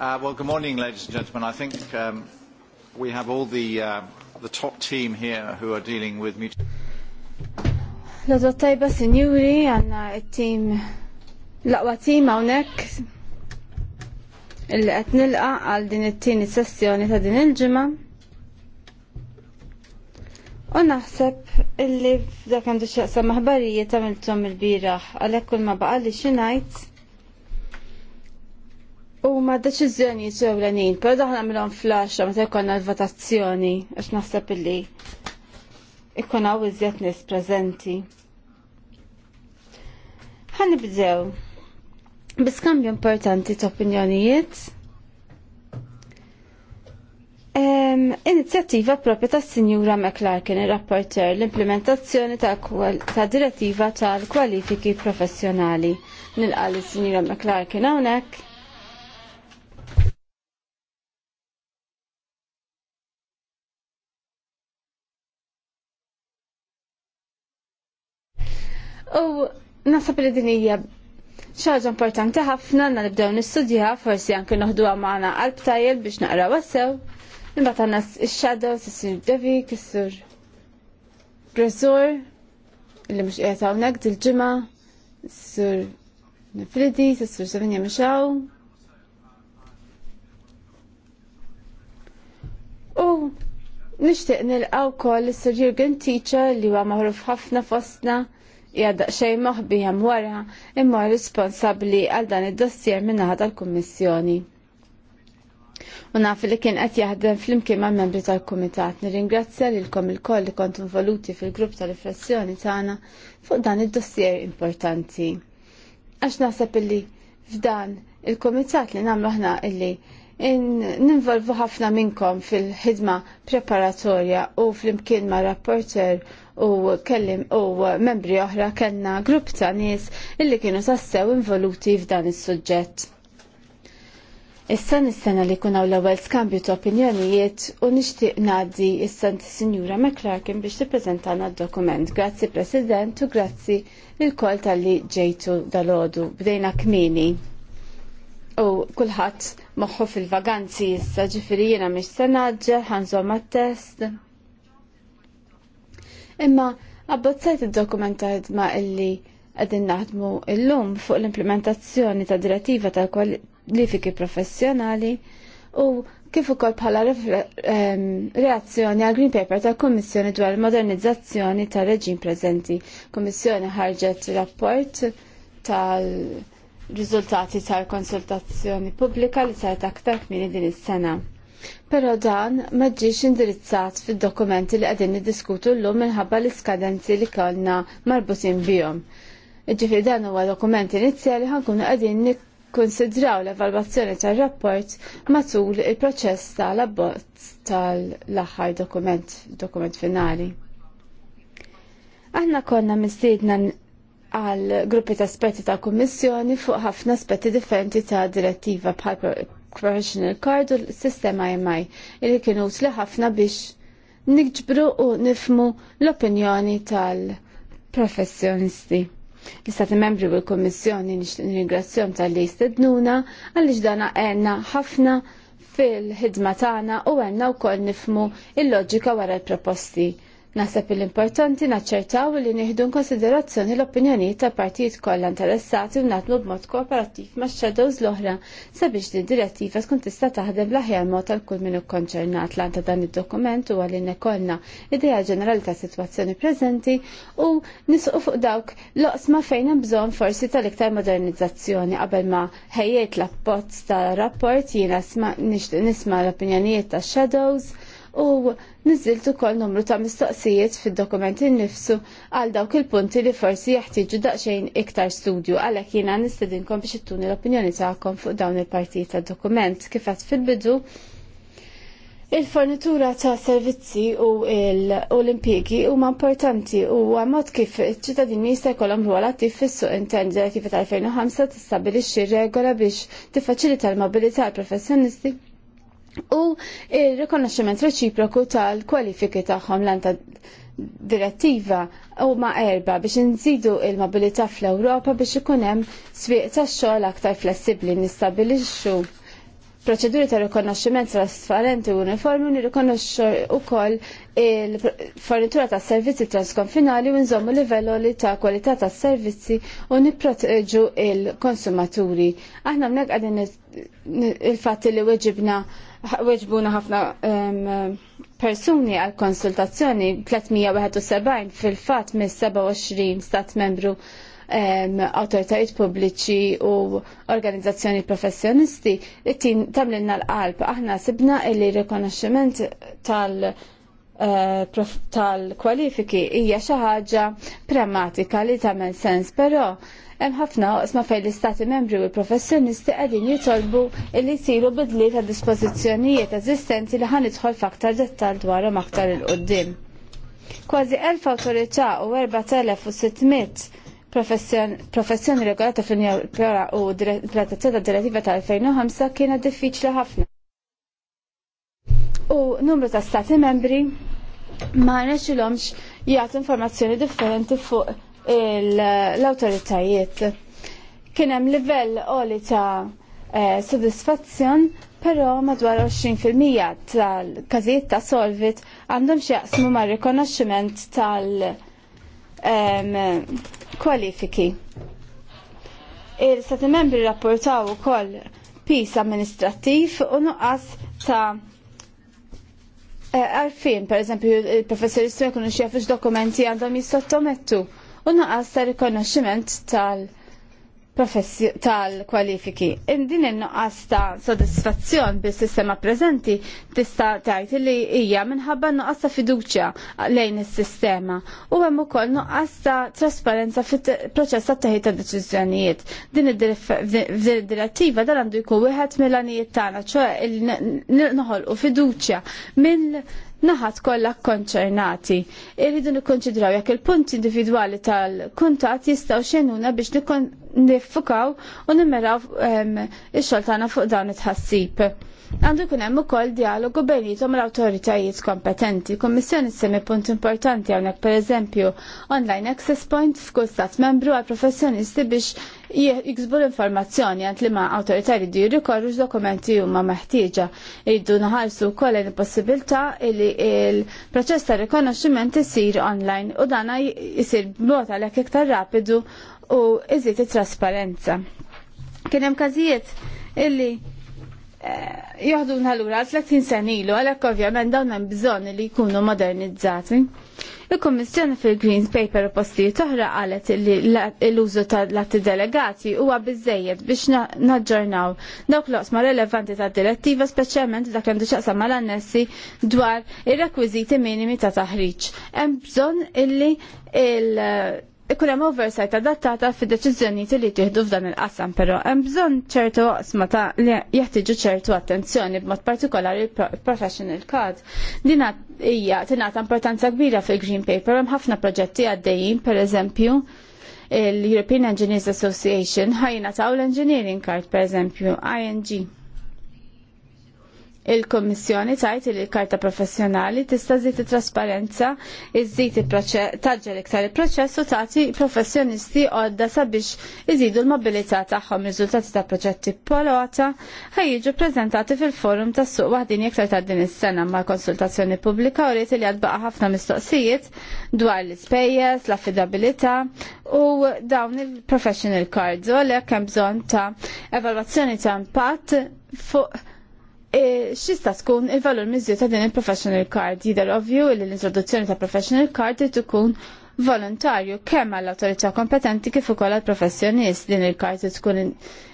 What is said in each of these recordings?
Uh, well, good morning, ladies and gentlemen. I think um, we have all the, uh, the top team here who are dealing with mutual... din U naħseb illi f'dak għandu xaqsa maħbarijiet għamiltom il-biraħ, għalek kull ma xinajt. U ma deċizjoni ġewlenin, pero daħna mill-on flasha ma jkollna l-votazzjoni, għax naħseb illi ikkun u iżjed nis prezenti. Ħanibdew biskambju importanti ta' opinjonijiet. Inizjattiva propja ta' Sinjura McLarkin, il-rapporter, l-implementazzjoni ta', ta direttiva tal-kwalifiki professjonali. Nilqali Sinjura McLarkin hawnhekk U nasab li din hija xaġa importanti ħafna na nibdew nistudja, forsi anke noħdu għamana qalb biex naqra wassew. Imbagħad għandna x-shadow, s-sir Devi, kissur Brazur, li mhux qiegħed hawnhekk dil-ġimgħa, s-sur Nifridi, s-sur Savinja Mixaw. U nixtieq nilqgħu wkoll is sur Jürgen Teacher li huwa magħruf ħafna fostna jadaq xej moħbi jem wara imma responsabli għal dan id-dossier minna tal-Kummissjoni. U Una li kien qed jaħdem fl-imkien ma' membri tal-Kumitat. Nirringrazzja lilkom il-koll li kontu involuti fil-grupp tal-riflessjoni tagħna fuq dan id-dossier importanti. Għax naħseb illi f'dan il-Kumitat li nagħmlu aħna illi ninvolvu ħafna minnkom fil-ħidma preparatorja u fl-imkien ma' rapporter u kellim u membri oħra kellna grupp ta' nies illi kienu sassew involuti f'dan is-suġġett. Issa nistenna li kunaw l-ewwel skambju ta' opinjonijiet u nixtieq ngħaddi issa Sinjura McClarkin biex tippreżentana d-dokument. Grazzi President u grazzi il kol tal-li ġejtu dal-għodu. Bdejna kmini u kullħat moħħu fil-vaganzi issa ġifiri jena miex senaġġer, ħanżom test Imma abbozzajt id dokumentajt ma illi għedin naħdmu il-lum fuq l-implementazzjoni ta' direttiva ta' kwalifiki professjonali u kif ukoll bħala reazzjoni għal Green Paper tal Kommissjoni dwar l modernizzazzjoni tal reġim preżenti. Kommissjoni ħarġet rapport tal- riżultati tal-konsultazzjoni pubblika li sajt aktar kmini din is-sena. Però dan ma indirizzat fid-dokumenti li qegħdin niddiskutu llum minħabba l-iskadenzi li kellna marbutin bihom. Ġifieri dan huwa dokument inizjali ħankunu qegħdin nikkonsidraw l-evalwazzjoni tar-rapport matul il-proċess tal-abbozz tal-aħħar dokument, dokument finali. Aħna konna mistiedna għal gruppi ta' esperti ta' kummissjoni fuq ħafna aspetti differenti ta' direttiva bħal professional card u l-sistema IMI e il kienu utli ħafna biex nikġbru u nifmu l-opinjoni tal-professjonisti. L-istati membri u l-Kommissjoni n-ingrazzjon tal-li jistednuna għalix dana għenna ħafna fil-ħidma tagħna u għenna wkoll nifmu il-loġika wara l-proposti. il loġika wara l proposti Naħseb l-importanti naċċertaw li nieħdu konsiderazzjoni l-opinjonijiet ta' partijiet kollha interessati u nagħmlu b'mod kooperattiv ma' shadows l-oħra sabiex din direttiva tkun tista' taħdem l-aħjar mod tal kull minu ikkonċernat l ta' dan id-dokument u għalli nekollna idea ġenerali ta' sitwazzjoni preżenti u nisqu fuq dawk loqsma fejn hemm bżonn forsi tal-iktar modernizzazzjoni qabel ma ħejjet l appozz tal rapport jiena nisma' l-opinjonijiet ta' shadows u niżilt ukoll numru ta' mistoqsijiet fid dokumenti nifsu għal dawk il-punti li forsi jaħtieġu daqsxejn iktar studju għalhekk jiena nistedinkom biex ittuni l-opinjoni tagħkom fuq dawn il parti tad-dokument kif fil-bidu Il-fornitura ta' servizzi u l u huma importanti u għamot kif ċittadini jista' jkollhom ruol attiv fis-suq intern direttiva tal-2005 tistabilixxi regola biex tiffaċilita l-mobilità għall professjonisti u il-rikonoxximent reċiproku tal-kwalifiki tagħhom l-anta direttiva u ma' erba biex nżidu il-mobilità fl-Ewropa biex ikun hemm swieq tax-xogħol aktar flessibbli nistabilixxu proċeduri ta' rikonoxximent trasparenti u uniformi nirrikonoxxu wkoll il-fornitura ta' servizzi transkonfinali u nżommu livello ta' kwalità ta' servizzi u nipproteġu il-konsumaturi. Aħna mnek għadin il fatti li weġibna weġbuna ħafna persuni għal konsultazzjoni 371 fil-fat mis 27 stat membru autoritajiet pubbliċi u organizzazzjoni professjonisti it-tin tamlinna l-qalb aħna sibna illi rikonoxximent tal- eh, tal-kwalifiki hija xi ħaġa pragmatika li tagħmel sens, però hemm ħafna oqsma fejn l-istati membri u l-professjonisti qegħdin jitolbu li jsiru bidli ta' dispożizzjonijiet eżistenti li ħan idħol f'aktar dettal dwarhom aktar il qudiem Kważi 1000 awtorità u 4600 professjoni regolata fl-Unjoni Ewropea u l-Trattazzjoni tal direttiva tal-2005 kienet diffiċli ħafna. U numru ta' stati membri ma' nexilomx jgħat informazzjoni differenti fuq l-autoritajiet. Kien hemm livell qoli ta' eh, sodisfazzjon, però madwar 20% tal-każijiet ta' solvit għandhom x'jaqsmu ma' rikonoxximent tal-kwalifiki. Il-Stati membri rapportaw ukoll pis amministrattiv u nuqqas ta' eh, għarfien, per eżempju, il-professoristu jekunu xiefux dokumenti għandhom jissottomettu u naqas ta' rikonoxximent tal-kwalifiki. Indin il-nuqqas ta' sodisfazzjon bis sistema preżenti tista' tgħid li hija minħabba nuqqas ta' fiduċja lejn is-sistema u hemm ukoll nuqqas ta' trasparenza fit-proċess ta' teħid ta' deċiżjonijiet. Din id-direttiva dan għandu jkun wieħed mill-għanijiet tagħna, ċoe noħolqu fiduċja mill- naħat kollha konċernati. Irridu nikkonċidraw jekk il-punt individwali tal-kuntat jistgħu xenuna biex nifukaw u nimmeraw ehm, ix xoltana tagħna fuq dawn it-ħassib. Għandu jkun hemm ukoll dialogu bejnietom l-awtoritajiet kompetenti. Kummissjoni semmi punt importanti hawnhekk pereżempju online access point f'kull stat membru għal professjonisti biex jiksbu l-informazzjoni għand li ma awtorità jridu jirrikorru dokumenti huma meħtieġa. Jridu naħarsu wkoll il-possibilità li il-proċess ta' rikonoxximent isir online u dana jisir b'mod għalhekk iktar rapidu u iżid it-trasparenza. Kien hemm każijiet illi jaħduna l għal 30 senilu, għalek ovvjament dawn hemm bżonn li jkunu modernizzati. Il-Kommissjoni fil-Green Paper u postijiet oħra qalet li l-użu tal latti delegati huwa biżejjed biex naġġornaw dawk l-oqsma relevanti tad direttiva speċjalment dak għandu xaqsam mal-annessi dwar ir-rekwiżiti minimi ta' taħriġ. Hemm bżonn illi il- ikun hemm oversight adattata fid-deċiżjonijiet li tieħdu f'dan il-qasam, però hemm bżonn ċertu waqsma ta' li jeħtieġu ċertu attenzjoni b'mod partikolari il-professional card. Din hija tingħata importanza kbira fil-Green Paper hemm ħafna proġetti għaddejjin, pereżempju, l-European Engineers Association ħajna taw l-Engineering Card, pereżempju, ING Il-Kommissjoni tajt li l-karta professjonali tista' żid trasparenza iżid taġġel iktar il-proċess u tagħti professjonisti għodda sabiex iżidu l-mobilità tagħhom riżultati ta' proġetti polota ħajjiġu preżentati fil-forum tas suq waħdin iktar ta' din is-sena ma' konsultazzjoni pubblika u li għadbaqa ħafna mistoqsijiet dwar l-ispejjeż, l-affidabilità u dawn il-professional cards u għalhekk hemm bżonn ta' evalwazzjoni ta' impatt fuq E, xista tkun il-valur mizzju ta' din il-professional card jidher ovvju li l-introduzzjoni ta' professional card trid ikun volontarju kemm għall autorità kompetenti kif ukoll għall professjonist din il-kart tkun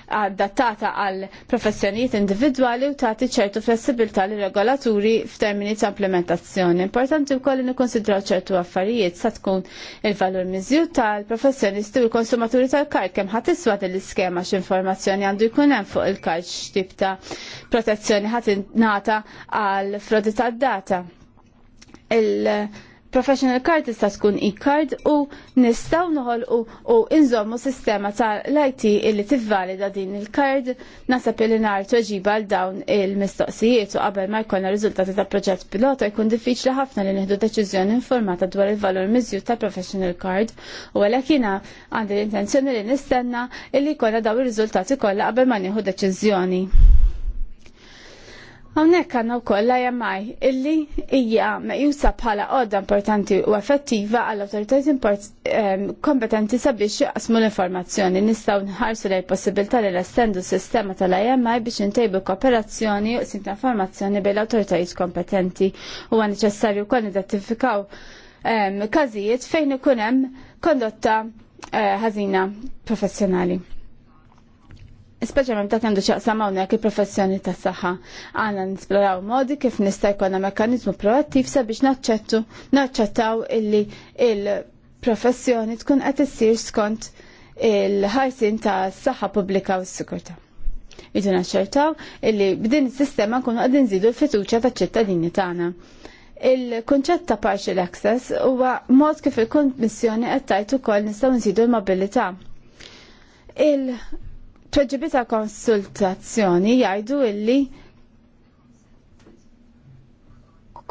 adattata għal professjonijiet individwali u tagħti ċertu flessibilità li regolaturi f'termini ta' implementazzjoni. Importanti wkoll li nikkonsidraw ċertu affarijiet sa tkun il-valur miżjud tal-professjonisti u l-konsumaturi tal-kart kemm ħadd iswa din l-iskema x'informazzjoni għandu jkun hemm fuq il-kart x'tip ta' protezzjoni ħadd ingħata għal frodi tad-data professional card tista' tkun e-card u nistgħu noħolqu u inżommu sistema tal-IT illi tivvalida din il-card nasab li nartu tweġiba għal dawn il-mistoqsijiet u qabel ma jkollna riżultati ta' proġett pilota jkun diffiċli ħafna li nieħdu deċiżjoni informata dwar il-valur miżjud tal-professional card u għalhekk jiena għandi l-intenzjoni li nistenna illi jkollna dawn ir-riżultati kollha qabel ma nieħu deċiżjoni. Hawnhekk għandna wkoll la jammaj illi hija meqjusa bħala għodda importanti u effettiva għall awtoritajiet ehm, kompetenti sabiex jaqsmu l-informazzjoni. Nistgħu nħarsu lejn possibilità li l-estendu sistema tal-IMI biex intejbu kooperazzjoni u qsim ta' informazzjoni bejn l-awtoritajiet kompetenti. Huwa neċessarju wkoll identifikaw ehm, każijiet fejn ikun hemm kondotta eh, ħażina professjonali. Speċjalment ta' kendu ċaqsam hawnhekk il-professjoni tas saħħa. Għana nisploraw modi kif nista' jkollna mekanizmu proattiv sabiex naċċettu naċċettaw illi il-professjoni tkun qed issir skont il ħajsin ta' saħħa pubblika u s-sikurta. Idu naċċertaw illi b'din is-sistema nkunu qegħdin nżidu l-fiduċja taċ-ċittadini tagħna. Il-kunċett ta' partial access huwa mod kif il-Kummissjoni qed tajt ukoll nistgħu nżidu l-mobilità. Il- Tweġibita konsultazzjoni jgħidu illi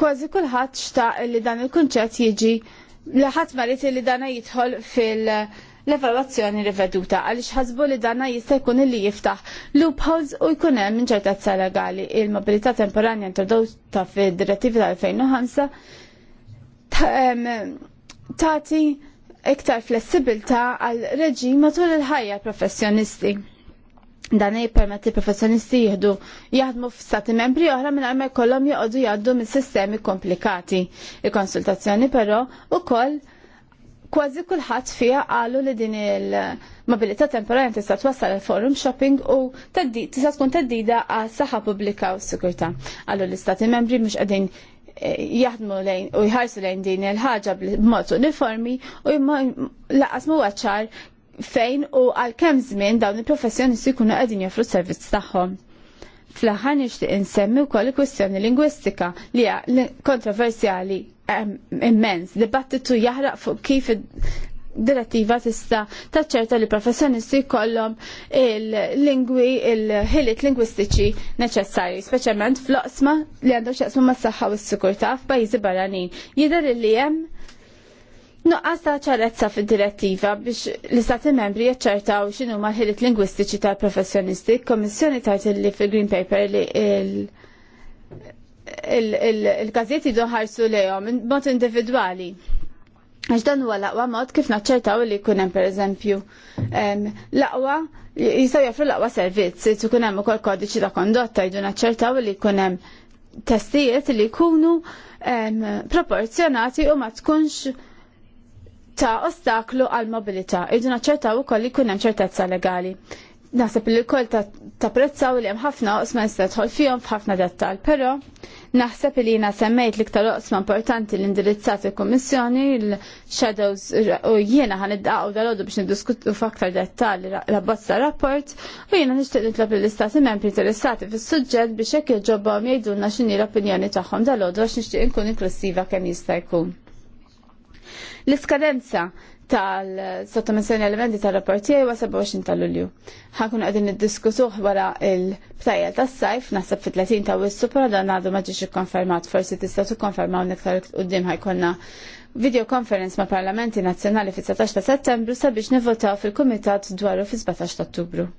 kważi kulħadd xtaq li dan il-kunċett jiġi li ħadd marit li dana jidħol fil- l-evaluazzjoni riveduta għaliex ħasbu li danna jista' jkun li jiftaħ loopholes u jkun hemm inċertezza legali. Il-mobilità temporanja introdotta fid-direttivi tal-2005 tagħti iktar flessibilità għal reġim matul il-ħajja professjonisti dan jippermetti professjonisti jihdu jaħdmu f'stati membri oħra minn ma jkollhom joqogħdu jgħaddu minn sistemi komplikati. Il-konsultazzjoni però ukoll kważi kulħadd fiha qalu li din il-mobilità temporanja tista' twassal il forum shopping u tista' tkun teddida għas saħħa pubblika u s-sigurtà. Qalu l-istati membri mhux qegħdin eh, jaħdmu lejn u jħarsu lejn din il-ħaġa b'mod uniformi u laqas mu fejn u għal kemm żmien dawn il-professjonisti jkunu qegħdin joffru servizz tagħhom. Fl-aħħar nixtieq insemmi wkoll il-kwestjoni lingwistika li hija kontroversjali immens, dibattitu jaħraq fuq kif direttiva tista taċċerta li professjonisti kollom il-lingwi, il-ħiliet lingwistiċi neċessarji, speċjalment fl-oqsma li għandhom xaqsma ma' s-saħħa u s-sikurta f'pajjiżi barranin. Jidher li hemm Nuqqas ta' ċarezza fi direttiva biex l-istati membri jaċċertaw xinu ma' ħilit lingwistiċi tal professjonisti kommissjoni tajt li fil-Green Paper li il gazieti doħarsu lejom mod individuali. Għax dan huwa laqwa mod kif naċċertaw li jkun hemm pereżempju laqwa jistgħu jafru laqwa servizz, ikun hemm ukoll kodiċi ta' kondotta jdu naċċertaw li jkun hemm testijiet li jkunu proporzjonati u ma tkunx ta' ostaklu għal mobilità irdu naċċertaw ukoll li jkun hemm ċertezza legali. Naħseb li l-koll ta' prezzaw li hemm ħafna oqsma nista' tħol fihom f'ħafna dettal, però naħseb li jiena semmejt l-iktar oqsma importanti li indirizzat il-Kummissjoni, l-Shadows u jiena ħan iddaqgħu dal-għodu biex niddiskutu f'aktar dettal l-abbozza rapport u jiena nixtieq nitlob lill-istati membri interessati fis-suġġett biex hekk jġobbhom jgħidulna x'inhi l-opinjoni tagħhom dal-għodu għax nixtieq inkun inklusiva kemm jista' jkun. L-iskadenza tal-sottomissjoni elementi tal-rapporti huwa 27 ta' Lulju. Ħakun qegħdin niddiskutuh wara l-btajja tas-sajf naħseb fit-30 ta' Wissu però dan għadu ma ġiex ikkonfermat, forsi tista' tikkonfermaw nektar għoddim ħajkonna video conference ma' Parlamenti Nazzjonali fit-19 ta' Settembru sabiex nivvotaw fil-Kumitat dwaru fis-17 ta' Ottubru.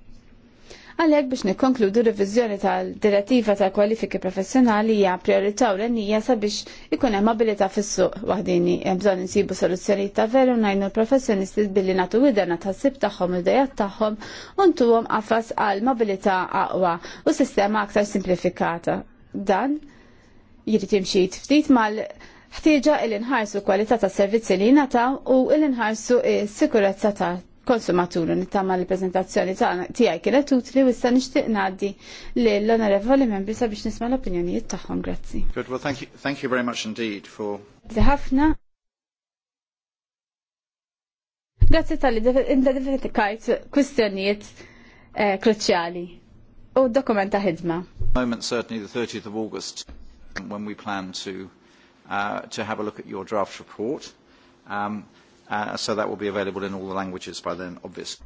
Għalhekk biex nikkonkludu riviżjoni tal-direttiva tal kwalifiki professjonali hija priorità u l-għennija sabiex ikun hemm mobilità fis-suq waħdini hemm bżonn insibu soluzzjonijiet ta' veru ngħinu l-professjonisti billi nagħtu widerna tas-sib tagħhom il-dejat tagħhom u ntuhom qafas għal mobilità aqwa u sistema aktar simplifikata. Dan jrid jimxi ftit mal- ħtieġa il-inħarsu kwalità tas servizzi li jingħataw u il-inħarsu s-sikurezza ta' konsumaturi nittama l prezentazzjoni tiegħi kienet utli u issa nixtieq ngħaddi l onorevoli membri sabiex nisma' l-opinjonijiet taħħom. Grazzi. Good, well thank you, thank you very much indeed for ħafna. Grazzi tal-li identifikajt kustjonijiet eh, kruċjali u dokumenta ħidma. Moment certainly the 30th of August when we plan to uh, to have a look at your draft report. Um, Uh, so that will be available in all the languages by then, obviously.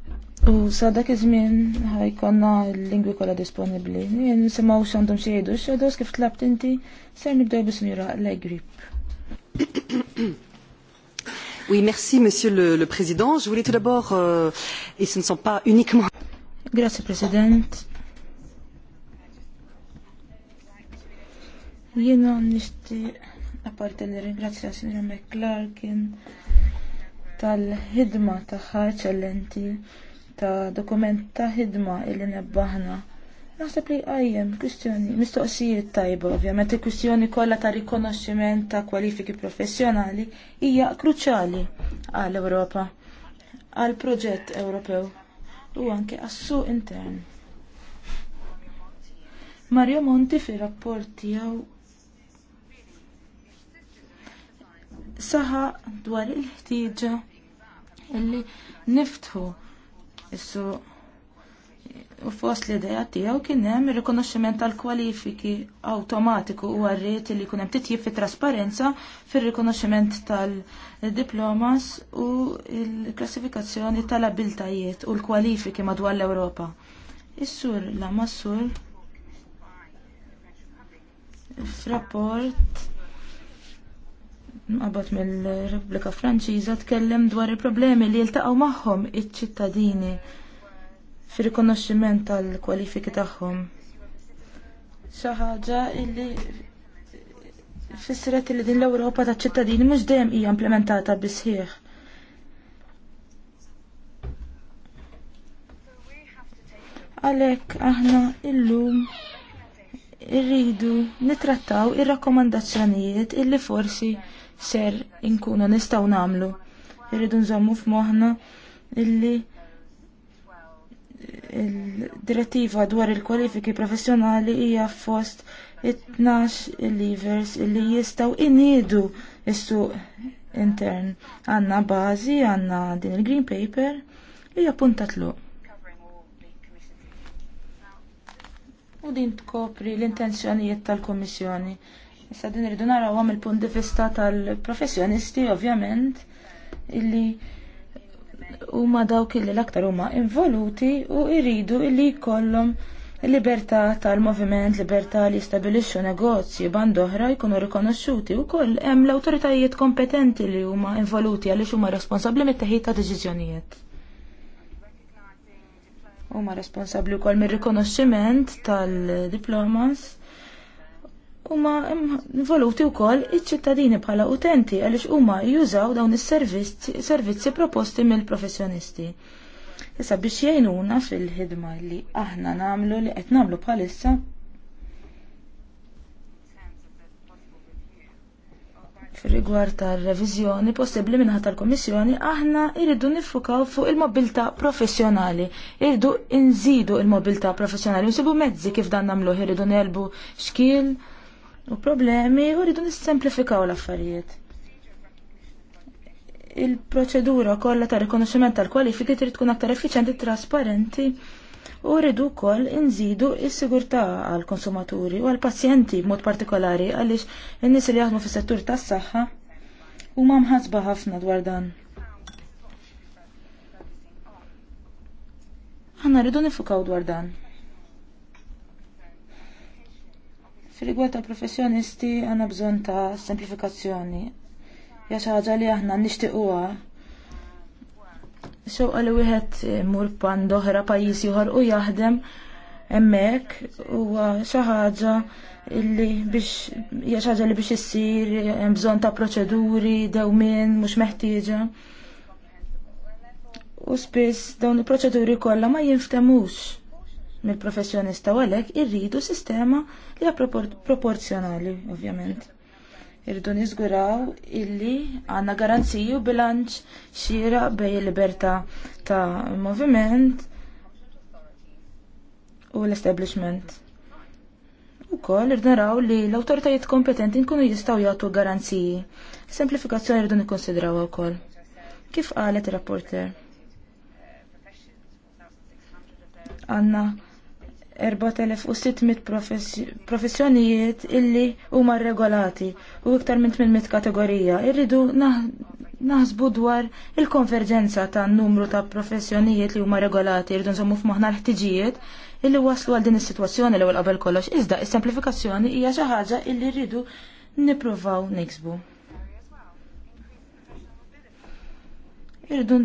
U sadak dak iż-żmien ħajkonna l-lingwi kollha disponibbli. Nisimgħu x'għandhom xi jgħidu x'għidu kif tlabt inti ser nibdew bis mira l Legrip. Oui, merci Monsieur le, le Président. Je voulais tout d'abord, euh, et ce ne sont pas uniquement. Grazie President. Jena nishti, appartenere, grazie, Signora McClarkin tal-ħidma tagħha eċċellenti ta' dokument ta' ħidma illi nebbaħna. Naħseb li għajjem kwistjoni, mistoqsijiet tajba, ovvjament il-kwistjoni kollha ta' rikonoxximent ta' kwalifiki professjonali hija kruċjali għall Ewropa, għall proġett Ewropew u anke għassu intern. Mario Monti fir-rapport tijaw saħa dwar il-ħtieġa illi niftħu issu u fost l-ideja tiegħu kien hemm ir-rikonoxximent tal-kwalifiki awtomatiku u għarriet li jkun hemm titjib fit trasparenza fir-rikonoxximent tal-diplomas u l-klassifikazzjoni tal-abiltajiet u l-kwalifiki madwar l-Ewropa. Is-sur la massur sur f'rapport qabad mill-Repubblika Franċiża tkellem dwar il-problemi li jiltaqgħu magħhom iċ-ċittadini fir-rikonoxximent tal-kwalifiki tagħhom. Xi ħaġa illi fissret li din l-Ewropa taċ-ċittadini mhux dejjem hija implementata bisħieħ. Għalhekk aħna illum irridu nitrattaw ir-rakkomandazzjonijiet illi forsi ser inkunu nistgħu nagħmlu. Irridu nżommu f'moħħna illi il-direttiva dwar il-kwalifiki professjonali hija fost it-tnax levers li jistgħu iniedu is-suq intern. Għanna bażi, għandna din il-green paper li hija punta tluq. U din tkopri l-intenzjonijiet tal-Kommissjoni. Issa din rridu naraw għam il-punt di vista tal-professjonisti, ovvjament, illi huma dawk illi l-aktar huma involuti u jridu illi jkollhom libertà tal-moviment, libertà li jistabilixxu negozji band oħra jkunu rikonoxxuti wkoll hemm l-awtoritajiet kompetenti li huma involuti għaliex huma responsabbli mit-teħid ta' deċiżjonijiet. Huma responsabbli wkoll mir-rikonoxximent tal-diplomas huma involuti wkoll iċ-ċittadini bħala utenti għaliex huma jużaw dawn is-servizzi proposti mill-professjonisti. Issa biex jgħinuna fil-ħidma li aħna nagħmlu li qed nagħmlu bħalissa fir-rigward tar-reviżjoni possibbli minħat tal-Kummissjoni aħna jridu nifukaw fuq il-mobilità professjonali. Irridu inżidu il-mobilità professjonali, nsibu mezzi kif dan nagħmlu irridu nelbu xkil u problemi u rridu nissemplifikaw l-affarijiet. Il-proċedura kollha ta' rikonoxximent tal-kwalifiki trid tkun aktar effiċjenti trasparenti u rridu wkoll inżidu s-sigurtà għall konsumaturi u għall pazjenti b'mod partikolari għaliex in-nies li jaħdmu fis-settur tas-saħħa huma mħasba ħafna dwar dan. Aħna rridu nifukaw dwar dan. Fil-rigward ta' professjonisti għandna bżonn ta' semplifikazzjoni. Ja xi ħaġa li aħna nixtiequha. Xewqa li wieħed eh, mur pan doħra pajjiż ieħor u jaħdem hemmhekk huwa xi ħaġa li biex hija xi ħaġa li biex issir hemm bżonn ta' proċeduri dewmien mhux meħtieġa. U spiss dawn il-proċeduri kollha ma jinftemux mill-professjonista u għalhekk irridu sistema li hija proporzjonali, ovvjament. Irridu niżguraw illi għandna garanziji u bilanċ xira bej libertà ta' moviment u l-establishment. kol irridu naraw li l autoritajiet kompetenti nkunu jistgħu jagħtu garanziji. Semplifikazzjoni irridu nikkonsidrawha wkoll. Kif qalet ir-rapporter? Għanna 4600 professjonijiet illi huma regolati u iktar minn 800 kategorija. Irridu naħsbu dwar il-konverġenza ta' numru ta' professjonijiet li huma regolati, irridu nżommu f'moħħna l-ħtiġijiet illi waslu għal din is-sitwazzjoni l ewwel qabel kollox. Iżda is-semplifikazzjoni hija xi ħaġa illi rridu nippruvaw niksbu. Irridu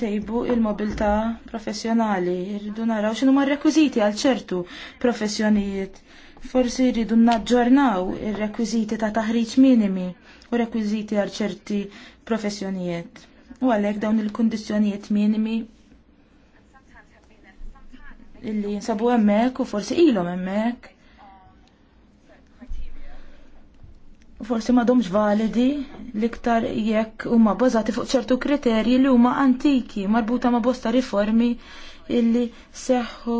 ntejbu il-mobilità professjonali, irridu naraw xinu ma' rekwiżiti għal ċertu professjonijiet. Forsi rridu naġġornaw il rekwiżiti ta' taħriġ minimi u rekwiżiti għal ċerti professjonijiet. U għalhekk dawn il-kundizzjonijiet minimi illi jinsabu hemmhekk u forsi ilhom hemmhekk forsi madomx validi liktar jekk huma bazati fuq ċertu kriterji li huma antiki marbuta ma' bosta riformi illi seħħu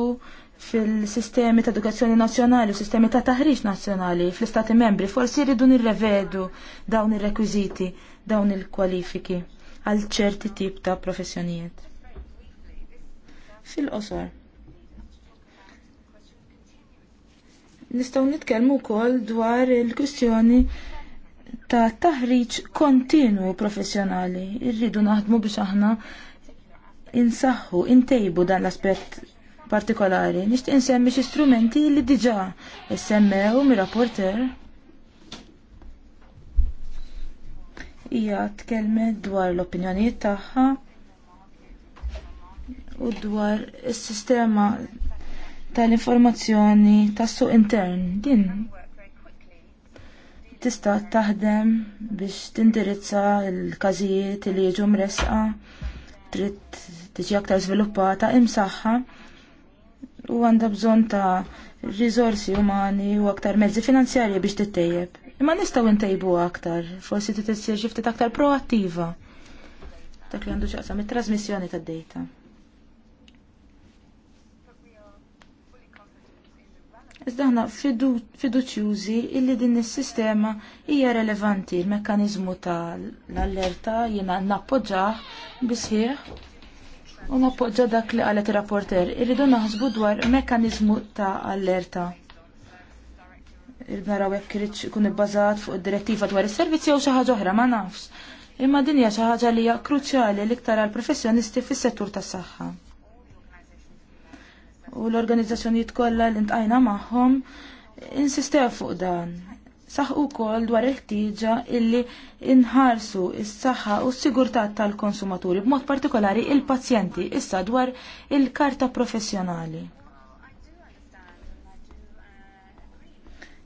fil-sistemi ta' edukazzjoni nazzjonali u sistemi ta' taħriġ nazzjonali fl-istati membri forsi jridu nirrevedu dawn ir-rekwiżiti, dawn il-kwalifiki għal ċerti tip ta' professjonijiet. Fil-qosor. Nistgħu nitkellmu wkoll dwar il-kwistjoni ta' taħriġ kontinu professjonali. Irridu naħdmu biex aħna insaħħu, intejbu dan l-aspett partikolari. Nixtieq insemmi xi strumenti li diġà issemmew mir-rapporter. Hija tkellmet dwar l-opinjonijiet tagħha u dwar is-sistema tal-informazzjoni tas-suq intern. Din tista' taħdem biex tindirizza l-każijiet li jiġu mresqa, trid tiġi aktar żviluppata imsaħħa u għandha bżonn ta' riżorsi umani u aktar mezzi finanzjarji biex tittejjeb. Imma nistgħu ntejbu aktar, forsi trid issir xi ftit aktar proattiva. Dak li għandu xaqsam it-trasmissjoni tad-dejta. Iżda aħna fiduċjużi illi din is-sistema hija relevanti l-mekkaniżmu tal-allerta jiena nappoġġah bisħieħ u nappoġġa dak li qalet ir-rapporter irridu naħsbu dwar mekkaniżmu ta' allerta. Naraw hekk irid ikun ibbażat fuq id-direttiva dwar is-servizzi jew xi ħaġa oħra ma nafx. Imma din hija xi ħaġa li hija kruċjali l-iktar għall professjonisti fis-settur tas-saħħa u l-organizzazzjonijiet kollha li ntqajna magħhom insistew fuq dan. u wkoll dwar il-ħtieġa illi inħarsu is-saħħa u s-sigurtà tal-konsumaturi b'mod partikolari il-pazjenti issa dwar il-karta professjonali.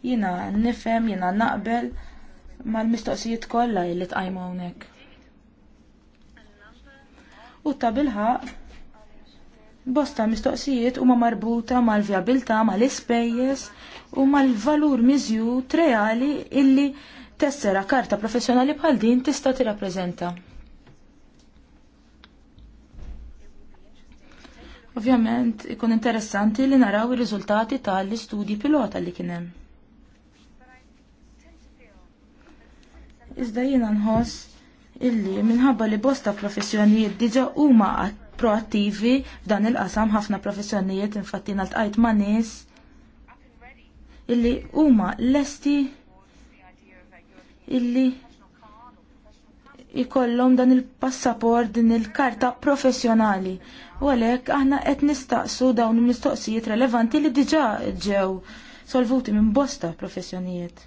Jina nifem, jina naqbel mal-mistoqsijiet kollha li tqajmu hawnhekk. U ta' bilħaq Bosta mistoqsijiet huma marbuta mal-vjabilta, mal-ispejjeż u mal-valur miżjud reali illi tessera karta professjonali bħal din tista' tirrappreżenta. Ovvjament, ikun interessanti li naraw ir-riżultati tal-istudji pilota li kien hemm. Iżda jiena nħoss illi minħabba li bosta professjonijiet diġa huma proattivi f'dan il-qasam ħafna professjonijiet infatti naltqajt ma' nies illi huma lesti illi ikollhom dan il-passaport din il-karta professjonali. U għalhekk aħna qed nistaqsu dawn il-mistoqsijiet relevanti li diġà ġew solvuti minn bosta professjonijiet.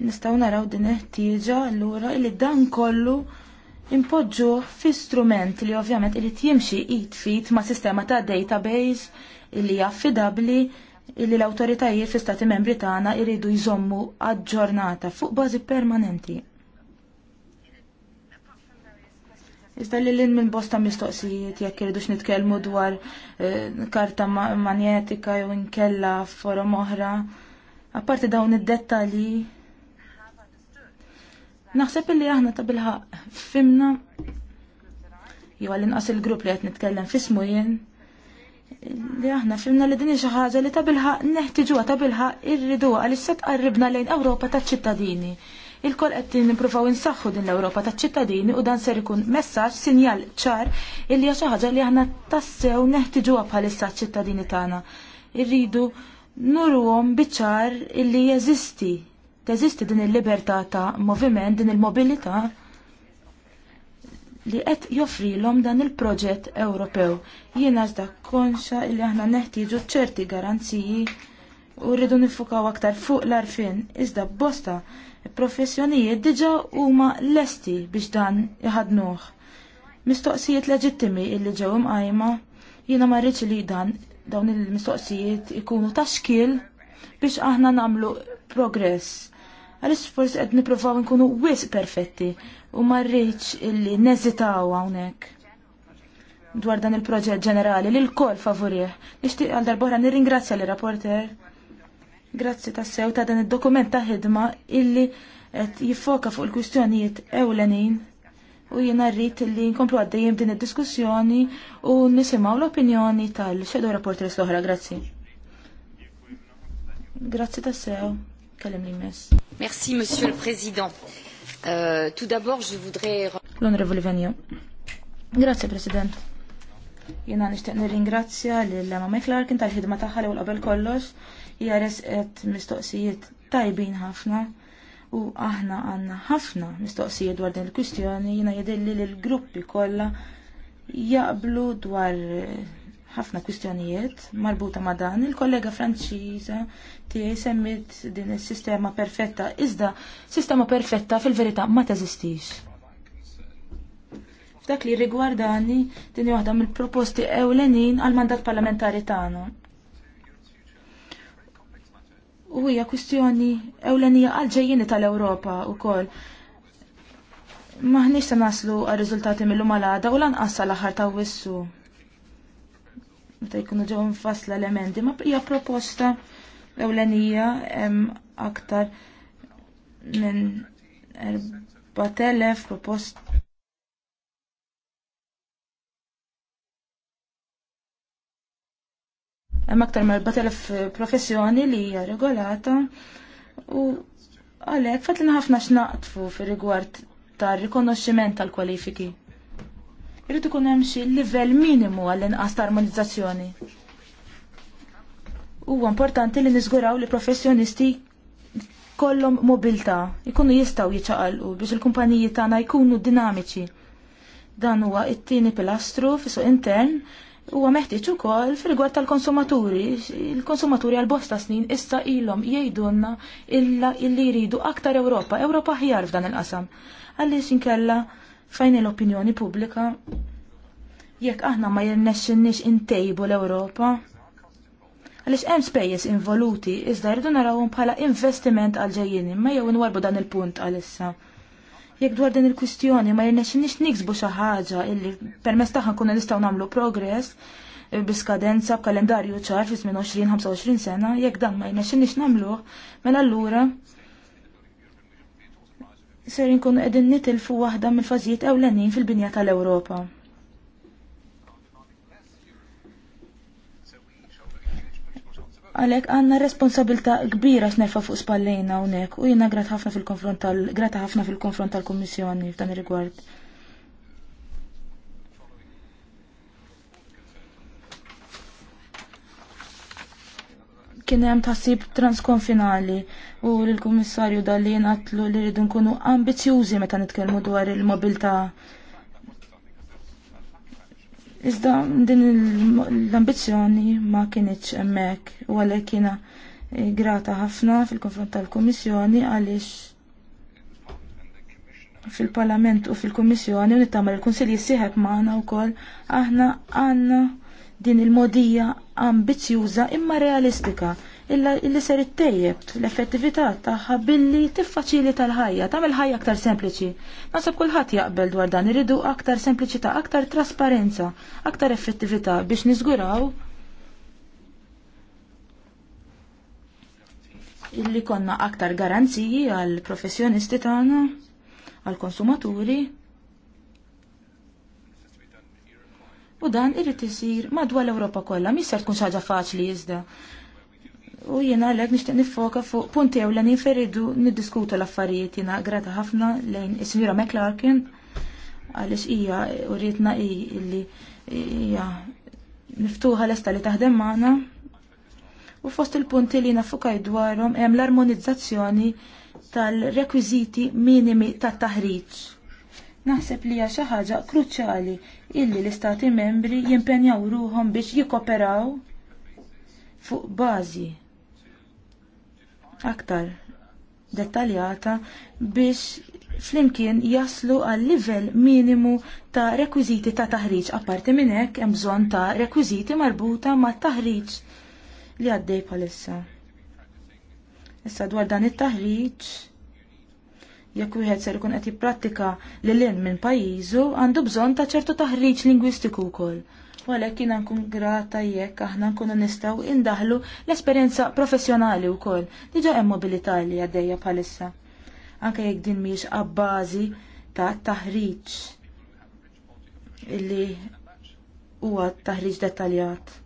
Nistaw naraw din ħtieġa allura li dan kollu impoġġu fi strument li ovvjament irid jimxi id fit ma' sistema ta' database li affidabli li l-awtoritajiet fi stati membri tagħna jridu jżommu aġġornata fuq bażi permanenti. Iżda li l-in minn bosta mistoqsijiet jekk iridux nitkellmu dwar eh, karta manjetika jew inkella forom oħra. Apparti dawn id-dettalji Naħseb illi aħna ta' bilħa fimna jew għall-inqas il-grupp li qed nitkellem fismu jien li aħna fimna li din xi ħaġa li ta' bilħa neħtiġuwa ta' bilħaq irriduha għalissa tqarribna lejn Ewropa taċ-ċittadini. Il-kol qed nippruvaw insaħħu din l-Ewropa taċ-ċittadini u dan ser ikun messaġġ sinjal ċar illi hija xi ħaġa li aħna tassew neħtiġuha bħalissa ċ-ċittadini tagħna. Irridu nurwhom biċ-ċar illi jeżisti teżisti din il-libertà ta' moviment, din il-mobilità li qed joffrilhom dan il-proġett Ewropew. Jiena iżda konxa li aħna neħtieġu ċerti garanziji u rridu nifukaw aktar fuq l-arfin iżda bosta professjonijiet diġa huma lesti biex dan jħadnuh. Mistoqsijiet leġittimi illi ġew imqajma jiena ma rridx li dan dawn il-mistoqsijiet ikunu ta' xkil biex aħna nagħmlu progress Għalix forsi qed niprofaw nkunu wis perfetti u marriċ illi neżitaw hawnhekk. Dwar dan il-proġett ġenerali li l-kol favorih. Nixtieq għal darbohra nirringrazzja li rapporter. Grazzi ta' sew ta' dan id-dokument ta' ħidma illi qed jiffoka fuq il-kwistjonijiet ewlenin u jina rrit illi nkomplu għaddejjem din id-diskussjoni u nisimgħu l-opinjoni tal-xedu rapporter l-oħra, grazzi. Grazzi tassew. Kellim li mess. Merci, Monsieur le Président. Euh, tout d'abord, je voudrais... Venio. Grazie, President. Jena nishtiq nirringrazzja lill-Emma McClarkin tal-ħidma tagħha l qabel kollox. Hija resqet mistoqsijiet tajbin ħafna u aħna għandna ħafna mistoqsijiet dwar din il-kwistjoni jiena jidilli lill gruppi kollha jaqblu dwar ħafna kwistjonijiet marbuta ma' dan. Il-kollega Franċiża tiegħi semmit din is-sistema perfetta, iżda sistema perfetta fil-verità ma teżistix. F'dak li rigwardani din waħda mill-proposti ewlenin għal mandat parlamentari tagħna. U hija kwistjoni ewlenija għal ġejjini tal-Ewropa wkoll maħniex se naslu għal riżultati mill-lum għal u lanqas sal aħħar ta' wissu meta jkunu ġew infass l elementi ma hija proposta ewlenija hemm aktar minn 4000 proposta Hemm aktar ma' 4000 eh, professjoni li hija regolata u għalhekk fatlin ħafna x'naqtfu fir-rigward tar-rikonoxximent tal-kwalifiki irridu ikun hemm xi livell minimu għall-inqas ta' armonizzazzjoni. Huwa importanti li niżguraw li professjonisti kollhom mobilità, ikunu jistgħu jiċċaqalqu biex il-kumpaniji tagħna jkunu dinamiċi. Dan huwa it-tieni pilastru fis-suq intern huwa meħtieġ ukoll fil-rigward tal-konsumaturi. Il-konsumaturi għal bosta snin issa ilhom jgħidulna illa illi jridu aktar Ewropa, Ewropa ħjar f'dan il-qasam. Għaliex inkella fejn l-opinjoni pubblika jekk aħna ma jirnexxinniex intejbu l-Ewropa għaliex hemm spejjeż involuti iżda jridu narawhom bħala investiment għal ġejjin imma jew inwarbu dan il-punt għalissa. Jekk dwar din il-kwistjoni ma jirnexxinniex niksbu xi ħaġa illi permezz tagħha nkunu nistgħu nagħmlu progress e, biskadenza b'kalendarju ċar fi żmien 20-25 sena, jekk dan ma jnexxinniex nagħmluh, mela allura ser nkunu qegħdin nitilfu waħda mill-fażijiet ewlenin fil-binja tal-Ewropa. Għalek għanna responsabilta kbira x'nerfa fuq spallejna unek u jina grat ħafna fil-konfront tal grata ħafna fil-konfront tal-Kummissjoni f'dan ir-rigward. kien hemm taħsib transkonfinali u l-Kummissarju dalli għatlu li rridu nkunu ambizjużi meta nitkellmu dwar il-mobilità. Iżda din l-ambizzjoni ma kienitx hemmhekk u għalhekk kiena eh, grata ħafna fil-konfront tal-Kummissjoni għaliex fil-Parlament u fil-Kummissjoni u nittama l-Kunsilli jissieħeb magħna wkoll aħna għandna din il-modija ambizjuża imma realistika illa illi ser ittejjeb l-effettività tagħha billi tiffaċilita l-ħajja, tagħmel ħajja aktar sempliċi. Nasab kulħadd jaqbel dwar dan iridu aktar sempliċità, aktar trasparenza, aktar effettività biex niżguraw illi konna aktar garanziji għal professjonisti tagħna, għal konsumaturi. U dan irrid isir madwar l-Ewropa kollha, mis se tkun xi ħaġa faċli iżda. U jiena għalhekk nixtieq nifoka fuq punti ewlen jinferidu niddiskutu l-affarijiet jiena grata ħafna lejn is-Sinjura McLarkin għaliex hija uritna li hija l-esta li taħdem magħna. U fost il-punti li nafukaj dwarhom hemm l-armonizzazzjoni tal-rekwiżiti minimi tat-taħriġ. Naħseb li hija xi ħaġa kruċjali illi l-istati membri jimpenjaw ruhom biex jikoperaw fuq bażi aktar dettaljata biex flimkien jaslu għal livell minimu ta' rekwiżiti ta' taħriġ. Apparti minn hekk hemm bżonn ta' rekwiżiti marbuta ma' taħriġ li għaddej palissa. Issa dwar dan it-taħriġ jekk wieħed ser ikun qed jipprattika lil hinn minn pajjiżu għandu bżonn ta' ċertu taħriġ lingwistiku wkoll. U għalhekk jiena nkun grata jekk aħna nkunu nistgħu indaħlu l-esperjenza professjonali wkoll. Diġà hemm mobilità li għaddejja bħalissa. Anke jekk din mhijiex abbażi ta' taħriġ illi huwa taħriġ dettaljat.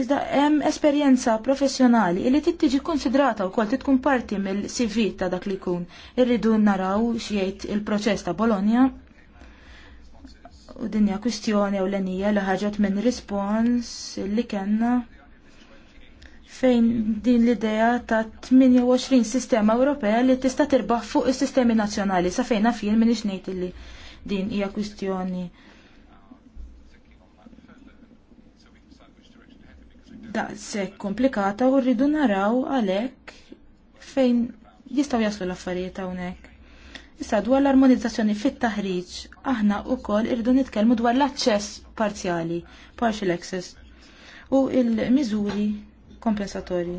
Iżda hemm esperjenza professjonali li trid tiġi konsidrata wkoll trid tkun parti mill-CV ta' dak li jkun. Irridu naraw x'jgħid il-proċess ta' Bologna. U dinja kwistjoni ewlenija li ħarġet minn respons li kellna fejn din l-idea ta' 28 sistema Ewropea li tista' tirbaħ fuq is-sistemi nazzjonali sa fejn nafjien minn ngħid li din hija kwistjoni daqshekk komplikata u rridu naraw għalhekk fejn jistgħu jaslu l-affarijiet hawnhekk. Issa dwar l-armonizzazzjoni fit-taħriġ aħna wkoll irridu nitkellmu dwar l-aċċess parzjali, partial access, u l miżuri kompensatorji.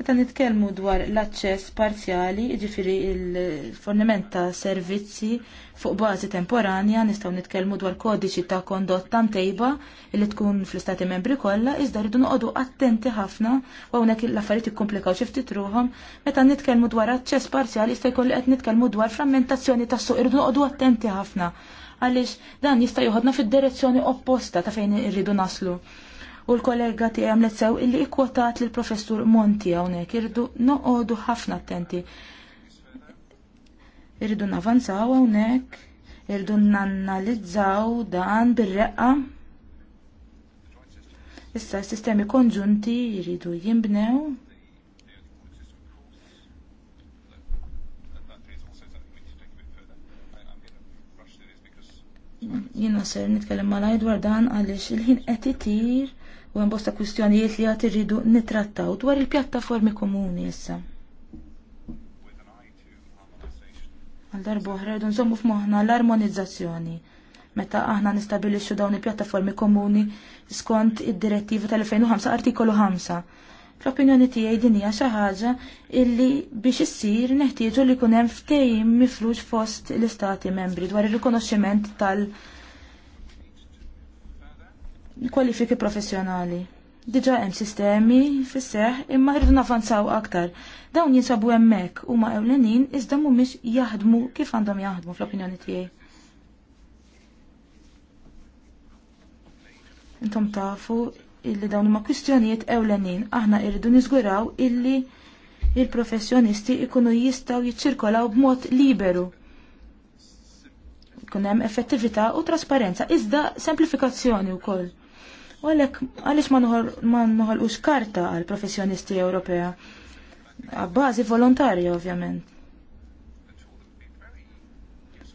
Meta nitkellmu dwar l-aċċess parzjali, jiġifieri il-forniment ta' servizzi fuq bażi temporanja, nistgħu nitkellmu dwar kodiċi ta' kondotta mtejba li tkun fl-istati membri kollha, iżda rridu noqogħdu attenti ħafna u hawnhekk l-affarijiet ikkomplikaw xi ftit ruhom. Meta nitkellmu dwar aċċess parzjali, jista' jkolli qed nitkellmu dwar frammentazzjoni tas-suq, irridu noqogħdu attenti ħafna għaliex dan jista' joħodna fid-direzzjoni opposta ta' fejn irridu naslu u l-kollega tiegħi għamlet sew illi ikkwotat l professur Monti hawnhekk irdu noqogħdu ħafna attenti. Irridu navanzaw hawnhekk, irridu nanalizzaw dan bir-reqqa. Issa s-sistemi konġunti jridu jimbnew. jina ser nitkellem mal dwar dan għaliex il-ħin qed itir u hemm bosta kwistjonijiet li għad irridu nitrattaw dwar il-pjattaformi komuni issa. Għal darboħra oħra rridu nżommu f'moħħna l-armonizzazzjoni meta aħna nistabilixxu dawn il-pjattaformi komuni skont id-direttiva tal-2005 artikolu 5. Fl-opinjoni tiegħi din hija xi ħaġa illi biex issir neħtieġu li jkun hemm ftehim miflux fost l-istati membri dwar ir-rikonoxximent tal- -rikonoxximent tal kwalifiki professjonali. Diġa hemm sistemi fis imma rridu nafanzaw aktar. Dawn jinsabu hemmhekk huma ewlenin iżda mhumiex jaħdmu kif għandhom jaħdmu fl-opinjoni tiegħi. Intom tafu illi dawn huma kwistjonijiet ewlenin aħna irridu niżguraw illi il-professjonisti ikunu jistaw jiċirkolaw b'mod liberu. Kunem hemm effettività u trasparenza, iżda semplifikazzjoni wkoll. U għalhekk għaliex ma noħolqux karta għal professjonisti Ewropea. Għabbażi volontarja ovvjament.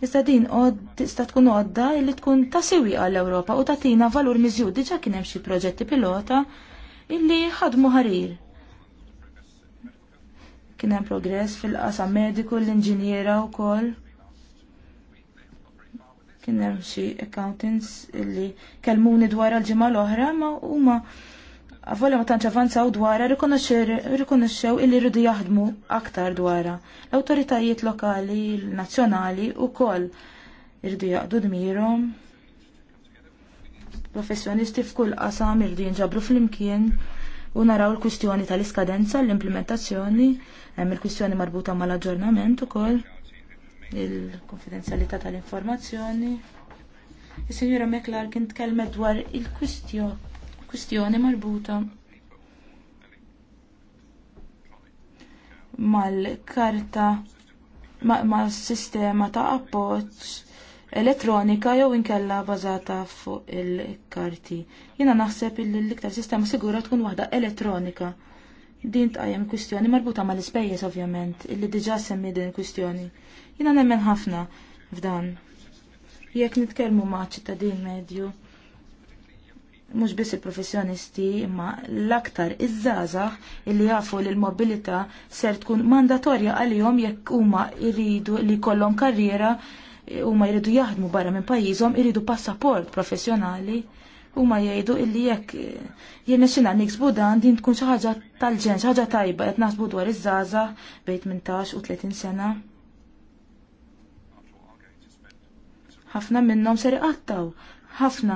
Issa din tista' tkun għodda li tkun ta' siwi għall-Ewropa u tatina valur miżjud diġà kien hemm xi proġetti pilota illi ħadmu ħarir kien hemm progress fil-qasam mediku l-inġiniera wkoll. Kien hemm xi accountants illi kellmuni dwar il-ġimgħa l-oħra ma huma Avolja ma tantx avanzaw dwarha rikonoxxew illi rridu jaħdmu aktar dwarha. L-awtoritajiet lokali, nazzjonali wkoll irridu jaqdu dmirhom. Professjonisti f'kull qasam irridu jinġabru flimkien u naraw il-kwistjoni tal-iskadenza l-implementazzjoni, hemm il-kwistjoni marbuta mal-aġġornament ukoll il-konfidenzjalità tal-informazzjoni. Is-Sinjura Meklar kien tkellmet dwar il-kwistjoni marbuta mal-karta mal-sistema ta' appoġġ elettronika jew inkella bażata fuq il-karti. Jiena naħseb li l-iktar sistema sigura tkun waħda elettronika. Din tqajjem kwistjoni marbuta mal-ispejjeż ovvjament, illi diġà semmi din kwistjoni. Jina nemmen ħafna f'dan. Jekk nitkellmu ma' ċittadin medju, mhux biss il-professjonisti, imma l-aktar iż-żgħażagħ illi jafu li l-mobilità ser tkun mandatorja għalihom jekk huma jridu li kollhom karriera huma jridu jaħdmu barra minn pajjiżhom iridu passaport professjonali huma jgħidu illi jekk jien nixxina niksbu dan din tkun xi ħaġa tal-ġen, xi ħaġa tajba qed naħsbu dwar iż-żaża bejn 18 u 30 sena. ħafna minnhom ser iqattaw ħafna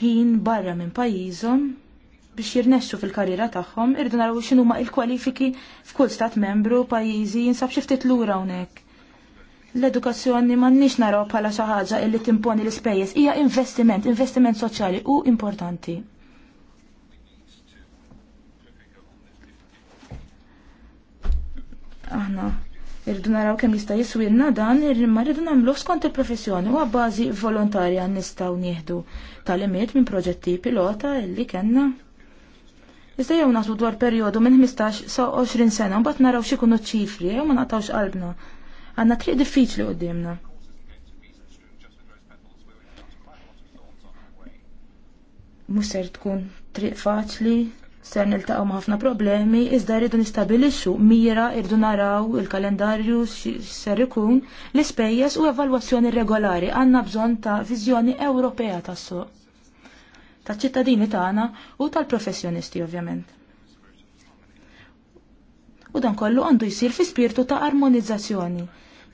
ħin barra minn pajjiżhom biex jirnexxu fil-karriera tagħhom irdu naraw x'inhu ma il-kwalifiki f'kull stat membru pajjiżi jinsab xi ftit lura hawnhekk. L-edukazzjoni m'għandniex naraw bħala xi ħaġa li timponi l-ispejjeż hija investiment, investiment soċjali u importanti. Aħna Irridu naraw kemm jista' jiswilna dan imma rridu nagħmlu skont il-professjoni u bażi volontarja nistgħu nieħdu tal-imiet minn proġetti pilota illi kellna. Iżda jew nasu dwar perjodu minn 15 sa 20 sena mbagħad naraw x'ikunu ċifri jew ma naqtawx qalbna. Għandna triq diffiċli qudiemna. Mhux ser tkun triq faċli ser niltaqgħu ma' ħafna problemi, iżda rridu nistabilixxu mira rridu naraw il-kalendarju ser ikun l-ispejjeż u evalwazzjoni regolari għandna bżonn ta' viżjoni Ewropea tas-suq taċ-ċittadini tagħna u tal-professjonisti ovvjament. U dan kollu għandu jsir fi spirtu ta' armonizzazzjoni.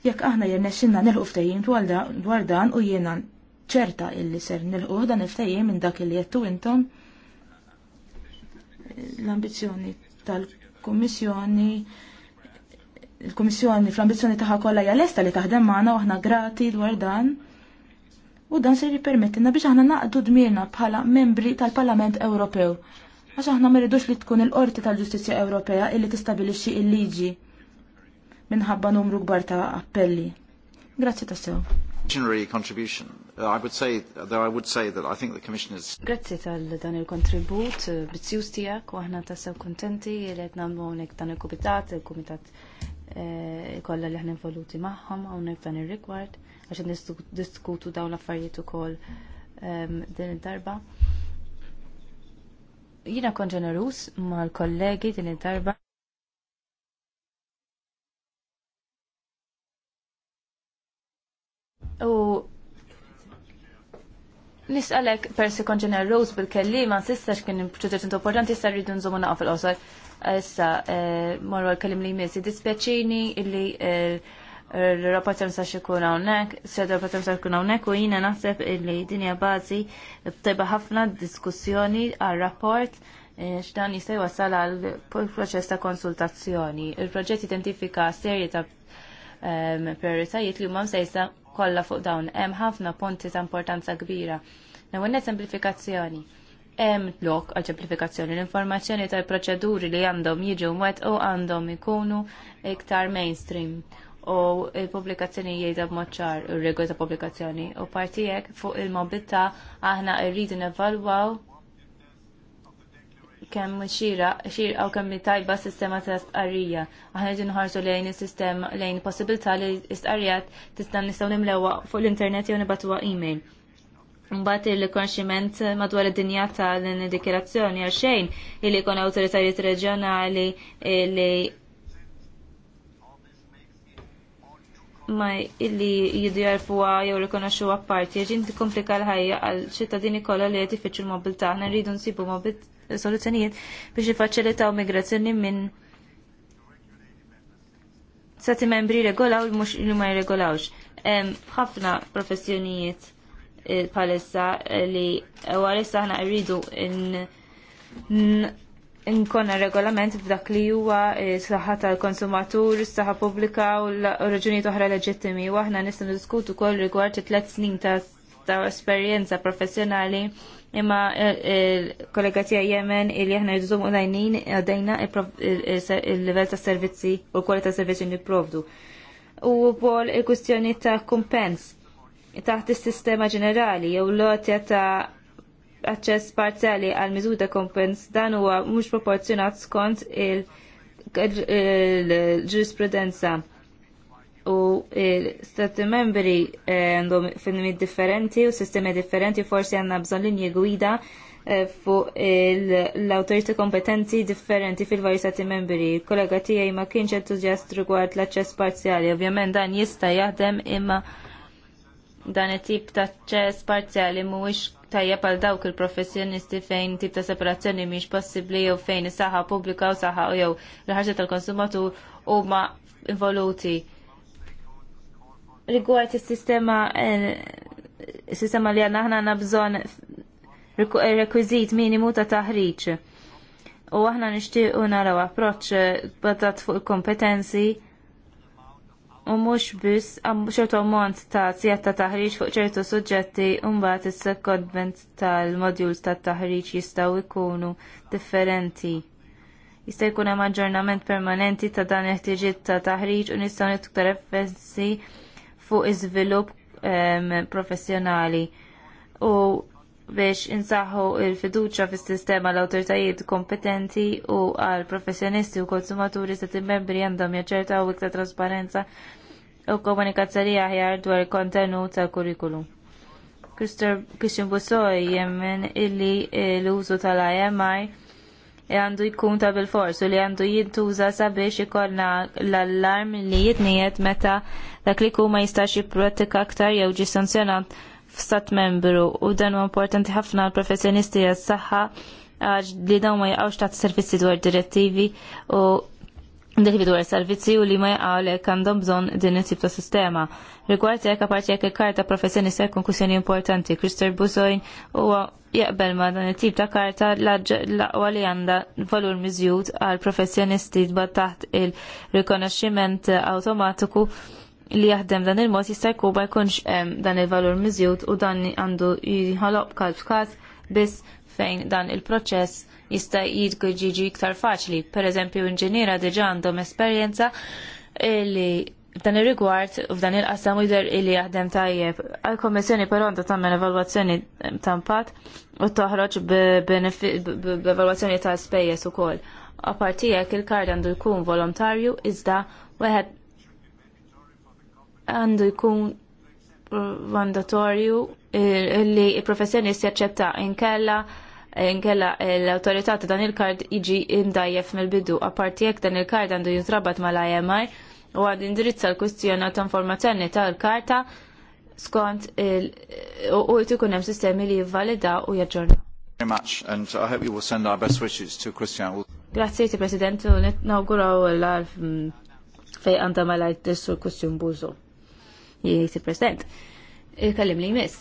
Jekk aħna nexxinna nilħu ftehim dwar dan u jiena ċerta illi ser nilħu dan il-ftehim minn dak li jettu intom, l-ambizjoni tal-Kummissjoni il-Kummissjoni fl-ambizzjoni tagħha kollha hija lesta li taħdem magħna u aħna grati dwar dan. U dan se jippermettilna biex aħna naqdu dmirna bħala membri tal-Parlament Ewropew. Għax aħna ma rridux li tkun il-Qorti tal-Ġustizzja Ewropea illi tistabilixxi il-liġi minħabba numru kbar ta' appelli. Grazzi tassew. sew contribution. Uh, I would say, though I would say that I think the Commission is... Grazzi tal dan il-kontribut, uh, bizzjus tijak, u aħna tassew kontenti, jeliet namlu għonek dan il-komitat, il-komitat eh, kolla li ħna involuti maħħom, għonek dan il-rikward, għaxan diskutu dawn l-affarijiet u koll ehm, din il-darba. Jina kon ġenerus ma l-kollegi din il-darba. U Nisqalek persi konġener Rose bil-kellima, sistax kien proġett importanti, issa rridu nżomu naqaf il-qosor. Issa, eh, morru għal-kellim li jmessi, dispjaċini illi eh, l-rapporter msax ikun hawnhekk, s l rapporter msax ikun hawnhekk u jiena naħseb illi dinja bażi b'tajba ħafna diskussjoni għal-rapport eh, x'dan jista' jwassal għal proċess ta' konsultazzjoni. Il-proġett identifika serje ta' prioritajiet li huma msejsa kollha fuq dawn. Hemm ħafna ponti ta' importanza kbira. Nawenna semplifikazzjoni. Hemm lok għal ċemplifikazzjoni l-informazzjoni tal-proċeduri li għandhom jiġu mwet u għandhom ikunu iktar mainstream u il-publikazzjoni jgħidha b'mod ċar ir-regoli ta' pubblikazzjoni u partijek fuq il-mobilità aħna rridu nevalwaw kemm xira u kemm tajba sistema ta' stqarrija. Aħna din nħarsu lejn is-sistema lejn possibilità li istqarrijat tista' nistgħu nimlewha fuq l-internet jew e email. Mbagħad il-konximent madwar id-dinja tal dikjerazzjoni għal xejn ili jkun awtoritajiet reġjonali li ma illi jiddu jarfuwa jew rikonoxxu apparti, ġin komplika l-ħajja għal ċittadini kollha li qed ifittxu l-mobilità. Aħna rridu nsibu soluzzjonijiet biex jiffaċilitaw migrazzjoni minn sati membri regolaw mhux li ma jregolawx. Ħafna professjonijiet eh, palissa eh, li eh, għalissa aħna rridu inkonna regolament f'dak li huwa eh, s saħħa tal-konsumatur, s saħħa pubblika u raġunijiet oħra leġittimi. U aħna nistgħu niddiskutu wkoll rigward tliet snin ta' esperjenza professjonali imma eh, eh, kollega tiegħi Yemen illi aħna u għajnin għadajna il-livell ta' servizzi u l-kwalità servizzi nipprovdu. U wkoll il-kwistjoni ta' kumpens taħt is-sistema ġenerali jew lotja ta' aċċess parzjali għal ta' kompens dan huwa mhux proporzjonat skont il-ġurisprudenza u stati membri eh, għandhom finmi differenti u sistemi differenti forsi għandna bżonn linji gwida eh, fuq l-autoriti kompetenti differenti fil-vari stati membri. Kollega tiegħi ma kienx entużjast rigward l-aċċess parzjali, ovvjament dan jista' jaħdem imma dan it-tip ta' ċess parzjali mhuwiex tajjeb għal dawk il-professjonisti fejn tip ta' separazzjoni mhix possibbli jew fejn is-saħħa pubblika u saħħa jew l-ħarġa tal-konsumatur huma involuti. Rigward is-sistema eh, is-sistema li għandna aħna bżonn rekwizit eh, minimu ta' taħriġ. U aħna nixtiequ naraw approċċ batat fuq il-kompetenzi u mhux biss ċertu ammont ta' sijat ta' taħriġ fuq ċertu suġġetti imbagħad is-secondment tal-modules ta' taħriġ jistgħu jkunu differenti. Jista' jkun hemm aġġornament permanenti ta' dan il-ħtiġiet ta' taħriġ u nistgħu niktar effessi fuq iżvilupp ehm, professjonali. U biex insaħħu il-fiduċa fis sistema l awtoritajiet kompetenti u għal professjonisti u konsumaturi se timmembri għandhom jaċċertaw iktar trasparenza u komunikazzjoni aħjar dwar il-kontenut tal-kurrikulum. Christian Bussoj jemmen illi l-użu tal-IMI għandu jkun ta' bil-fors u li għandu jintuża sabiex ikollna l-allarm li jitniet meta dak li kuma jistax jipprotika aktar jew ġi sanzjonat f'stat membru u dan huwa importanti ħafna għal professjonisti għas saħħa għax li dawn ma jaqgħux taħt servizzi dwar direttivi u dik li dwar servizzi u li ma jaqgħu għandhom bżonn din it-tip ta' sistema. Rigward jekk apparti jekk il-karta professjonista jkun kwistjoni importanti, Krister Buzojn huwa jaqbel ma dan it-tip ta' karta laqwa li għandha valur miżjud għal professjonisti dba taħt il-rikonoxximent awtomatiku li jaħdem dan il-mod jista' jkun ma jkunx dan il-valur miżjud u dan għandu jħoloq kalb f'każ biss fejn dan il-proċess jista' jidku jiġi iktar faċli. Pereżempju inġiniera diġà għandhom esperjenza li dan ir-rigward u f'dan il-qasam jider li jaħdem tajjeb. Għal-Kommissjoni però għandha tagħmel evalwazzjoni tampat u toħroġ b'evalwazzjoni ta' kol. ukoll. partijek il-kard għandu jkun volontarju iżda wieħed għandu jkun mandatorju eh, li il-professjonist jaċċetta inkella eh, inkella l-autorità dan il-kard iġi indajjef mill-bidu Aparti jekk dan il-kard għandu jitrabat mal-IMI u għad indirizza l-kustjoni ta' informazzjoni tal-karta skont u jtikun hemm sistemi li jivvalida u jaġġorna. Grazie ti President, u nawguraw l-għalf mm, fej għandha malajt sur kustjon bużu president. il kallim li jmiss.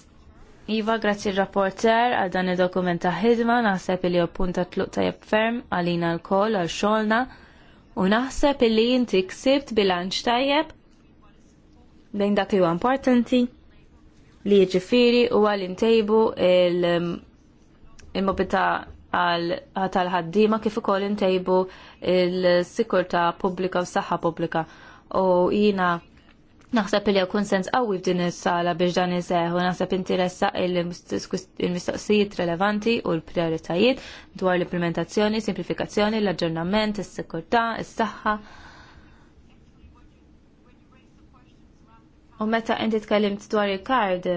Iva, grazzi il-rapporter għal dan il dokumenta ta' ħidma, naħseb li appunta tluq tajab ferm għalina l-koll għal xolna u naħseb li jinti ksibt bilanċ tajjeb bejn dak li huwa importanti li jiġifieri u għal intejbu il mm, mobita għal tal-ħaddima kif ukoll intejbu il-sikurta pubblika u s-saħħa pubblika. U jina Naħseb li jkun sens qawwi f'din is-sala biex dan iseħħu naħseb interessa il-mistoqsijiet relevanti u l-prioritajiet dwar l-implementazzjoni, simplifikazzjoni, l-aġġornament, is-sikurtà, is-saħħa. U meta inti tkellimt dwar il-kard,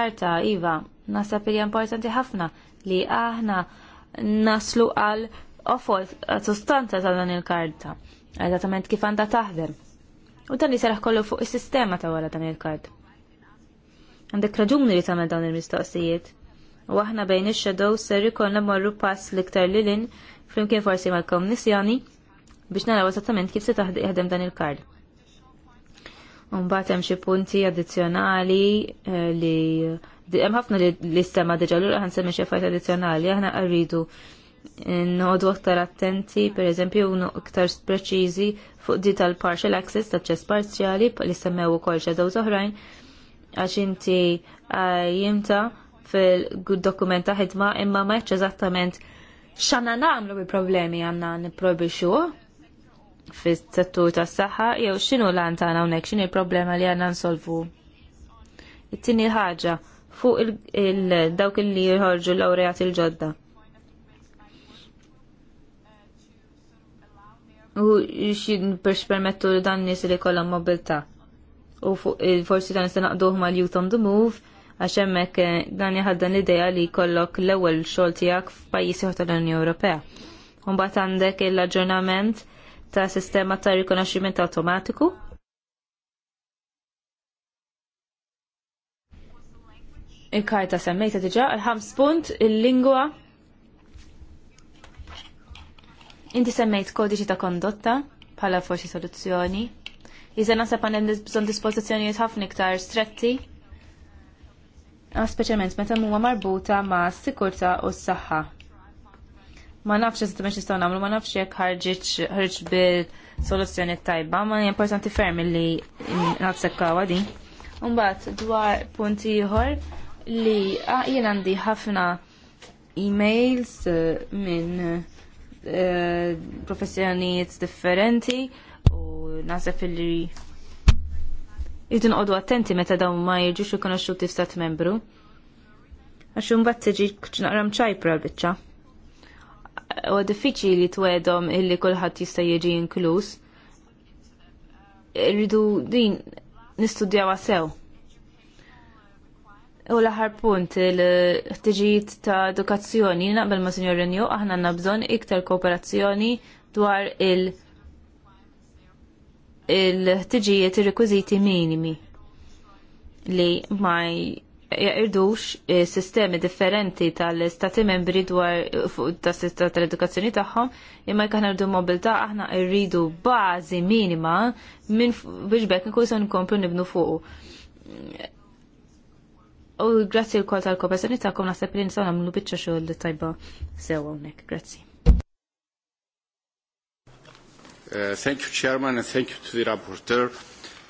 karta iva, naħseb li importanti ħafna li aħna naslu għal offol sustanza ta' dan il-karta. Eżattament kif għandha taħdem U dan jisraħ kollu fuq is-sistema ta' wara dan il kard Għandek raġuni li tagħmel dawn il-mistoqsijiet. U aħna bejn ix-shadow serri ikollna marru pass l-iktar lilin flimkien forsi mal-Komissjoni biex naraw esattament kif se taħdi jaħdem dan il kard Mbagħad hemm xi punti addizzjonali eh, li hemm ħafna li l-istema diġà l ħansemmi xi fajt addizzjonali aħna għarridu noqogħdu aktar attenti, pereżempju iktar preċiżi fuq di tal-partial access tal-ċess parzjali li semmew ukoll xedew oħrajn għax inti ah, jimta fil dokumenta ħidma imma ma eżattament x'għandna nagħmlu bil-problemi għandna nipprobixxuh fis-settur tas-saħħa jew x'inhu lan tagħna hawnhekk x'inhi l-problema li għandna nsolvu. It-tieni ħaġa fuq il-dawk il li jħorġu l-awrejat il-ġodda. u xin permettu dan nis li kollha mobilta. U eh, forsi dan se naqduh mal-youth on the move, għax hemmhekk eh, dan jħaddan l-idea li jkollok l-ewwel xogħol tiegħek f'pajjiż ieħor tal-Unjoni Ewropea. Mbagħad għandek l-aġġornament ta' sistema ta' rikonoxximent awtomatiku. Il-karta semmejta diġà il-ħams punt il-lingwa Inti semmejt kodiċi ta' kondotta bħala forsi soluzzjoni. Iżda nasab għandhem bżonn dispożizzjonijiet ħafna iktar stretti. Speċjalment meta huwa marbuta ma' sikurta u s-saħħa. Ma nafx eżatt mhux nistgħu nagħmlu, ma nafx jekk ħarġitx ħarġ bil-soluzzjoni tajba, ma importanti ferm li nazzekkawha din. Mbagħad dwar punti ieħor li ah, jien għandi ħafna emails eh, minn Eh, professjonijiet differenti u naħseb li jidun qodu attenti meta dawn ma jirġux rikonoxxuti f'stat membru. Għax imbagħad tiġi naqram ċajpra l-biċċa. U diffiċli li twedhom illi kulħadd jista' jiġi inkluż. Irridu din nistudjawa sew U l punt, il-ħtiġijiet ta' edukazzjoni, naqbel ma' Sinjor Renju, aħna għanna bżon iktar kooperazzjoni dwar il- il-ħtiġijiet ir-rekwiżiti minimi li ma jaqirdux sistemi differenti tal-stati membri dwar tas tal-edukazzjoni tagħhom imma jekk aħna rridu mobilità aħna rridu bażi minima minn biex bekk nkun se nkomplu nibnu fuqu. U grazzi l-kol tal-kooperazzjoni ta'kom naħseb li nistgħu nagħmlu xo l tajba sewa unnek. Grazzi. Uh, thank you, Chairman, and thank you to the rapporteur.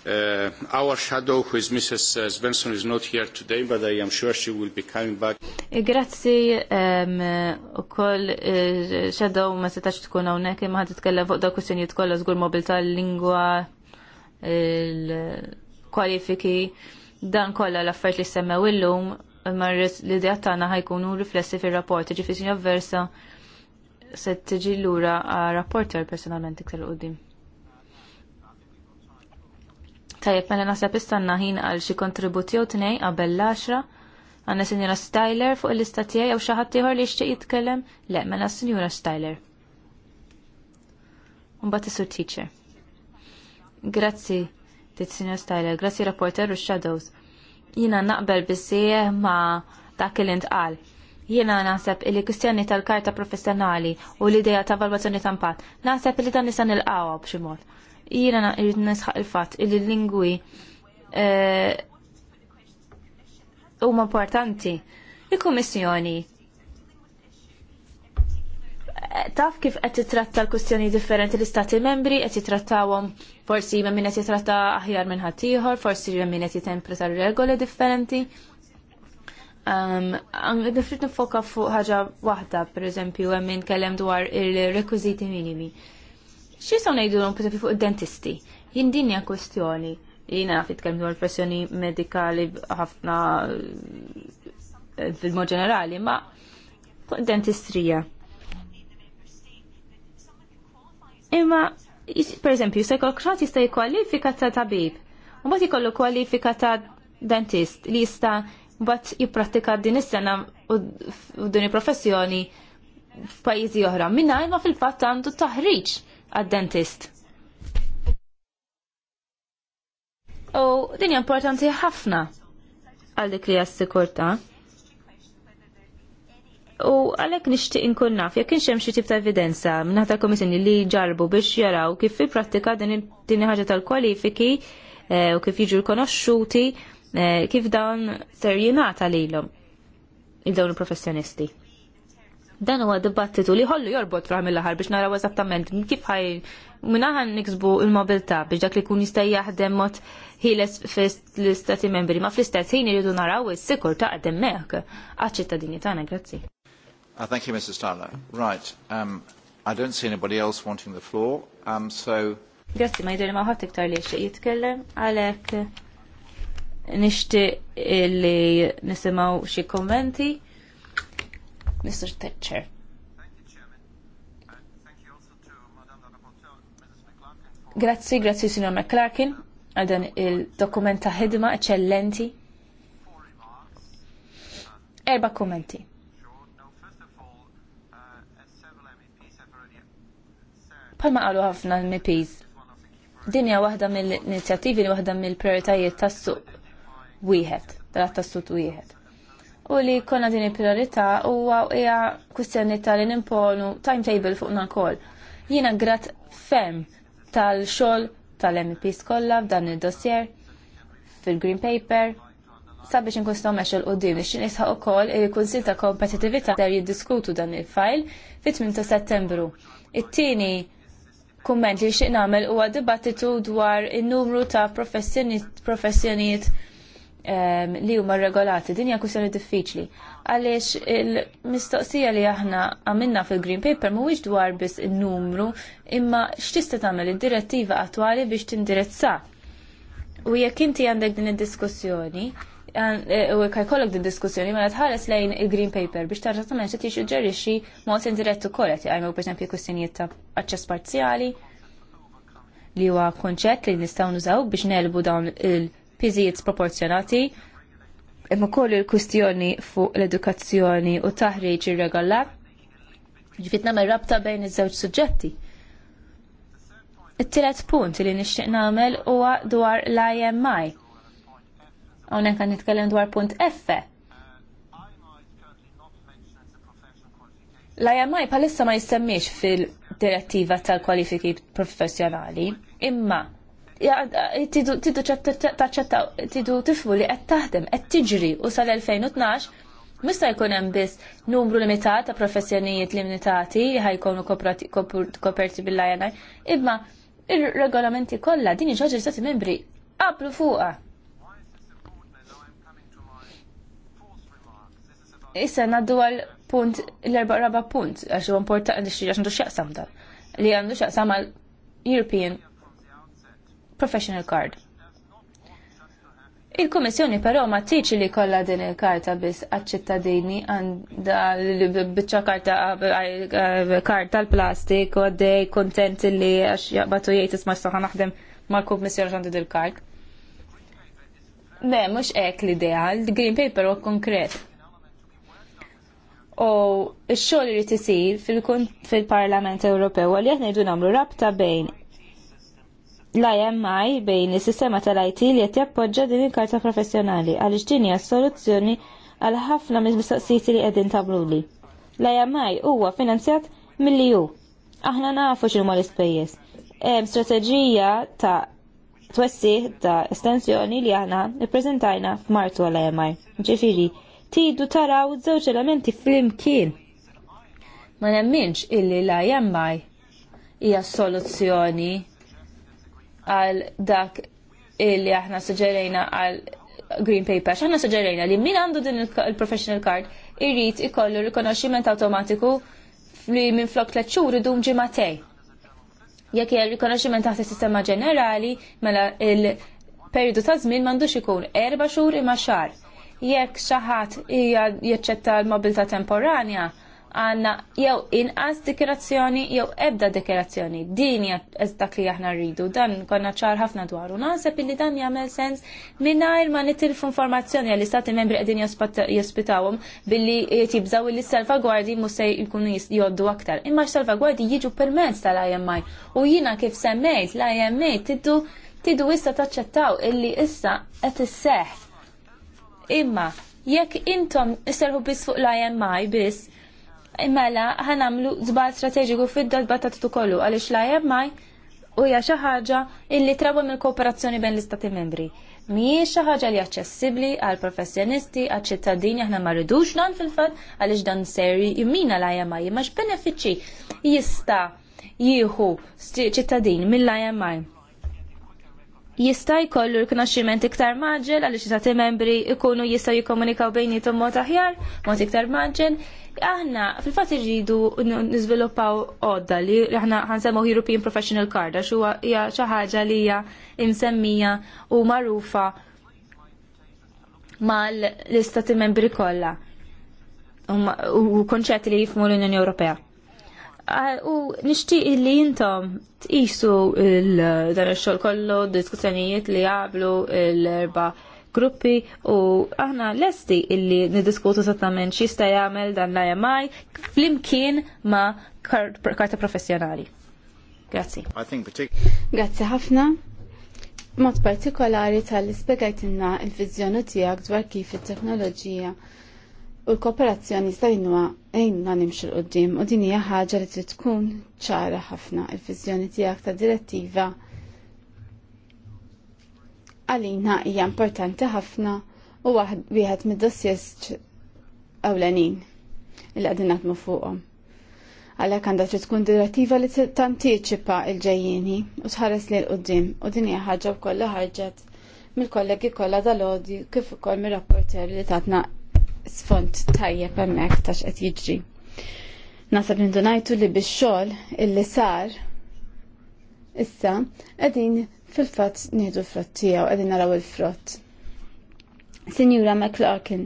Uh, our shadow, who is Mrs. Uh, Svensson, is not here today, but I am sure she will be coming back. Eh, grazzi um, u koll uh, shadow ma setax tkun hawnhekk imma ħad titkellem fuq dawk dak kwistjonijiet kollha żgur tal lingwa, il-kwalifiki. Uh, dan kollha l-affert li semmew illum imma l-idea tagħna ħajkunu riflessi fir-rapport, ġifi sinja versa se tiġi lura rapporter personalment iktar qudiem. Tajjeb mela naħseb istanna ħin għal xi kontributi jew tnejn qabel l-10 għandna Sinjura Styler fuq il-lista tiegħi jew xi ħadd ieħor li jixtieq jitkellem? Le, mela Sinjura Styler. Mbagħad isur teacher. Grazzi. Tizzina Styler, grazzi reporter u Shadows. Jina naqbel bisieħ ma dak il intqal. Jina naħseb li kustjani tal-karta professjonali u l-ideja ta' valwazzjoni ta' impatt. Naħseb li dan nisan il-qawa b'xi mod. Jina irrid nisħaq il-fatt li l-lingwi eh, huma importanti. Il-Kummissjoni taf kif qed titratta l-kwistjoni differenti l-istati membri qed jitrattawhom forsi hemm min qed jitratta aħjar minn ħadd ieħor, forsi hemm min qed jitempreta regoli differenti. Um, nifrit nifoka fuq ħaġa waħda, pereżempju hemm min kellem dwar ir-rekwiżiti minimi. Xi saw ngħidulhom pereżempju fuq id-dentisti? Jien din hija kwestjoni. Jiena naf jitkellem dwar pressjoni medikali ħafna eh, fil-mod ġenerali, ma fuq dentistrija Imma, per jkollok sekolokrat jista' jikkwalifika ta' tabib. U mbagħad jikollu kwalifika ta' dentist li jista' bat jipprattika din is-sena u din il-professjoni f'pajjiżi oħra. mingħajr ma fil-fatt għandu taħriġ għad-dentist. U din importanti ħafna għal dik li għas-sikurta. U għalhekk nixtieq inkun naf jekk kienx hemm xi tip ta' evidenza minn tal-Komissjoni li ġarbu biex jaraw kif fil-prattika din ħaġa tal-kwalifiki eh, u kif jiġu rikonoxxuti eh, kif dawn ser jingħata lilhom il-dawn il-professjonisti dan huwa dibattitu li ħollu jorbot fra mill-aħħar biex naraw eżattament kif ħaj minaħan niksbu il-mobilità biex dak li kun jista' jaħdem mod ħieles fl-istati membri ma fl-istess ħin iridu naraw is-sikur ta' qedem meħk għaċ-ċittadini tagħna, grazzi. Uh, thank you, Mrs. Tyler. Right. Um, I don't see anybody else wanting the floor, um, so... Grazie, ma jidri maħat iktar li xie jitkellem, għalek nishti li nisimaw xie kommenti. Mr. Thatcher. Grazzi, grazzi, Signor McClarkin, għal dan il-dokumenta ħidma eccellenti. Erba kommenti. Palma qalu ħafna MPs. Dinja waħda mill-inizjattivi li waħda mill-prioritajiet tas-suq wieħed, tas-suq wieħed. U li konna din il-priorità huwa hija kwistjoni tal nimponu timetable fuqna wkoll. Jiena grat ferm tal-xogħol tal-MPs kollha f'dan id-dossier fil-Green Paper sabiex nkustaw meċa l-qoddim, xin isħa u kol il-Konsil ta' Kompetitivita der jiddiskutu dan il-fajl fit-8 ta' settembru. It-tini kumment li xieq nagħmel huwa dibattitu dwar in-numru ta' professjonijiet um, li huma regolati. Din hija diffiċli. Għaliex il-mistoqsija li aħna għamilna fil-Green Paper mhuwiex dwar biss in-numru imma x'tista' tagħmel id-direttiva attwali biex tindirizza. U jekk inti għandek din id-diskussjoni, E, u kajkollok din diskussjoni ma tħares lejn il-Green Paper biex tarra ta' meċet jiex uġġerixi mod indirettu kolet jgħajmu per esempio kustinijiet ta' aċċess parzjali li huwa konċett li nistgħu nużaw biex nelbu dawn il pizijiet sproporzjonati imma kollu l-kustjoni fuq l-edukazzjoni u taħriġ irregolat ġifit namel rabta bejn iż-żewġ suġġetti. It-tielet punt li nixtieq nagħmel huwa dwar l-IMI Hawnhekk għan nitkellem dwar punt F. L-IMI palissa ma jissemmix fil-direttiva tal-kwalifiki professjonali, imma tidu tifmu li qed taħdem, qed tiġri u sal-2012 mista jkun hemm biss numru limitat ta' professjonijiet limitati li ħajkunu koperti bil-INI, imma ir-regolamenti kollha din iġaġir stati membri qablu fuqha. Issa naddu għal punt, l-erba raba punt, għax u importanti xi għax għandu xaqsam dan, li għandu xaqsam għal European Professional Card. Il-Komissjoni però ma tiċ li kolla din il-karta biss għadċittadini ċittadini għanda li bieċa karta eh, karta l-plastik u għaddej kontent li għax jaqbatu jgħid isma' s naħdem mal-Komissjoni għandu dil-kart. Le, mux ek l-idea, l-Green Paper u konkret u x li t isir fil-Parlament Ewropew għal qed ngħidu nagħmlu rabta bejn l-IMI bejn is-sistema tal-IT li qed jappoġġa din il-karta professjonali għaliex din hija soluzzjoni għal ħafna mis mistoqsijiet li qegħdin tagħmluli. L-IMI huwa finanzjat mill-EU. Aħna nafu x'inhuma l-ispejjeż. Hemm strateġija ta' twessih ta' estensjoni li aħna ippreżentajna f'Martu għal-IMI. Ġifieri, tidu taraw żewġ elementi fl-imkien. Ma nemminx illi la jemmaj hija soluzzjoni għal dak illi aħna suġġerejna għal Green Paper. Aħna suġġerejna li min għandu din il-professional card irrid ikollu rikonoxximent awtomatiku li minn flok tliet xhur idum ġimatej. Jekk hija rikonoxximent taħt is-sistema ġenerali mela il-periodu ta' żmien m'għandux ikun erba' xhur imma xahar jekk xi ħadd hija jaċċetta l-mobilità temporanja għandna jew inqas dikirazzjoni jew ebda dikirazzjoni. Din hija dak li aħna rridu, dan konna ċar ħafna dwaru. Naħseb illi dan jagħmel sens mingħajr ma f' informazzjoni għall istati membri qegħdin jospitawhom billi jibżaw li s-salvagwardi mhux se jkunu jgħoddu aktar. Imma s-salvagwardi jiġu permezz tal-IMI u jiena kif semmejt l-IMI tiddu tiddu issa taċċettaw illi issa qed isseħħ Imma jekk intom isserħu biss fuq l-IMI biss, mela ħanamlu zbal strategiku fid-dolba ta' kollu għaliex l-IMI u hija xi ħaġa illi trabwa mill-kooperazzjoni bejn l-istati membri. Mhijiex xi ħaġa li aċċessibbli għal professjonisti, għal ċittadini aħna ma rridux dan fil-fatt għaliex dan seri jimmina l-IMI imma x'benefiċċi jista' jieħu ċittadin mill-IMI jista' jkollu rikonoxximent iktar maġel għaliex ta' membri ikunu jistgħu jikkomunikaw bejnietom mod aħjar, mod iktar maġel. Aħna fil-fatt irridu niżviluppaw għodda li aħna ħansemmu European Professional Card għax huwa hija xi ħaġa li hija imsemmija u magħrufa mal-istati membri kollha u konċetti li jifmu l-Unjoni Ewropea. Ah, u nixtieq li intom tqisu dan ix-xogħol kollu, diskussjonijiet li għablu l-erba' gruppi u aħna lesti illi niddiskutu esattament x'jista' jagħmel dan l-IMI flimkien ma' karta professjonali. Grazzi. Grazzi ħafna. Mod partikolari tal-li spiegajtinna il-vizjoni tiegħek dwar kif it-teknoloġija U l-kooperazzjoni ejn ma nimxu l-qoddim u din hija ħaġa li trid tkun ċara ħafna il fizjoni tiegħek ta' direttiva għalina hija importanti ħafna u wieħed mid-dossiers ewlenin il qegħdin naħdmu fuqhom. Għalhekk għandha trid tkun direttiva li tantiċipa l-ġejjieni u tħares lil qudiem u din hija ħaġa wkoll li ħarġet mill-kollegi kollha dal-għodi kif ukoll mir-rapporter li tatna sfond tajjeb hemmhekk tax qed jiġri. Nasab nindu ngħidu li bix-xogħol illi sar issa qegħdin fil-fatt nieħdu frott tiegħu qegħdin naraw il-frott. Sinjura McLaughlin,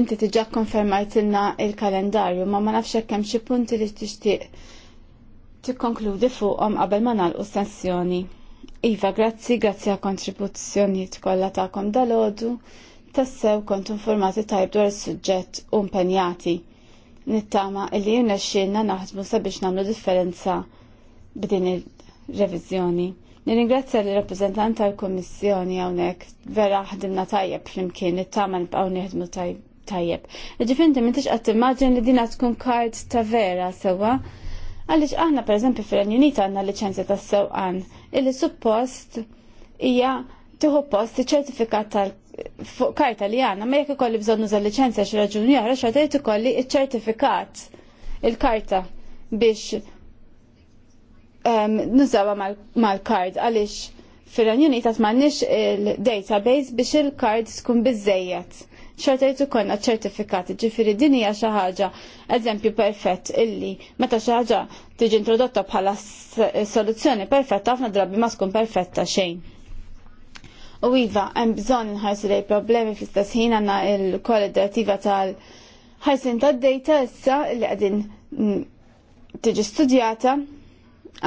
inti tiġa konfermajt ilna il-kalendarju ma ma nafx hekk hemm xi punti li tixtieq tikkonkludi fuqhom qabel ma nagħlqu sessjoni. Iva, grazzi, grazzi għal kontribuzzjoni tkollha tagħkom dalodu tassew kont informati tajb dwar is-suġġett u impenjati. Nittama illi jirna xienna naħdmu sabiex namlu differenza b'din ir-reviżjoni. Nirringrazzja li rappresentant tal-Kommissjoni hawnhekk vera ħdimna tajjeb flimkien nittama nibqgħu nieħdmu tajjeb. Ġifin minn tix qed immaġin li dinha tkun kard ta' vera sewwa. Għaliex aħna pereżempju fil-Unita għandna liċenzja tas-sewqan illi suppost hija tieħu post iċ ċertifikat tal fuq karta li għanna, ma jekk ikolli bżonn nuża liċenzja xi raġuni oħra xa tgħid ikolli ċ-ċertifikat il-karta biex um, nużawha mal-kard għaliex fir-Ranjuni ta' m'għandniex il-database biex il-kard tkun biżejjed. ċertajt ukollna ċertifikat, ġifiri din hija xi ħaġa eżempju perfett illi meta xi ħaġa tiġi introdotta bħala soluzzjoni perfetta ħafna drabi ma tkun perfetta xejn. U iva, hemm bżonn nħarsu lejn problemi fl-istess ħin għandna l-koll direttiva tal-ħarsin tad-dejta issa li qegħdin tiġi studjata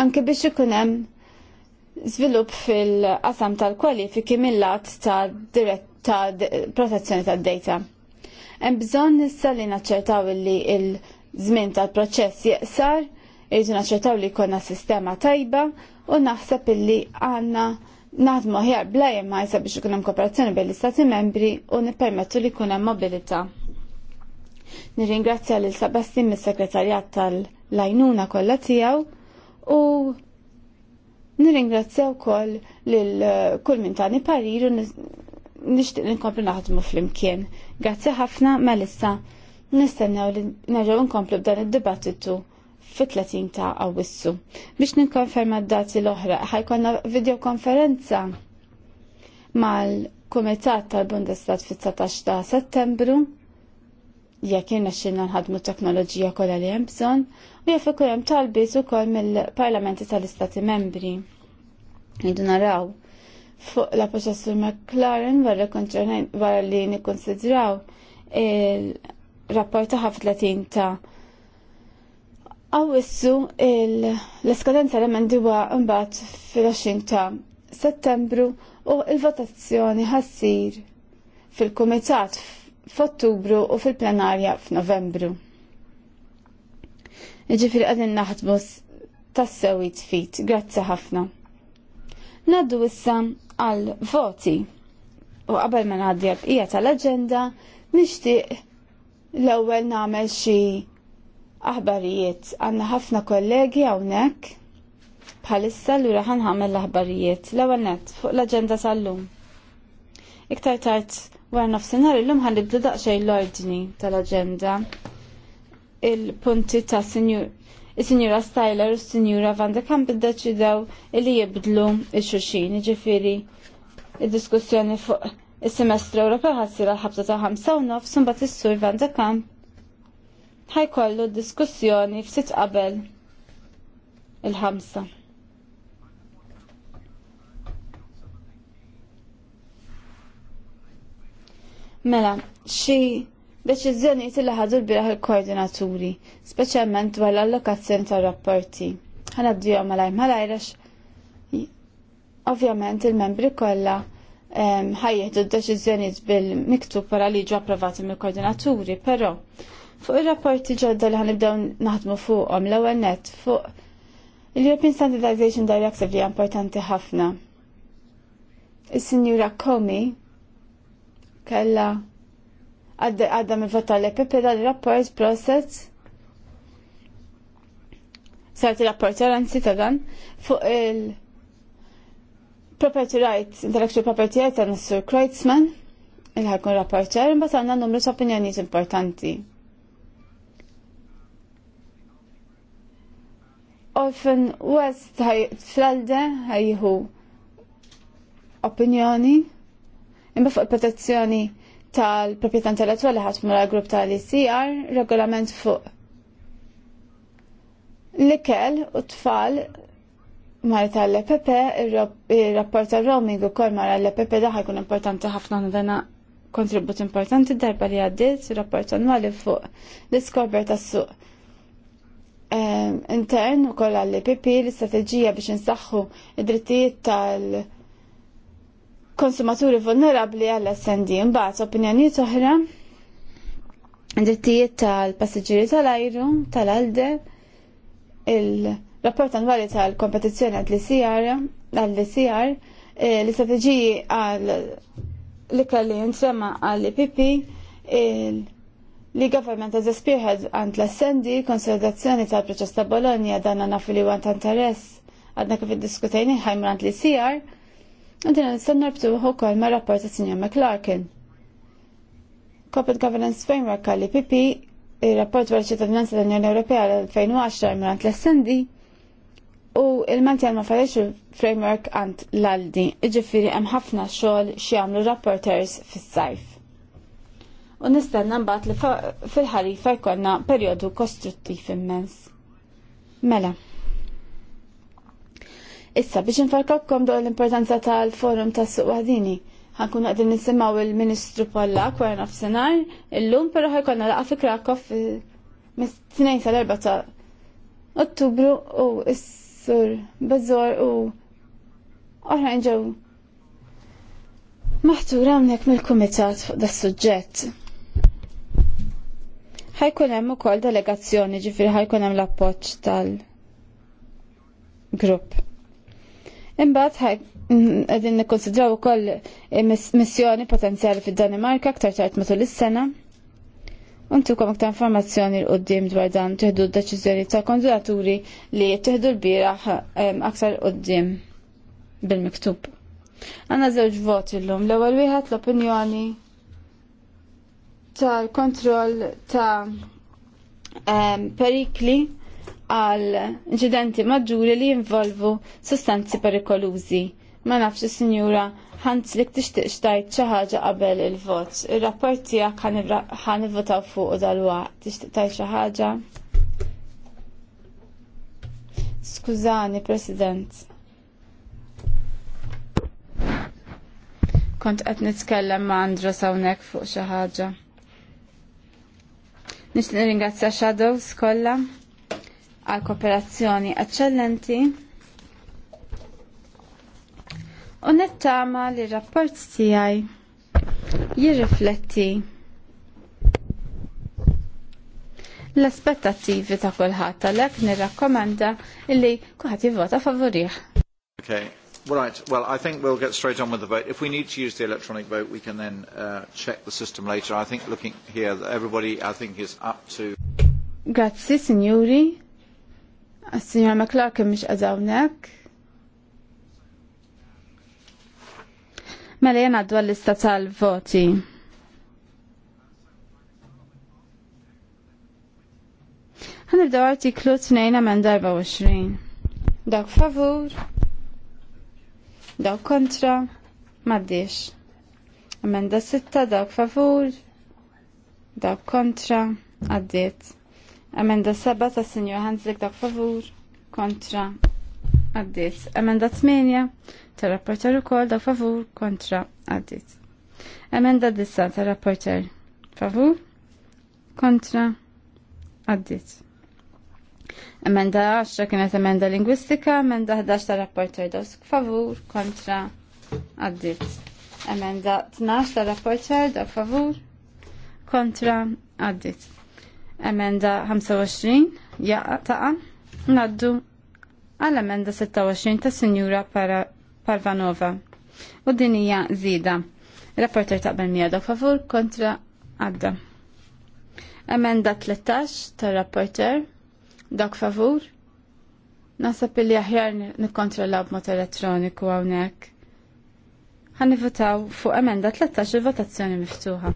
anke biex ikun hemm żvilupp fil-qasam tal-kwalifiki mill-lat ta' protezzjoni tad-dejta. Hemm bżonn issa li naċċertaw li l-żmien tal-proċess jeqsar, irridu naċċertaw li jkollna sistema tajba u naħseb illi għandna naħdmu ħjar blajem ma jisa biex ikun hemm kooperazzjoni bejn l-Istati membri u nippermettu li jkun hemm mobilità. Nirringrazzja lil Sebastin mis-Sekretarjat tal-Lajnuna kollha tiegħu u nirringrazzja wkoll lil eh, kull min tani pariru u nixtieq ninkomplu naħdmu flimkien. Grazzja ħafna ma' lissa nistennew li nerġgħu nkomplu b'dan id-dibattitu fit-30 ta' Awwissu. Biex ninkonferma d-dati l-oħra, ħajkonna videokonferenza mal-Kumitat tal-Bundestat fit-19 ta' Settembru jekk jirna xinna nħadmu teknoloġija kolla li hemm bżonn u jaf ikun hemm talbiet ukoll mill-parlamenti tal-istati membri. Jidu naraw fuq la professur McLaren wara li nikkonsidraw il-rapport ta' 30 ta' Għawissu l-eskadenza li mandiwa mbaħt mbagħad fil-20 ta' Settembru u l-votazzjoni ħassir fil-Kumitat f'Ottubru u fil-plenarja f'Novembru. Ġifiri għadin naħdmu tassewi tfit. Grazzi ħafna. Naddu issa għal voti. U qabel ma ngħaddi għal tal-aġenda, nixtieq l-ewwel nagħmel xi aħbarijiet. Għanna ħafna kollegi hawnhekk bħalissa li raħan ħamel l-aħbarijiet. L-ewwel nett fuq l-aġenda tal-lum. Iktar tard wara nofsinhar illum ħanibdu daqsxejn l-ordni tal-aġenda. Il-punti ta' sinjur Is-Sinjura Styler u s-Sinjura Van de Kamp il li jibdlu il xuxin ġifiri il diskussjoni fuq is-semestru Ewropew ħassir l ħabta ta' ħamsa u nofs, mbagħad is-Sur Van de Kamp ħajkollu diskussjoni f'sit qabel il-ħamsa. Mela, xi deċiżjonijiet li ħadu l-biraħ il-koordinaturi, speċjalment dwar l-allokazzjoni tar-rapporti. Ħanabdijhom malajr malajrax. Ovvjament il-membri kollha ehm, ħajjeħdu d-deċiżjonijiet bil-miktub wara li ġu approvati mill-koordinaturi, però Fuq ir-rapporti ġodda li ħanibdew naħdmu fuqhom l-ewwel net fuq il-European Standardization Directive li importanti ħafna. Is-Sinjura Komi kella għadda mivvota l-EPP dal-rapport process sarti rapport anzi ta' dan fuq il property rights, intellectual property rights ta' Mr. Kreutzmann, il-ħakun rapporter, imbagħad għandna numru ta' opinjoni importanti. Orphan West fl ħajħu opinjoni imma fuq il-protezzjoni tal-proprjetà intellettuali ħadd l grupp tal-ICR, regolament fuq l-ikel u tfal mar tal-LPP, il-rapport tal-roaming u kol mara l-LPP daħħa jkun importanti ħafna għandana kontribut importanti darba li għaddit, il-rapport annuali fuq l-iskorber tas-suq intern u koll għall PP l-istrateġija biex nsaxħu id-drittijiet tal- konsumaturi vulnerabli għall SND imbagħad opinjonijiet oħra drittijiet tal-passiġġieri tal-ajru tal-alde il-rapport annwali tal-kompetizzjoni għall-ICR għall-ICR eh, l-istrateġiji għall l-ikra li jintrema għall pp il- li government as a spearhead għand l-assendi konsolidazzjoni tal-proċess ta' Bologna dan naf li għant interess għadna kif id-diskutajni ħajmrant li sijar għandina nistan narbtu ukoll ma' rapport ta' Sinja McClarkin. Corporate Governance Framework għalli PP il-rapport għal ċittadinanza tal-Unjoni Ewropea l-2010 imrant l-assendi u il manti għal ma il framework għand l-Aldi, iġifiri hemm ħafna xogħol xi jagħmlu rapporters fis-sajf u nistenna mbagħad li fil-ħarifa jkollna perjodu kostruttiv immens. Mela. Issa biex nfarkakkom dwar l-importanza tal-forum tas suq waħdini. Ħankun qegħdin nisimgħu il-Ministru Polla wara nofsinhar illum però ħajkollna laqa fi Krakow mis sal-4 ta' Ottubru u s-sur Bazzor u oħrajn ġew Maħtura għamnek mill-kumitat fuq da' suġġett ħajkun hemm ukoll delegazzjoni ġifieri ħajkun hemm l-appoġġ tal-grupp. Imbagħad qegħdin nikkonsidraw ukoll missjoni potenzjali fid-Danimarka aktar tard matul is-sena. Untukom aktar informazzjoni l qudiem dwar dan tieħdu d-deċiżjoni ta' konsulaturi li tieħdu l-bieraħ aktar qudiem bil-miktub. Għanna żewġ voti l-lum, l-ewwel wieħed l-opinjoni tal-kontroll ta' perikli għal inċidenti maġġuri li jinvolvu sostanzi perikolużi. Ma nafx sinjura ħanz li tixtieq xtajt xi ħaġa qabel il-vot. Ir-rapport tiegħek ħan votaw fuq dal-waqt. Tixtieq tajt xi ħaġa? Skużani, President. Kont qed nitkellem ma' Andra hawnhekk fuq xi ħaġa. Nix ringrazzja Shadows kollha għal kooperazzjoni eccellenti. U nettama li rapport tiegħi jirrifletti l-aspettattivi ta' kulħadd għalhekk nirrakkomanda illi kuħat jivvota favorih. Okay. Right, well, I think we'll get straight on with the vote. If we need to use the electronic vote, we can then uh, check the system later. I think looking here, everybody, I think, is up to... Grazzi, signori. Uh, Signor McClark, mish għazawnek. Mela jena għaddu lista tal-voti. Għanibdaw artiklu 2 amend 24. Dak favur. Dawk kontra maddix. Emenda sitta dawk favur dawk kontra għaddiet. Emenda seba ta' sinju Hanzlik dawk favur kontra għaddiet. Emenda tmenja ta' rapporter ukoll dawk favur kontra għaddiet. Emenda dissa ta' rapporter favur kontra għaddiet. Emenda 10 kienet emenda lingwistika, emenda 11 ta' rapporter dawk favur kontra għaddit. Emenda 12 ta' rapporter dawk favur kontra għaddit. Emenda 25 jaqa taqa naddu għal-emenda 26 ta' Sinjura Parvanova. U din hija żieda. Rapporter taqbel da' favur kontra għadda. Emenda 13 tar rapporter dak favur. Nasab li aħjar nikkontrollaw b'mod elettroniku hawnhekk. Ħan votaw fuq emenda 13 il-votazzjoni miftuħa.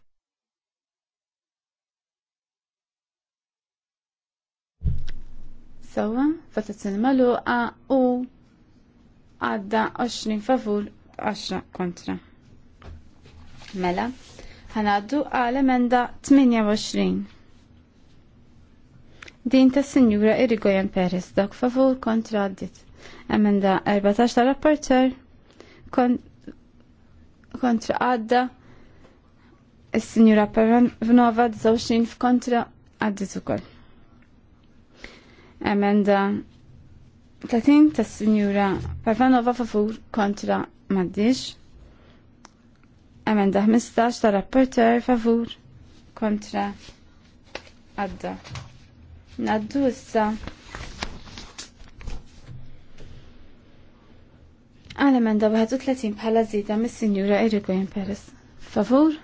Sawa, votazzjoni magħluqa u għadda 20 favur 10 kontra. Mela, għaddu għal emenda 28. Din ta' Sinjura Irigoyen Perez dak favur kontra għaddit. Emenda 14 ta' rapporter kon, kontra għadda Is-Sinjura Paranova 29 f'kontra għaddit ukoll. Emenda 30 ta' Sinjura Parvanova favur kontra maddix. Emenda 15 ta' rapporter favur kontra għadda. Naddu issa. Għal-emenda 31 bħala zida mis sinjura Eriko Peres. Favur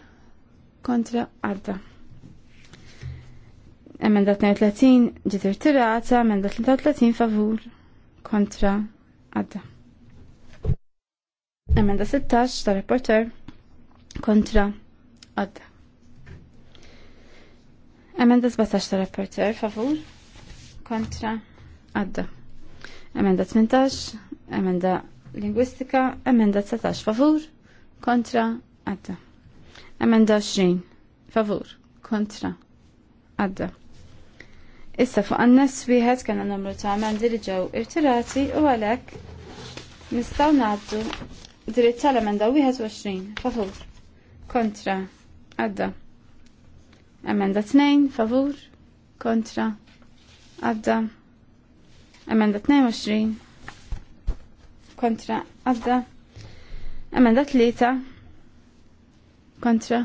kontra għadda. Emenda 32 ġitir tirata, emenda 33 favur kontra għadda. Emenda 16 ta' reporter kontra għadda. Emenda 17 ta' rapporter, favur. Kontra. Għadda. Emenda 18. Emenda lingwistika. Emenda 19. Favur. Kontra. Għadda. Emenda 20. Favur. Kontra. Għadda. Issa fuq għannes wieħed kena numru ta' emendi li ġew irtirati u għalhekk nistgħu ngħaddu dritt tal-emenda 21. Favur. Kontra. Għadda. Emenda 2 favur kontra għadda. Emenda 22 kontra għadda. Emenda 3 kontra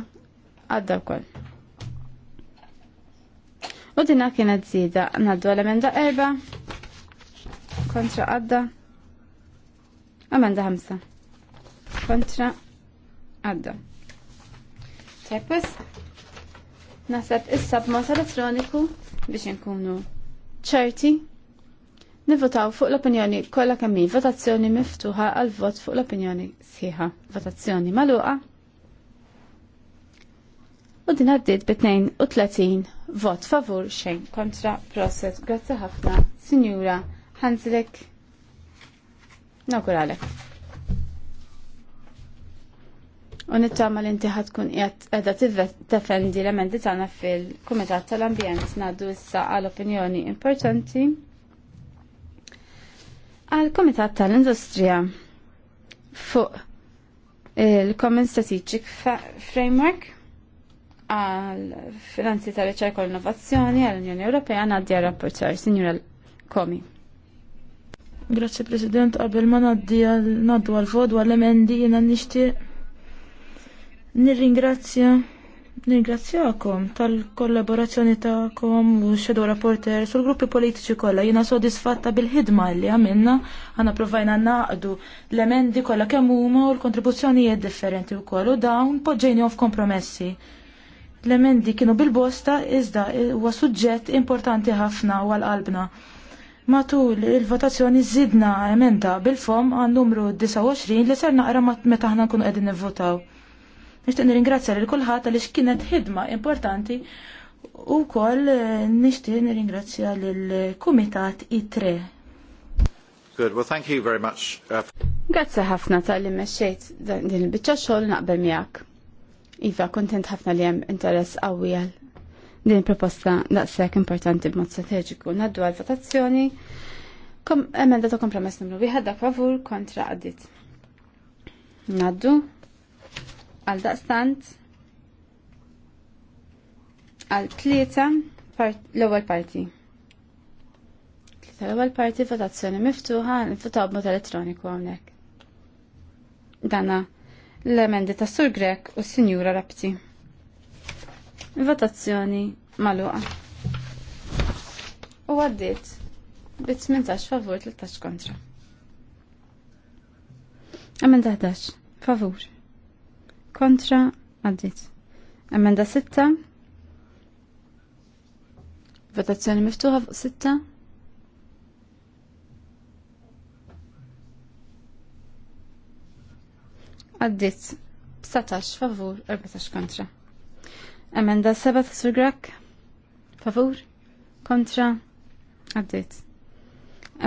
għadda wkoll. U dinna kienet zida naddu l-emenda 4 kontra għadda. Emenda 5 kontra għadda. Tajpus. Nasab issa b'mod elettroniku biex inkunu ċerti. Nivvotaw fuq l-opinjoni kollha kemm hi votazzjoni miftuħa għal vot fuq l-opinjoni sħiħa. Votazzjoni magħluqa. U din għaddiet bi 32 vot favur xejn kontra proset. Grazzi ħafna, Sinjura Hanzlek. Nawguralek. U nittama li inti ħatkun qiegħda tifendi l-emendi tagħna fil-Kumitat tal-Ambjent ngħaddu issa għal opinjoni importanti għal Kumitat tal-Industrija fuq il-Common Strategic Framework għal finanzi tal riċerka u innovazzjoni għall unjoni Ewropea ngħaddi għal rapporter Signora Komi. Grazie President, qabel ma ngħaddi għal ngħaddu għal vod għal emendi jiena nishtiq Nirringrazzja Nirringrazzjakom tal-kollaborazzjoni ta'kom u xedu rapporter sul gruppi politiċi kollha. Jiena sodisfatta bil-ħidma li għamilna, għana provajna naqdu l-emendi kollha kemm huma u l-kontribuzzjonijiet differenti wkoll u dawn poġġejnihom f'kompromessi. L-emendi kienu bil-bosta iżda huwa suġġett importanti ħafna u għal-qalbna. Matul il-votazzjoni żidna emenda bil-fom għan numru 29 li ser naqra meta aħna nkunu qegħdin nivvotaw Nixtieq nirringrazzja lil kulħadd għaliex kienet ħidma importanti u wkoll eh, nixtieq nirringrazzja lil kumitat I3. E. Good, well thank you very much. Uh, Grazzi ħafna tal-li mexxejt din il-biċċa xogħol naqbel miegħek. Iva, kontent ħafna li hemm interess qawwi din il proposta daqshekk importanti b'mod strateġiku. Naddu għal votazzjoni. Emenda ta' kompromess numru wieħed dak favur kontra għaddit. Naddu għal daqstant għal tlieta l-ewwel parti. Tlieta l-ewwel parti votazzjoni miftuħa nifutaw mod elettroniku hawnhekk. Dana l-emendi ta' Sur Grek u Sinjura Rabti. Votazzjoni maluqa. U għaddiet bi 18 favur 13 kontra. Emenda 11 favur kontra għaddit. Emenda 6 votazzjoni miftuħa fuq 6 għaddit 17 favur, 14 kontra. Emenda 7 ta' Surgrak, favur, kontra, għaddit.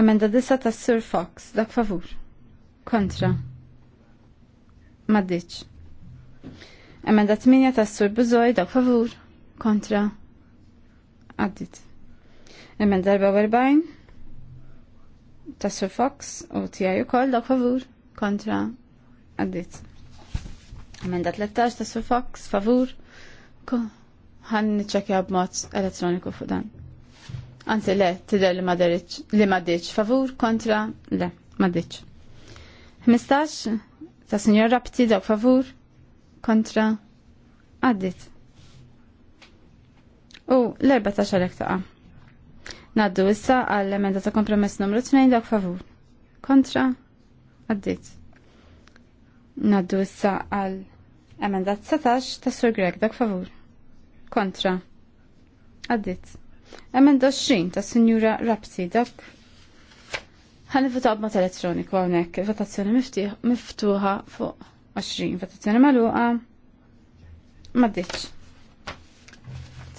Emenda 10 ta' Sur Fox, dak favur, kontra, maddiċ. Emenda 8 ta' sur Buzoj, dak favur, kontra, għaddit. Emenda 44 ta' sur Fox u tijaj u koll, dak favur, kontra, għaddit. Emenda 13 ta' sur Fox, favur, għan nċekja b'mod elettroniku fuq dan. Anzi le, tider li ma li ma favur, kontra, le, ma 15 ta' s-sur Rapti, dak favur, kontra għaddit. U l-14 għalek Naddu issa għall-emenda ta' kompromess numru 2 dak favur. Kontra għaddit. Naddu issa għall-emenda 19 ta' Sur Greg dak favur. Kontra għaddit. Emenda 20 ta' Sinjura Rapsi dak ħan votaw b'mod elettroniku il votazzjoni miftuħa fuq 20 votazzjoni maluqa maddiċ.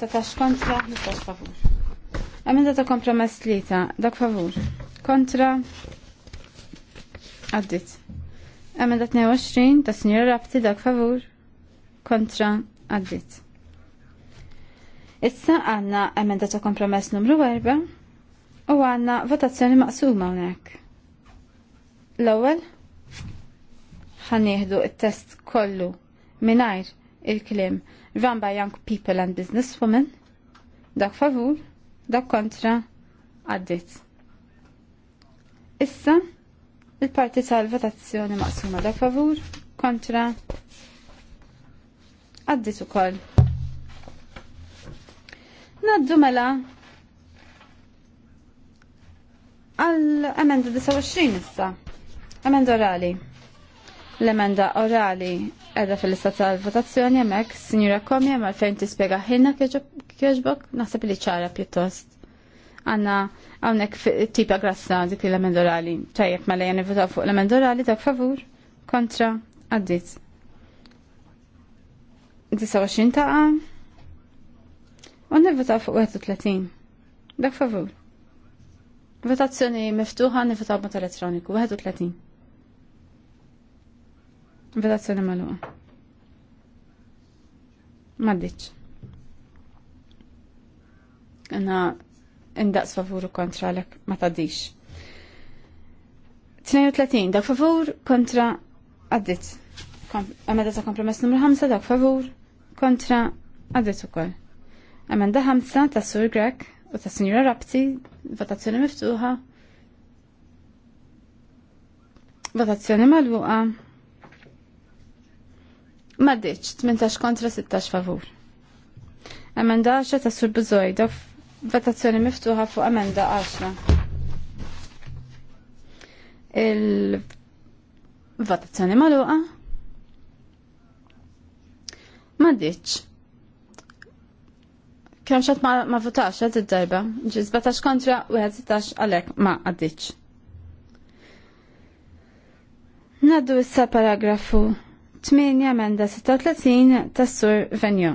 tax kontra, 15 favur. Emenda ta' kompromess tlieta, dak favur. Kontra, għaddit. Emenda 22 ta' sinjor rabti dak favur. Kontra, għaddit. Issa għanna emenda ta' kompromess numru 4 u għanna votazzjoni maqsuma unek. L-ewwel ħanieħdu t test kollu mingħajr il-klim run by young people and businesswomen dak favur dak kontra għaddit. Issa il-parti tal-votazzjoni maqsuma dak favur kontra għaddit ukoll. Naddu mela għal emenda 29 issa. Emenda orali. L-emenda orali edha fil-istat tal-votazzjoni mek, signora Komja, ma fejn tispiega ħinna kieġbok, naħseb li ċara pjuttost. Għanna għawnek tipa grassa dik l-emenda orali. Tajjeb ma mela lejja nivvotaw fuq l-emenda orali, dak favur, kontra, għaddit. 29 taqa. U nivvotaw fuq 31. Dak favur. Votazzjoni miftuħa nivvotaw mod elettroniku, 31. Votazzjoni magħluqa. Maddiċ. Għanna indaqs favur u kontra l ma taddiċ. 32, dak favur kontra għaddit. Emenda ta' kompromess numru 5, dak favur kontra għaddit u koll. Emenda 5 ta' Sur Grek u ta' Signora Rapti, votazzjoni miftuħa. Votazzjoni mal Maddiċ, 18 kontra 16 favur. Emenda 10 ta' Sur Buzojda, votazzjoni miftuħa fuq emenda 10. Il-votazzjoni maluqa. Maddiċ. Kem xat ma, ma votax għad id-darba, ġi 17 kontra u 16 għalek ma għaddiċ. Naddu issa paragrafu 8 emenda 36 tas-sur Venjo.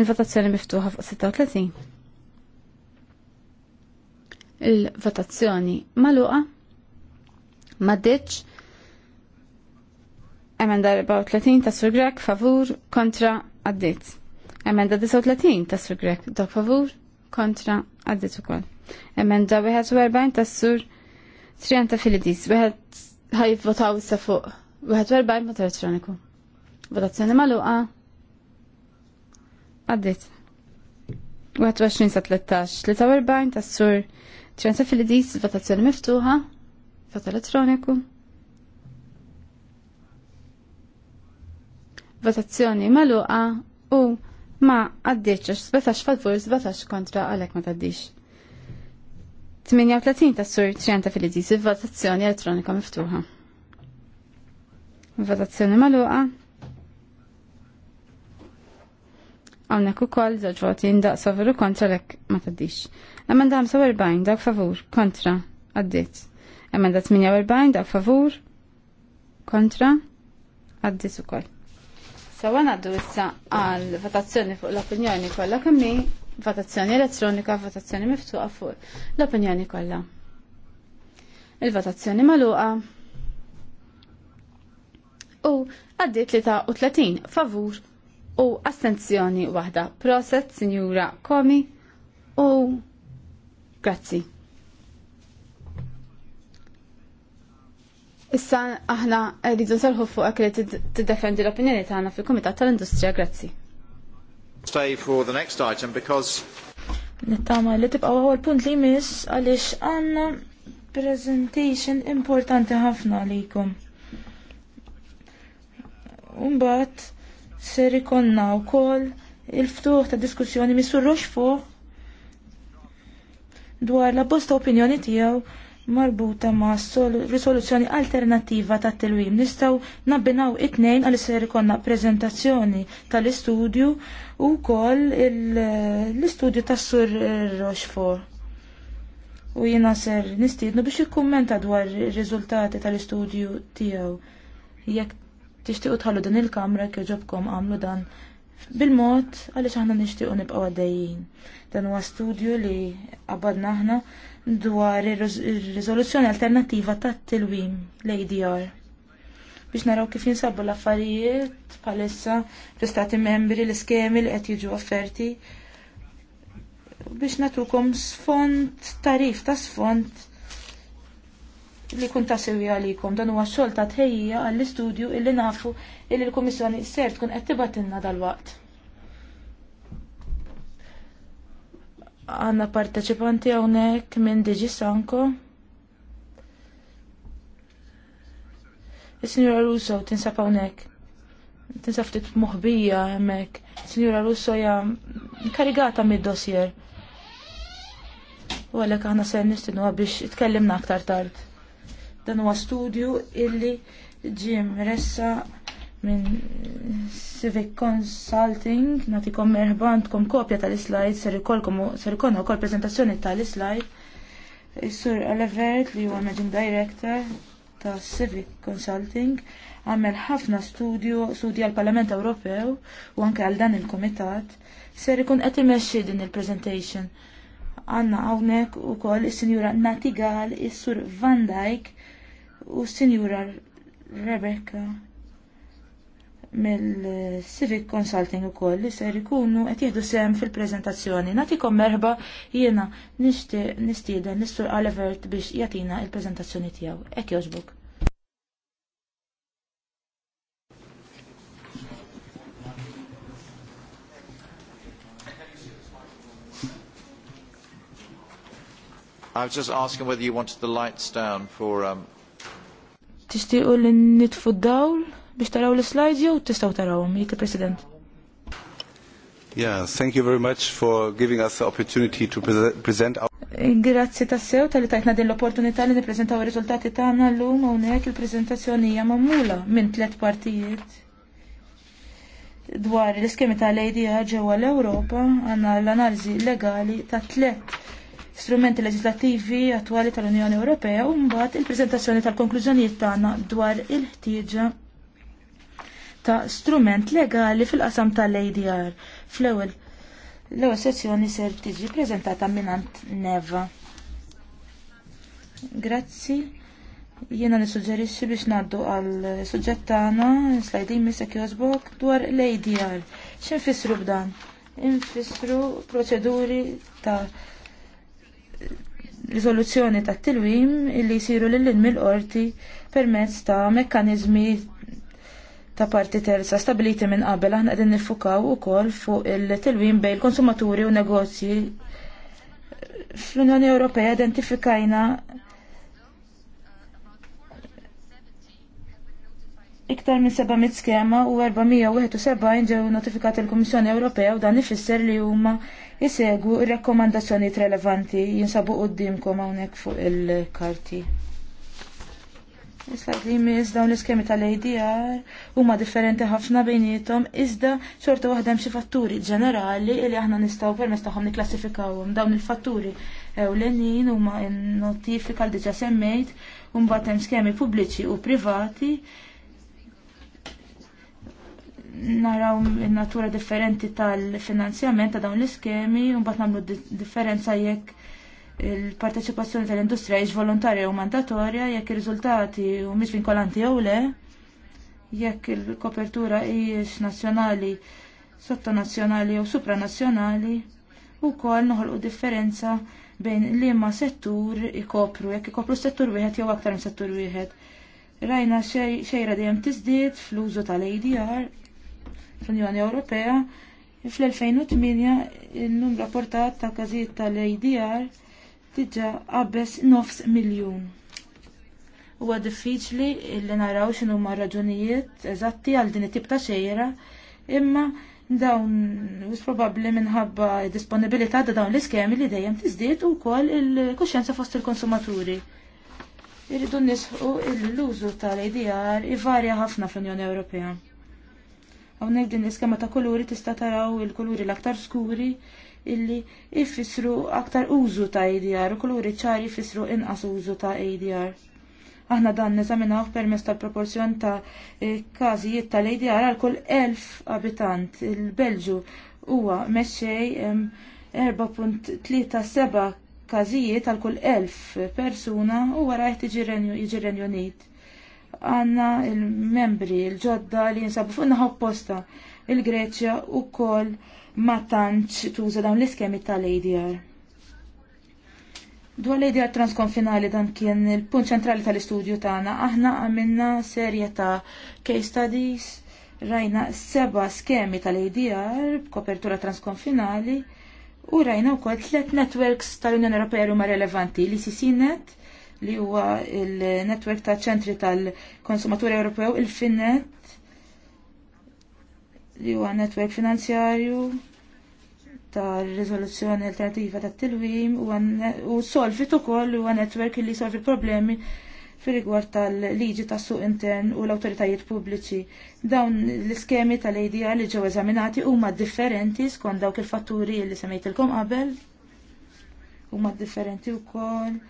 Il-votazzjoni miftuħa fuq 36. Il-votazzjoni maluqa maddiċ emenda 34 tas-sur Grek favur kontra għaddit. Emenda 39 tas-sur Grek dok favur kontra għaddit ukoll. Emenda 41 tas-sur Trianta Filidis, wieħed ħajvotaw issa fuq 41 mod elettroniku. Votazzjoni maluqa. Għaddit. 21 sa 13, 43 ta' sur Trenta fil-dis, votazzjoni miftuħa, vot elettroniku. Votazzjoni maluqa u ma għaddiċ, 17 favur, 17 kontra għalek ma taddix. 38 ta' sur 30 fil-dis, votazzjoni elettronika miftuħa. Votazzjoni maluqa. Għawnek u koll zoġ voti ndaq sovru kontra lek ma taddix. Emenda 45 dak favur kontra għaddit. Emenda 48 dak favur kontra għaddit u koll. Sawa għaddu issa għal votazzjoni fuq l-opinjoni kollha kemmi votazzjoni elettronika, votazzjoni miftuqa fuq l-opinjoni kollha. Il-votazzjoni maluqa. U għaddiet li ta' u 30 favur u astenzjoni waħda. Proset, Sinjura Komi u grazzi. Issa aħna rridu nsalħu fuq li tiddefendi l-opinjoni tagħna fil-Kumitat tal-Industrija, grazzi. Stay for the next item because Nittama li tibqa' għal punt li jmiss għaliex għandna presentation importanti ħafna għalikom. Umbat, ser ikonna wkoll il-ftuħ ta' diskussjoni misurrux Rochefort dwar la bosta opinjoni tiegħu marbuta ma' risoluzzjoni alternativa ta' tilwim. Nistaw nabbinaw it-nejn għal ser ikonna prezentazzjoni tal-istudju u kol l-istudju ta' sur Rochefort. U jina ser nistidnu biex jikkummenta dwar il-rizultati tal-istudju tijaw tixtiequ tħallu din il-kamra kif ġobkom għamlu dan bil-mod għaliex aħna nixtiequ nibqgħu għaddejjin. Dan huwa studju li qabadna aħna dwar ir-riżoluzzjoni alternattiva tat-tilwim l-ADR biex naraw kif jinsabu l-affarijiet bħalissa l-istati membri l-iskemi li qed jiġu offerti biex natukom sfond tarif ta' sfond li kun ta' għalikom dan huwa xogħol ta' tħejjija għall-istudju illi nafu illi l-Kummissjoni ser tkun qed tibatilna dal-waqt. Għanna parteċipanti hawnhekk minn Diġi Sanko. Is-Sinjura Russo tinsab hawnhekk. Tinsab ftit moħbija hemmhekk. Sinjura Russo hija karigata mid-dossier. U għalhekk aħna se nistinu biex tkellimna aktar tard. Dan huwa studju illi ġim ressa minn Civic Consulting, natikom merħba għandkom kopja tal-slide, ser ikonna wkoll prezentazzjoni tal-slide. Is-sur Alevert li huwa Managing Director ta' Civic Consulting għamel ħafna studju studi għal Parlament Ewropew u anke għal dan il-Komitat ser ikun qed imexxi din il-presentation. Għanna hawnhekk ukoll is-Sinjura Natigal, is-Sur Van Dyke, u Sinjura Rebecca mill-Civic Consulting u koll li ser ikunu qed jieħdu sem fil-preżentazzjoni. Natikom merħba jiena nistieden nistur għal-evert biex jatina il-preżentazzjoni tiegħu. Hekk jogħġbok. I was just asking whether you wanted the lights down for um, Tixtiequ li nitfu d-dawl biex taraw l-slides jew tistgħu tarawhom, jgħid il-President. Yeah, thank you very much for giving us the opportunity to present our Grazzi tassew tal-li tajtna din l-opportunità li nippreżentaw ir-riżultati tagħna llum hawnhekk il-preżentazzjoni hija magħmula minn tliet partijiet dwar l-iskemi tal-ADR ġewwa l-Ewropa għandna l-analiżi legali ta' tliet strumenti leġislattivi attwali tal-Unjoni Ewropea u mbagħad il-preżentazzjoni tal-konklużjonijiet tagħna dwar il-ħtieġa ta' strument legali fil-qasam tal-ADR. Fl-ewwel l-ewwel sezzjoni ser tiġi preżentata minant Neva. Grazzi. Jiena nissuġġerixxi biex ngħaddu għal suġġett tagħna slajdin Mr. Kiosbok dwar l-ADR. X'infissru b'dan? Infissru proċeduri ta' riżoluzzjoni ta' tilwim illi jisiru lil ilm il-qorti permezz ta' mekkanizmi ta' parti terza stabiliti minn qabel aħna qegħdin niffukaw ukoll fuq il-tilwim bejn il-konsumaturi u negozji fl-Unjoni Ewropea identifikajna iktar minn 700 skema u 471 ġew notifikati l kummissjoni Ewropea u dan ifisser li huma isegwu il rakkomandazzjonijiet relevanti jinsabu qudiemkom hawnhekk fuq il-karti. Issa li mis dawn l-iskemi tal-ADR huma differenti ħafna bejnietom iżda xorta waħda xi fatturi ġenerali li aħna nistgħu permezz tagħhom nikklassifikawhom dawn il-fatturi ewlenin huma n-notifika li diġà semmejt u mbagħad hemm skemi pubbliċi u privati naraw natura differenti tal-finanzjament ta' dawn l-iskemi u mbagħad nagħmlu differenza jekk il-parteċipazzjoni tal-industrija jiex volontarja u mandatorja jekk ir-riżultati mis vinkolanti jew le jekk il-kopertura hijiex nazzjonali sottonazzjonali jew supranazzjonali wkoll noħolqu differenza bejn liema settur ikopru jekk ikopru settur wieħed jew aktar minn settur wieħed rajna xejra dejjem tiżdied fl-użu tal-ADR fl-Unjoni Ewropea fl-2008 il-num rapportat ta' każijiet tal-ADR diġà qabbes nofs miljun. Huwa diffiċli li naraw x'inhu r raġunijiet eżatti għal din it-tip ta' xejra, imma dawn wis probabbli minħabba disponibilità ta' dawn l-iskemi li dejjem tiżdied ukoll il-kuxjenza fost il-konsumaturi. Irridu nisħu l-użu tal-ADR ivarja ħafna fl-Unjoni Ewropea Hawnhekk din l-iskema ta' kuluri tista' taraw il-kuluri l-aktar skuri illi ifissru aktar użu ta' ADR u kuluri ċari jfissru inqas użu ta' ADR. Aħna dan neżaminaw permezz tal-proporzjon ta' e, każijiet tal-ADR għal kull elf abitant. Il-Belġu huwa mexxej 4.37 każijiet għal kull elf persuna u wara jtiġi Renju għanna il-membri il-ġodda li jinsabu fuq naħob posta il-Greċja u kol ma tantx tuża dawn l-iskemi tal-ADR. Dwar l-ADR transkonfinali dan kien il-punt ċentrali tal-istudju tagħna, aħna għamilna serje ta' case studies, rajna seba skemi tal-ADR b'kopertura transkonfinali u rajna wkoll tliet networks tal-Unjoni Ewropea huma relevanti li Sisinet, li huwa il-netwerk ta' ċentri tal-konsumaturi Ewropew, il-Finnet, li huwa netwerk finanzjarju tar rizoluzzjoni alternativa ta' tilwim u solvit ukoll huwa netwerk li solvi problemi fir rigward tal-liġi tas suq intern u l-autoritajiet pubbliċi. Dawn l-iskemi tal-ADR li ġew eżaminati huma differenti skont dawk il-fatturi li semmejtilkom qabel huma differenti wkoll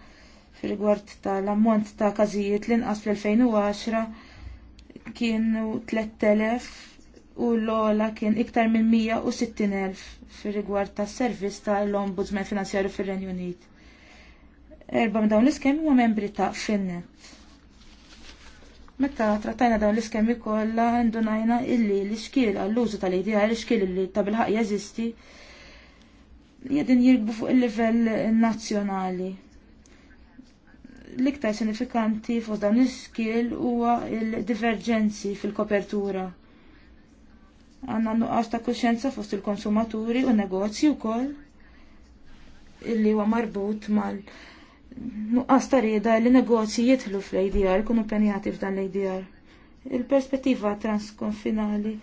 fil-gwart tal-ammont ta' każijiet li nqas fl-2010 kienu 3000 u l-ola kien iktar minn 160.000 fil-rigward tas servizz tal-Ombudsman Finanzjarju fir-Renju Unit. Erba' dawn l-iskemi huma membri ta' Finnet. Meta trattajna dawn l-iskemi kollha ndunajna illi l-iskil għall-użu tal-IDR l-iskil li ta' bilħaq jeżisti jedin jirbu fuq il-livell nazzjonali l-iktar sinifikanti fost dan is iskil huwa il-divergenzi fil-kopertura. Għanna nuqqas ta' kuxenza fost il-konsumaturi u negozji u koll illi huwa marbut mal nuqqas ta' rieda li negozji jitħlu fl-ADR kunu penjati f'dan l-ADR. Il-perspettiva transkonfinali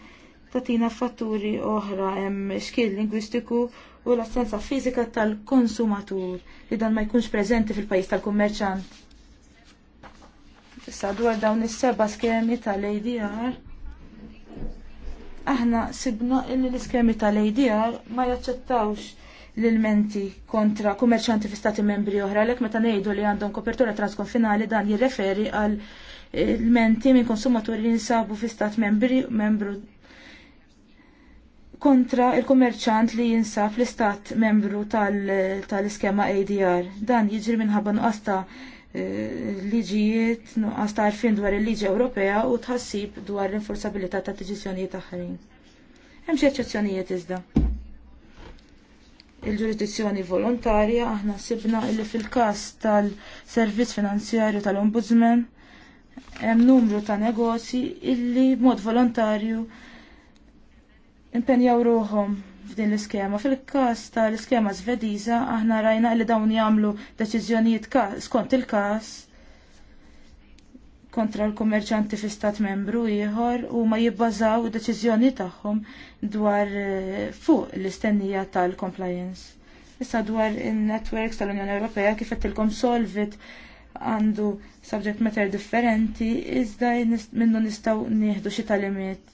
ta' tina fatturi oħra hemm xkil lingwistiku u l-assenza fizika tal-konsumatur li dan ma jkunx preżenti fil-pajis tal-kummerċant. Issa dwar dawn is-seba skemi tal-ADR aħna sibna illi l-iskemi tal-ADR ma jaċċettawx l-ilmenti kontra kummerċanti fi stati membri oħra għalhekk meta ngħidu li għandhom kopertura transkonfinali dan jirreferi għal l-menti minn konsumaturi li nsabu fi stat membri membru kontra il-kummerċant li jinsaf l-istat membru tal-iskema tal ADR. Dan jiġri minħabba nuqqas ta' eh, liġijiet, nuqqas ta' dwar il-liġi Ewropea u tħassib dwar l inforzabilità ta' deċiżjonijiet aħħarin. Hemm xi eċċezzjonijiet iżda. Il-ġurisdizzjoni volontarja aħna sibna li fil-każ tal-Servizz Finanzjarju tal-Ombudsman hemm numru ta' negozji illi b'mod volontarju impenjaw ruħom f'din l-iskema. Fil-kas ta' l-iskema svediża aħna rajna li dawn jagħmlu deċiżjonijiet skont il-każ kontra l-kummerċanti fi stat membru ieħor u ma jibbażaw deċiżjoni tagħhom dwar eh, fuq l-istennija tal-compliance. Issa dwar in-networks tal-Unjoni Ewropea kif qed ilkom solvit għandu subject matter differenti, iżda minnu nistgħu nieħdu xi talimiet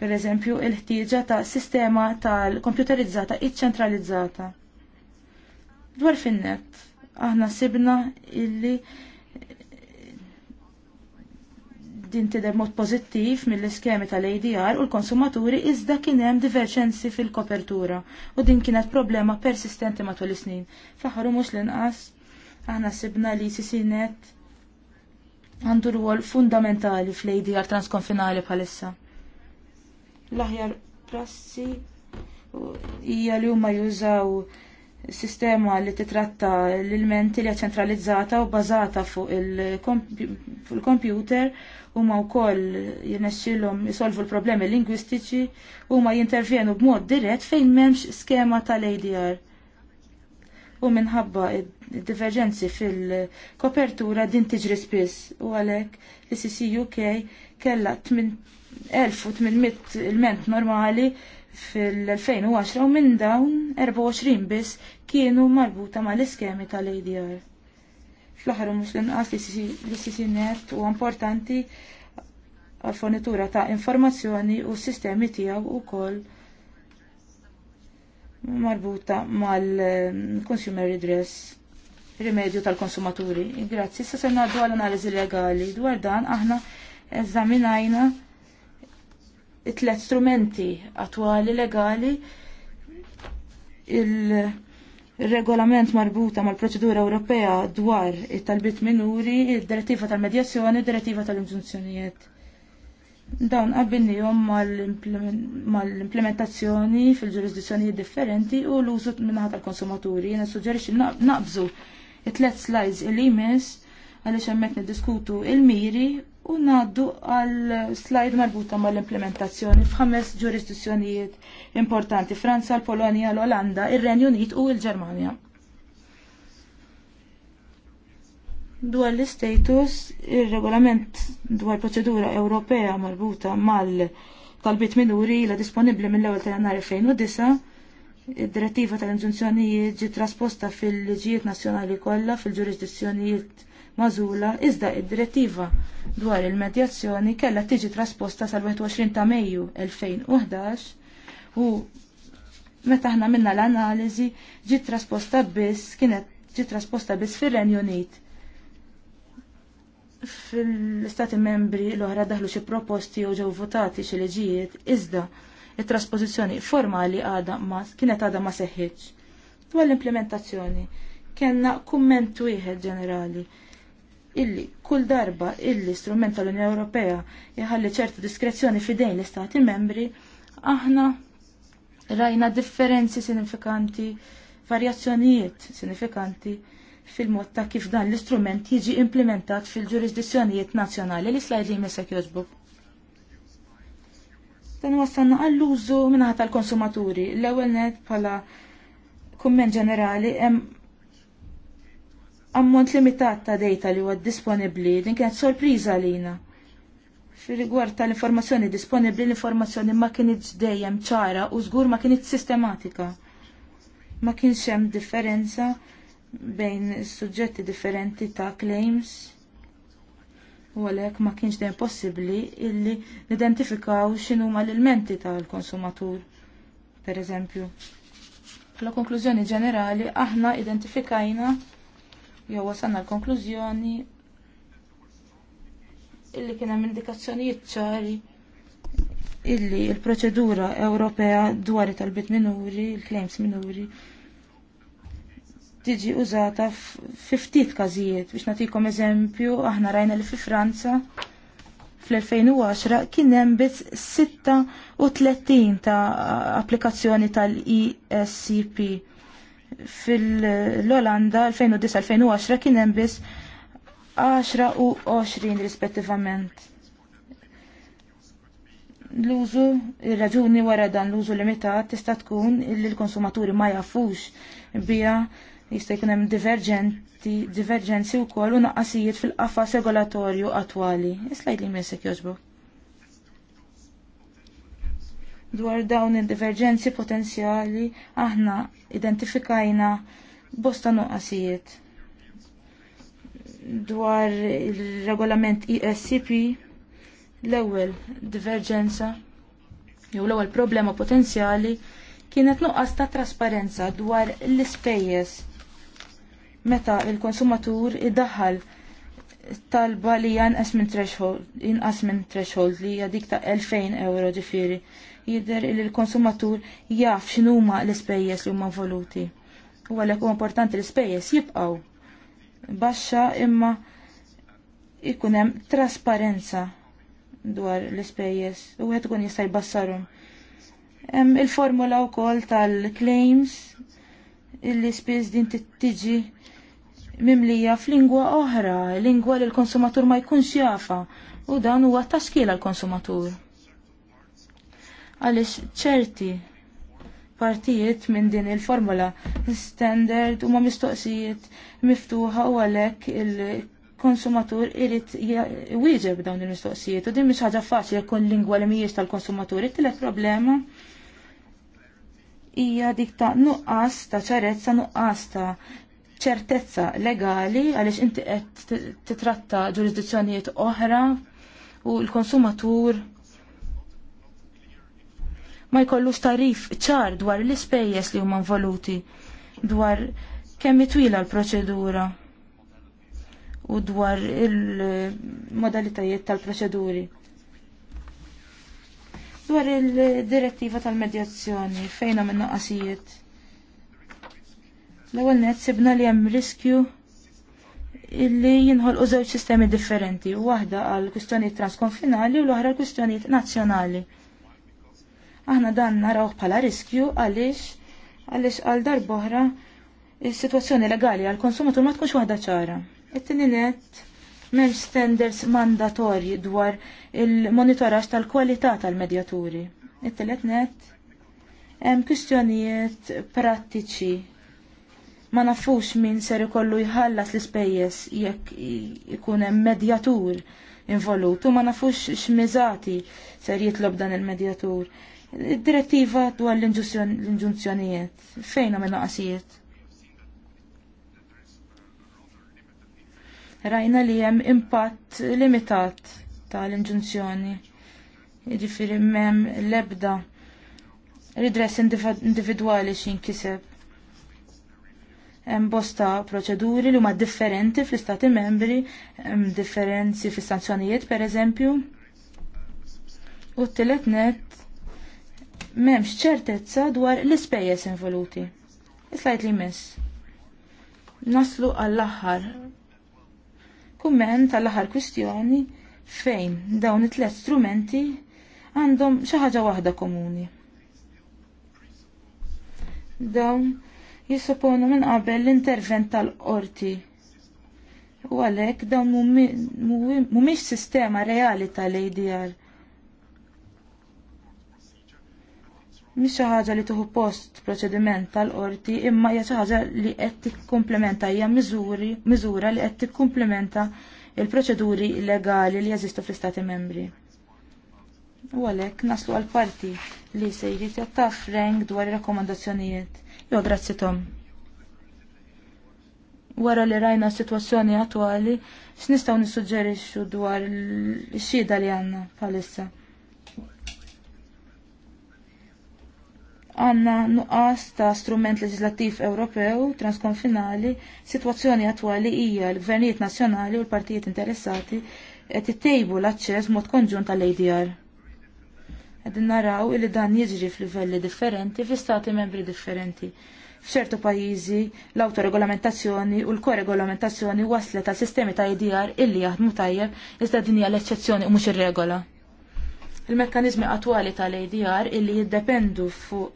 Per eżempju, il-ħtieġa ta' sistema tal-kompjuterizzata iċ-ċentralizzata. Dwar finnet, aħna sibna illi din tidher mod pożittiv mill-iskemi tal-ADR u l-konsumaturi iżda kien hemm diverġenzi fil-kopertura u din kienet problema persistenti matul is-snin. fl mhux l-inqas aħna sibna li CCNET għandu rwol fundamentali fl-ADR transkonfinali bħalissa. L-aħjar prassi hija li huma jużaw sistema li titratta l-ilmenti li ċentralizzata u bażata fuq il-computer huma wkoll jinexxilhom isolvu l-problemi lingwistiċi huma jintervjenu b'mod dirett fejn m'hemmx skema tal-ADR. U minħabba diverġenzi fil-kopertura din tiġri spiss u għalhekk l-CCUK kellha 1800 il-ment normali fil-2010 u minn dawn 24 biss kienu marbuta mal iskemi tal-ADR. Fl-aħħar mhux l-inqas li sisinet u importanti għal fornitura ta' informazzjoni u s-sistemi tiegħu kol marbuta mal-consumer redress rimedju tal-konsumaturi. Grazzi, s se ngħaddu għall-analiżi legali dwar dan aħna eżaminajna it-tlet strumenti attwali legali il-regolament marbuta mal-proċedura Ewropea dwar it-talbit minuri, id-direttiva tal-medjazzjoni, id-direttiva tal-inġunzjonijiet. Dawn qabbinihom mal-implementazzjoni mal implementazzjoni fil ġurisdizzjonijiet differenti u l-użu minnaħat tal-konsumaturi. Jena suġġerixi naqbżu it-tlet slides il-imes għaliex hemmhekk niddiskutu il-miri u naddu għal slajd marbuta mal-implementazzjoni f'ħames ġurisdizzjonijiet importanti Franza, l polonia l-Olanda, ir-Renju Unit u l-Ġermanja. Dwar l-istatus, ir-regolament dwar proċedura Ewropea marbuta mal-talbit minuri la disponibli mill-ewwel ta' jannar 2009 id-direttiva tal-inġunzjonijiet ġi trasposta fil-liġijiet nazzjonali kollha fil-ġurisdizzjonijiet magħżula iżda id-direttiva dwar il-medjazzjoni kellha tiġi trasposta sal-21 ta' Mejju 2011 u meta aħna minna l-analiżi ġiet trasposta biss kienet ġiet trasposta biss fir-Renju Unit. Fil-Stati membri l-oħra daħlu xi proposti u ġew votati xi liġijiet iżda it-trasposizzjoni formali għada ma kienet għada ma seħħitx. Dwar l-implementazzjoni kellna kumment wieħed ġenerali illi kull darba illi strument tal-Unjoni Ewropea jħalli ċertu diskrezzjoni fidejn l-Istati membri, aħna rajna differenzi sinifikanti, varjazzjonijiet sinifikanti fil-mod ta' kif dan l-istrument jiġi implementat fil-ġurisdizzjonijiet nazzjonali li slajd li jmissek jozbuk. Dan wassanna għall-użu minnaħat tal-konsumaturi, l-ewel net pala kumment ġenerali, hemm ammont limitat ta' data li huwa disponibbli din kienet sorpriża lina. Fir-rigward tal-informazzjoni disponibbli l-informazzjoni ma kienitx dejjem ċara u żgur ma kienx sistematika. Ma kienx hemm differenza bejn suġġetti differenti ta' claims u għalhekk ma kienx dejjem possibbli illi nidentifikaw x'inhuma l-elementi tal-konsumatur. Per eżempju. Bħala konklużjoni ġenerali aħna identifikajna jew wasanna l-konklużjoni illi kien hemm indikazzjonijiet ċari illi l proċedura Ewropea dwar tal-bit minuri, il-claims minuri, tiġi użata f'ftit każijiet biex nagħtikom eżempju aħna rajna li fi Franza fl-2010 kien hemm bit 36 ta' applikazzjoni tal-ESCP fil-Olanda 2009-2010 kien hemm biss 10 u 20 rispettivament. L-użu, ir-raġuni wara dan l-użu limitat tista' tkun li l-konsumaturi ma jafux biha jista' jkun hemm divergenti divergenzi wkoll u naqqasijiet fil-qafas regolatorju attwali. Islajd li jogħġbok dwar dawn il-diverġenzi potenzjali aħna identifikajna bosta nuqqasijiet dwar il-regolament ESCP l-ewwel diverġenza jew l-ewwel problema potenzjali kienet nuqqas ta' trasparenza dwar l-ispejjeż meta il-konsumatur iddaħħal talba li hija inqas minn threshold, inqas minn threshold li hija dik ta' 2000 euro ġifieri jidher li l-konsumatur jaf x'inhuma l-ispejjeż li huma involuti. U għalhekk huwa importanti l-ispejjeż jibqgħu baxxa imma ikun hemm trasparenza dwar l-ispejjeż u qed ikun jista' jbassarhom. Hemm il-formula wkoll tal-claims illi spiss din tiġi mimlija f'lingwa oħra, lingwa li l-konsumatur ma jkunx jafa, u dan huwa taxkil l konsumatur għaliex ċerti partijiet minn din il-formula standard huma mistoqsijiet miftuħa u għalhekk il-konsumatur irid wieġeb dawn il-mistoqsijiet u din mhix ħaġa faċli jekk lingwa li mhijiex tal-konsumatur. It-tielet problema hija dik ta' nuqqas ta' ċarezza nuqqas ta' ċertezza legali għaliex inti qed titratta ġurisdizzjonijiet oħra u l-konsumatur ma jkollu tarif ċar dwar l-ispejjeż li huma involuti dwar kemm itwila l-proċedura u dwar il-modalitajiet tal-proċeduri. Dwar il-direttiva tal-medjazzjoni fejna minn noqqasijiet. L-ewwel net sibna li hemm riskju illi jinħolqu żewġ sistemi differenti, waħda għal kwistjonijiet transkonfinali u l-oħra kwistjonijiet nazzjonali. Aħna dan narawh bħala riskju għaliex għaliex għal darboħra is-sitwazzjoni legali għal konsumatur ma tkunx waħda ċara. It-tieni net m'hemmx standards mandatorji dwar il-monitoraġġ tal-kwalità tal-medjaturi. It-tielet net hemm kwistjonijiet prattiċi ma nafux min ser ikollu jħallas l-ispejjeż jekk ikun hemm medjatur involut u ma nafux x'miżati ser jitlob dan il-medjatur. Direttiva dwar l-inġunzjonijiet, fejn għamil naqasijiet? Rajna li hemm impatt limitat tal-inġunzjoni. Jiġifieri m'hemm l-ebda ridress individwali x'inkiseb. Hemm bosta proċeduri li huma differenti fl-istati membri, hemm differenzi fis-sanzjonijiet pereżempju. U t-tielet net m'hemmx ċertezza dwar l-ispejjeż involuti. Islajt li mis. Naslu għall-aħħar kumment għall-aħħar kwistjoni fejn dawn it-tlet strumenti għandhom xi ħaġa waħda komuni. Dawn jissuponu minn qabel l-intervent tal-qorti. U għalhekk dawn mhumiex sistema reali tal-ADR. Mi xi ħaġa li tuħu post proċediment tal-qorti imma hija xi ħaġa li qed tikkumplementa hija miżura li qed tikkumplementa il-proċeduri legali li jeżistu fl-Istati membri. U għalhekk naslu għal parti li se jrid jattaf Frank dwar ir-rakkomandazzjonijiet. Jo grazzi Tom. Wara li rajna s-sitwazzjoni attwali, x'nistgħu nissuġġerixxu dwar ix-xhieda li għandna bħalissa għanna nuqqas ta' strument leġislattiv Ewropew transkonfinali, situazzjoni attwali hija l-gvernijiet nazzjonali u l-partijiet interessati qed ittejbu l-aċċess mod konġunt tal-ADR. Qegħdin naraw li dan jiġri f'livelli differenti fi stati membri differenti. F'ċertu pajjiżi l-autoregolamentazzjoni u l-koregolamentazzjoni waslet għal sistemi ta' ADR illi jaħdmu tajjeb iżda din hija l-eċċezzjoni u mhux ir-regola. Il-mekkanizmi attwali tal-ADR illi jiddependu fuq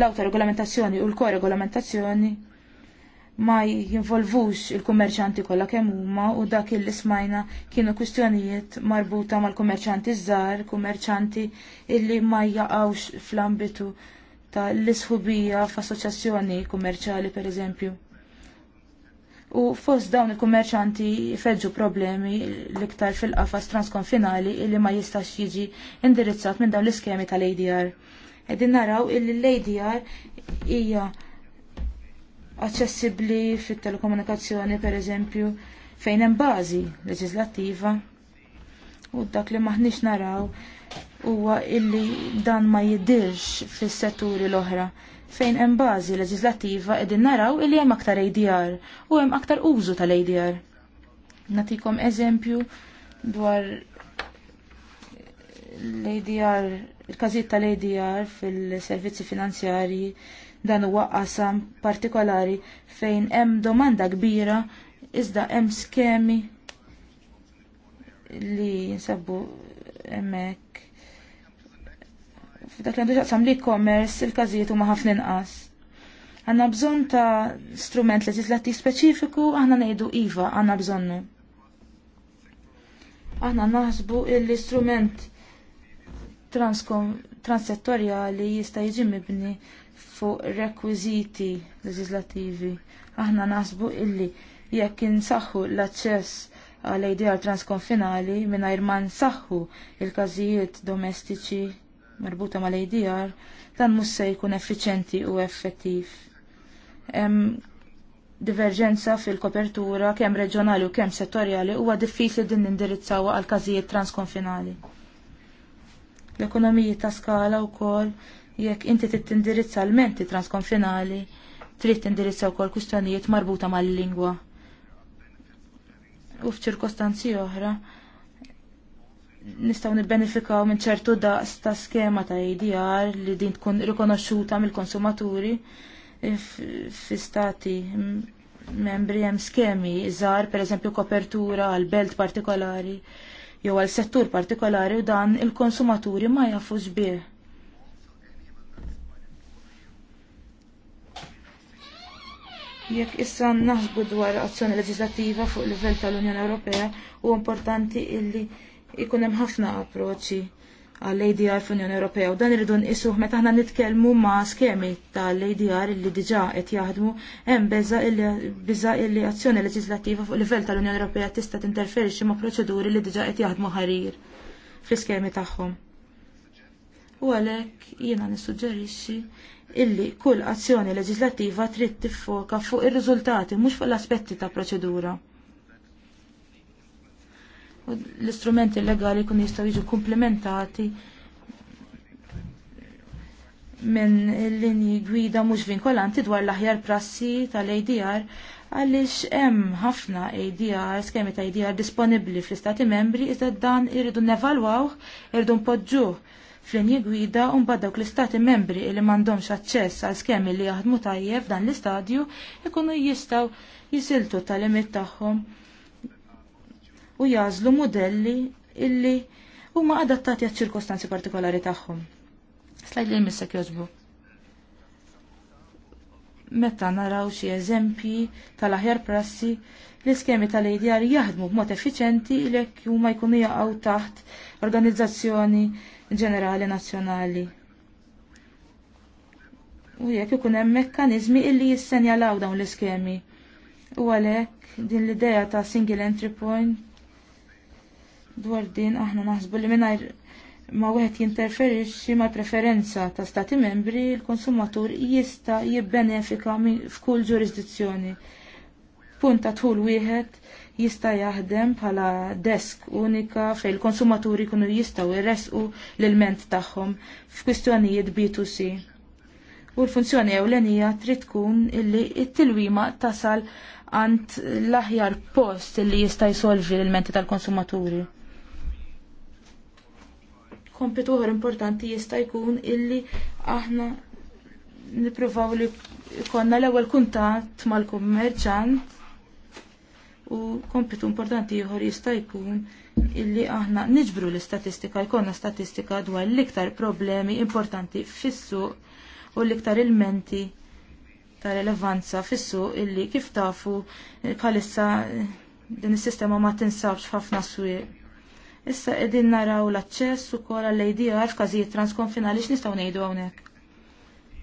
l regolamentazzjoni u l-koregolamentazzjoni ma jinvolvux il-kummerċanti kollha kemm huma u dak il smajna kienu kwistjonijiet marbuta mal-kummerċanti żgħar, kummerċanti illi ma jaqgħux fl-ambitu tal-isħubija f'assoċjazzjoni kummerċali pereżempju. U fost dawn il-kummerċanti feġġu problemi l-iktar fil-qafas transkonfinali illi ma jistax jiġi indirizzat minn dawn l-iskemi tal-ADR. Edin naraw illi l-ADR hija aċċessibbli fit-telekomunikazzjoni per eżempju fejn hemm bażi leġislattiva u dak li maħniex naraw huwa illi dan ma jidhirx fis-setturi l-oħra fejn hemm bażi leġislattiva qegħdin naraw li hemm aktar ADR u hemm aktar użu tal-ADR. Natikom eżempju dwar l-ADR, il-każijiet tal-ADR fil-servizzi finanzjarji dan huwa qasam partikolari fejn hemm domanda kbira iżda hemm skemi li jinsabu hemmhekk dak li għandu xaqsam li commerce il-każijiet huma ħafna inqas. Għanna bżon ta' strument leġislattiv speċifiku aħna ngħidu iva għanna bżonnu. Aħna naħsbu l-istrument transsettorjali jista' jiġi mibni fuq rekwiżiti leġislattivi. Aħna naħsbu illi jekk insaħħu l-aċċess għal ideal transkonfinali mingħajr ma nsaħħu il-każijiet domestiċi marbuta mal-ADR dan mhux se jkun effiċenti u effettiv. Hemm diverġenza fil-kopertura kemm reġjonali u kemm settorjali huwa diffiċli din nindirizzawha għal każijiet transkonfinali. L-ekonomiji ta' skala wkoll jekk inti trid tindirizza l-menti transkonfinali trid tindirizza wkoll kwistjonijiet marbuta mal-lingwa. U f'ċirkostanzi oħra, nistaw nibbenefikaw minn ċertu daqs ta' skema ta' IDR li din tkun rikonoxxuta mill-konsumaturi fi stati membri hemm skemi żgħar pereżempju kopertura għal belt partikolari jew għal settur partikolari u dan il-konsumaturi ma jafux bih. Jekk issa naħsbu dwar azzjoni leġislattiva fuq livell tal-Unjoni Ewropea u importanti illi ikun hemm ħafna approċċi għall-ADR fl-Unjoni Ewropea u dan irridu nqisuh meta aħna nitkellmu ma' skemi tal-ADR li diġà qed jaħdmu hemm biża illi azzjoni leġislattiva fuq livell tal-Unjoni Ewropea tista' tinterferixxi ma' proċeduri li diġà qed jaħdmu ħarir fl-iskemi tagħhom. U għalhekk jiena nissuġġerixxi illi kull azzjoni leġislattiva trid tiffoka fuq ir-riżultati mhux fuq l-aspetti ta' proċedura l-istrumenti legali kun jistgħu jiġu komplementati minn linji gwida mhux vinkolanti dwar l-aħjar prassi tal-ADR għaliex hemm ħafna ADR, skemi ta' ADR disponibbli fl-Istati membri iżda dan irridu nevalwaw, irridu npoġġuh fl-linji gwida u mbagħad dawk l-Istati membri li m'għandhomx aċċess għal skemi li jaħdmu tajjeb dan l-istadju ikunu jistgħu jisiltu tal-limit tagħhom u jażlu modelli illi huma adattati għat ċirkostanzi partikolari tagħhom. Slajd li missek jogħġbu. Meta naraw xi eżempji tal-aħjar prassi l-iskemi tal-ADR jaħdmu b'mod effiċenti li huma jkunu jaqgħu taħt organizzazzjoni ġenerali nazzjonali. U jekk ikun hemm mekkaniżmi illi jissenjalaw dawn l-iskemi. U għalhekk din l-idea ta' single entry point Dwar din aħna naħsbu li mingħajr ma wieħed jinterferixxi mal preferenza ta' stati membri l-konsumatur jista' jibbenefika f'kull ġurisdizzjoni. Punt ta' tħul wieħed jista' jaħdem bħala desk unika fejn il-konsumaturi jkunu jistgħu jresqu l-ilment tagħhom f'kwistjonijiet B2C. U l-funzjoni ewlenija trid tkun illi t-tilwima tasal għand l-aħjar post illi jista' jsolvi l-ilmenti tal-konsumaturi kompitu ħor importanti jista' jkun illi aħna nippruvaw li konna l-ewwel kuntatt mal-kummerċant u kompitu importanti ieħor jista' jkun illi aħna niġbru l-istatistika jkollna statistika dwar l-iktar problemi importanti fis-suq u l-iktar ilmenti ta' rilevanza fis-suq illi kif tafu eh, bħalissa eh, din is-sistema ma tinsabx ħafna swieq Issa qegħdin naraw l-aċċess ukoll għall-ADR f'każijiet transkonfinali x ngħidu hawnhekk. għonek.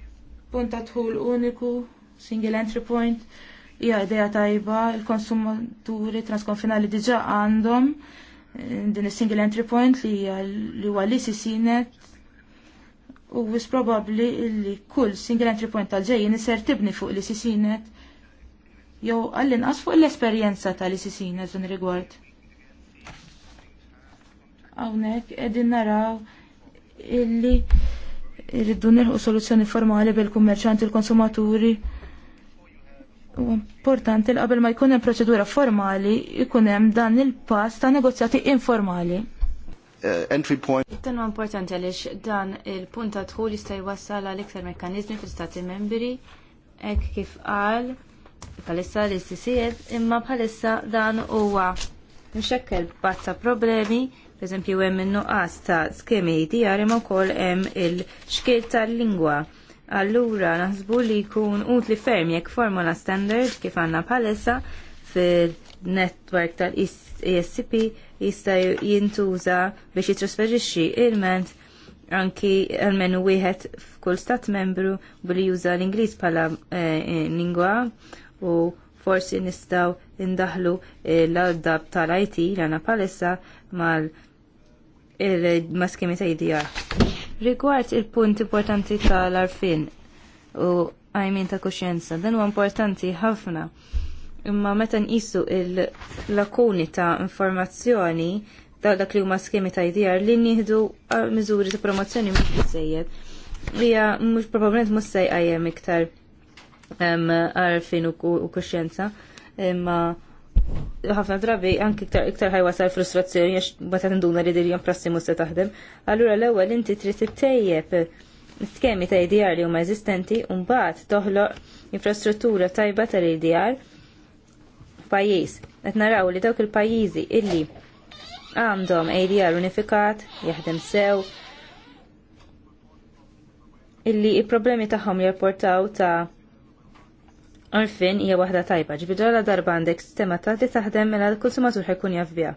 Punta tħul uniku, single entry point, hija idea tajba, il-konsumaturi transkonfinali diġà għandhom eh, din is-single entry point li hija li huwa li sisinet u wis probabli li kull single entry point tal-ġejjin iser tibni fuq li sisinet jew għall-inqas fuq l-esperjenza tal-li sisinet f'dan rigward hawnhekk qegħdin naraw illi irridu nilħu soluzzjoni formali bil-kummerċanti l-konsumaturi. U importanti li qabel ma jkun hemm proċedura formali jkun hemm dan il-pass ta' negozjati informali eh, entry point. Dan huwa importanti għaliex dan il-punt ta' li jista' jwassal għal iktar mekkaniżmi fl-istati membri hekk kif qal bħalissa l-istisijiet imma bħalissa dan huwa mxekkel bazza problemi Eżempju hemm in-nuqqas ta' skemi djar imma wkoll hemm il-xkiel tal-lingwa. Allura naħsbu li jkun utli ferm jekk formula standard kif għandna bħalissa fil-network tal iscp jista' jintuża biex jitrasferixxi ilment anki għalmenu wieħed f'kull stat membru billi juża l-Ingliż bħala eh, lingwa u forsi nistaw indaħlu eh, l-adab tal-IT l-għana palissa mal- il maskimi ta' IDR. Rigward il-punt importanti tal-arfin u għajmin ta' kuxjenza, dan huwa importanti ħafna. Imma meta nqisu il-lakuni ta' informazzjoni ta' dak li huma skemi ta' IDR li nieħdu miżuri ta' promozzjoni mhux biżejjed. Hija mhux probabbilment mhux sejqajjem iktar għarfin u kuxjenza imma ħafna drabi anki iktar iktar sar frustrazzjoni għax meta tinduna li dirjom prassi mhux se taħdem. Allura l-ewwel inti trid tittejjeb skemi ta' IDR li huma eżistenti u mbagħad toħloq infrastruttura tajba tal-IDR pajjiż. Qed naraw li dawk il-pajjiżi illi għandhom ADR unifikat, jaħdem sew, illi il-problemi tagħhom jirportaw ta' Orfin hija waħda tajba, ġbi ġola darba għandek sistema ta' li taħdem mela l-konsumatur ħekun jafbija.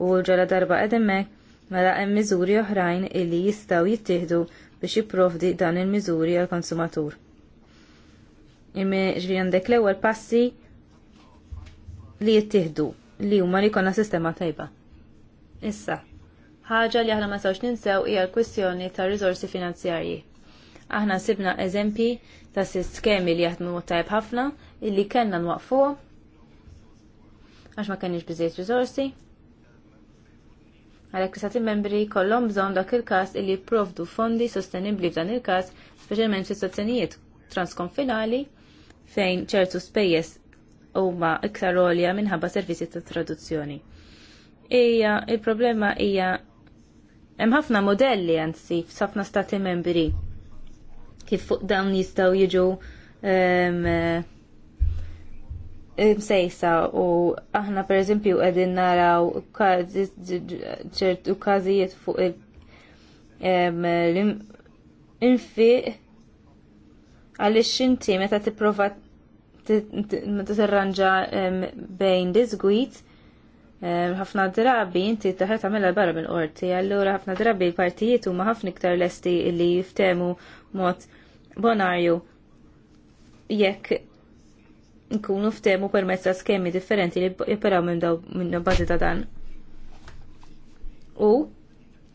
U ġola darba għedemmek mela hemm miżuri oħrajn illi jistgħu jittieħdu biex jipprovdi dan il-miżuri għall konsumatur Ġbi għandek l-ewwel passi li jittieħdu li huma li jkollna sistema tajba. Issa, ħaġa li aħna ma sawx ninsew hija l-kwistjoni ta' riżorsi finanzjarji. Aħna sibna eżempji ta' skemi li jaħdmu tajb ħafna illi kellna nwaqfu għax ma kenniex biżejjed riżorsi. Għalhekk li membri kollom bżonn dak il-każ illi jipprovdu fondi sostenibbli f'dan il-każ, speċjalment fis-sozzjonijiet transkonfinali fejn ċertu spejjeż huma iktar għolja minħabba servizzi ta' traduzzjoni. Ija, il-problema hija hemm ħafna modelli anzi f'ħafna stati membri kif fuq dawn jistaw jiġu eh, msejsa u aħna per eżempju għedin naraw ċertu kazijiet fuq il-infiq għalix inti meta t-prova meta t-arranġa bejn disgwit ħafna drabi inti taħet għamela barra mill-qorti, għallura ħafna drabi l-partijiet huma ħafna iktar lesti li jiftemu mod bonarju jekk nkunu ftemu permezz ta' skemi differenti li jiperaw minn daw minn bażi ta' dan. U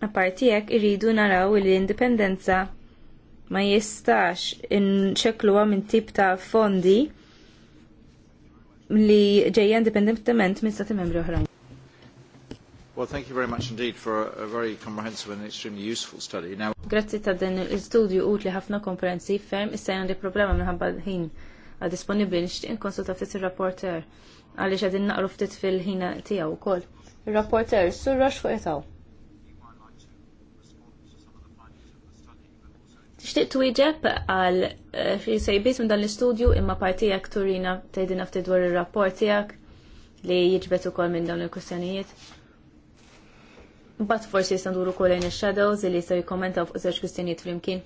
apparti jekk irridu naraw li l-indipendenza ma jistax inċekluha minn tip ta' fondi li ġejja indipendentement minn stati membri oħrajn. Well, thank you very much indeed for a very comprehensive and extremely useful study. Now... Grazzi ta' din l-istudju utli ħafna komprensi ferm issa għandi problema minħabba ħin għad disponibli nixtieq inkonsulta ftit ir-rapporter għaliex qegħdin naqru ftit fil-ħin tiegħu wkoll. Ir-rapporter sur fuq etaw. Tixtieq twieġeb għal xi eh, sejbiet minn dan l-istudju imma partijak turina tgħidilna ftit dwar ir-rapport tiegħek li jiġbet ukoll minn dawn il-kwistjonijiet. Bat forsi jistanduru kolajn il-shadows li jistaw jikommentaw fuq zewġ kustinijiet flimkien.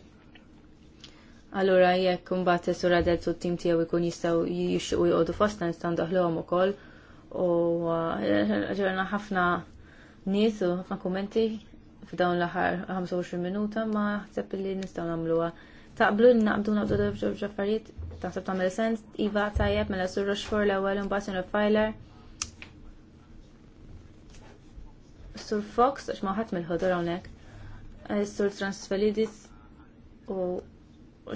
Allura jekk mbagħad is-sura del t tim tiegħu jistaw jistgħu u jgħodu fosta nistgħu ndaħluhom ukoll u uh, ġerna ħafna nies u ħafna kommenti f'dawn l-aħħar 25 minuta ma ħseb li nistgħu nagħmluha. Taqblu li naqbdu naqbdu ġaffarijiet taħseb tagħmel sens, iva tajjeb mela sur xfor l-ewwel u sur Filer Sur Fox, għax maħat mill ħodur għonek, eh, Sur Transfelidis u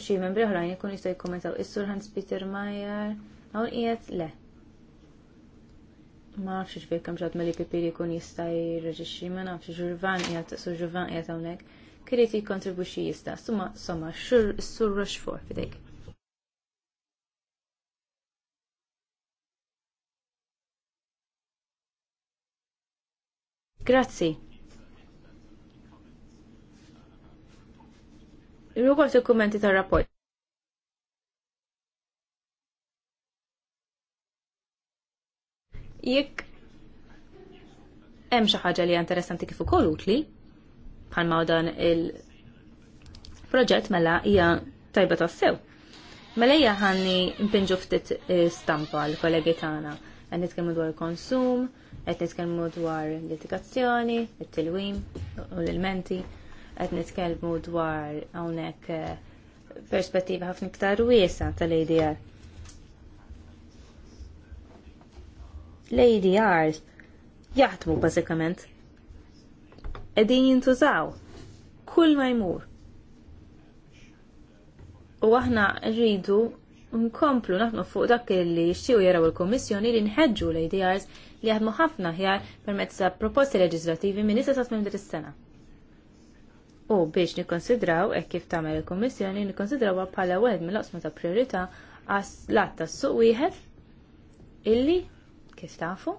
xie membri ħrajn jkun jistaj kommentaw, Is-Sur Hans Peter Meyer, għawn ijet le. Ma nafx xie kam ġod mill pipiri jkun jista' reġiċi, ma nafx ġurvan ijet, sur ġurvan ijet hawnhekk. Kirid kontribuċi jista', summa somma sur Rushfor, fidejk. Grazzi. Rugol su kummenti tal-rapport. Jekk hemm xi ħaġa li interessanti kif ukoll utli ma' dan il-proġett mela hija tajba tassew. Mela hija ħanni mpinġu ftit eh, stampa l-kollegi tagħna qed nitkellmu dwar il-konsum, qed nitkellmu dwar l edukazzjoni it-tilwim u l-elementi, qed nitkellmu dwar hawnhekk eh, perspettiva ħafna iktar wiesa tal-ADR. L-ADR jaħdmu bażikament. Qegħdin jintużaw kull ma jmur. U aħna rridu nkomplu naħnu fuq dak li xtiegħu jaraw il-Kommissjoni li nħeġġu l-ADRs li jaħdmu ħafna ħjar permezz ta' proposti leġislativi minn issa sasmim dir is-sena. U biex nikkonsidraw hekk kif tagħmel il-Kummissjoni nikkonsidrawha bħala wieħed mill-oqsma ta' priorità għas lat tas-suq wieħed illi kif tafu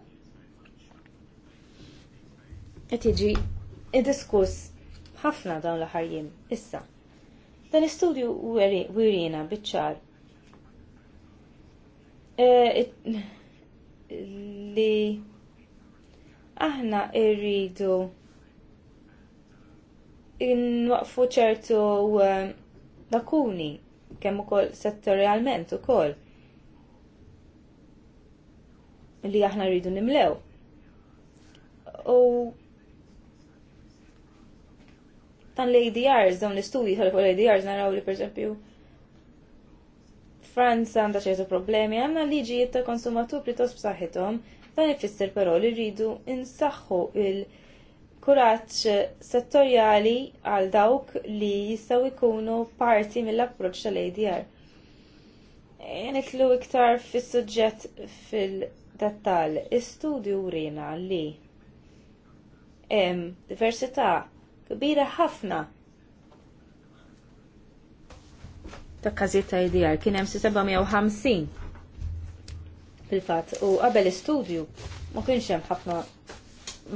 qed jiġi id-diskuss ħafna dawn l-ħarjim issa. Dan istudju wirina biċċar. Eh, li aħna irridu inwaqfu ċertu eh, lakuni kemm ukoll settorjalment ukoll li aħna rridu nimlew. U tan l-ADRs, dawn l-istudji tal-ADRs naraw li per Franza għandha ċertu problemi għandna liġijiet ta' konsumatur pritos b'saħħithom, dan ifisser però li rridu insaħħu il kuraġġ settorjali għal dawk li jistgħu jkunu parti mill-approċċ tal-ADR. E, nitlu iktar fis-suġġett fil-dettal. Istudju rina li hemm diversità kbira ħafna ta' kazzetta ta' IDR kien hemm 750 fil-fatt u qabel istudju ma kienx hemm ħafna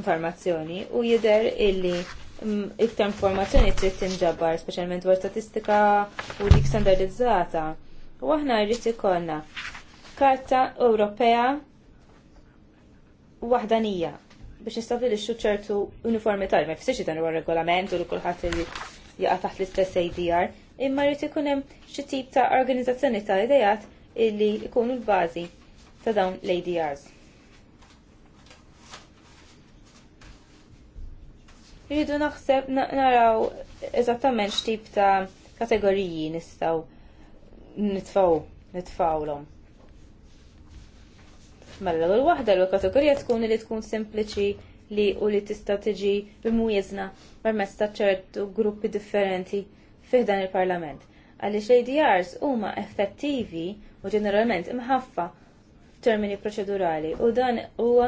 informazzjoni u jidher illi mm, iktar informazzjoni trid tinġabbar speċjalment dwar statistika u dik standardizzata. U aħna rrid ikollna karta Ewropea waħdanija biex nistabilixxu ċertu uniformità, ma jfissirx dan huwa regolament u li kulħadd jaqa' taħt l-istess ADR, imma jrid ikun hemm xi tip ta' organizzazzjoni ta' idejat illi jkunu l-bażi ta' dawn l-ADRs. Rridu naħseb naraw eżattament x'tip ta' kategoriji nistgħu nitfaw nitfawlhom. Mela l-ewwel waħda l kategorija tkun li tkun sempliċi li u li tista' tiġi imwieżna permezz ta' ċertu gruppi differenti fiħdan il-Parlament. Għaliex l huma effettivi u ġeneralment imħaffa termini proċedurali u dan huwa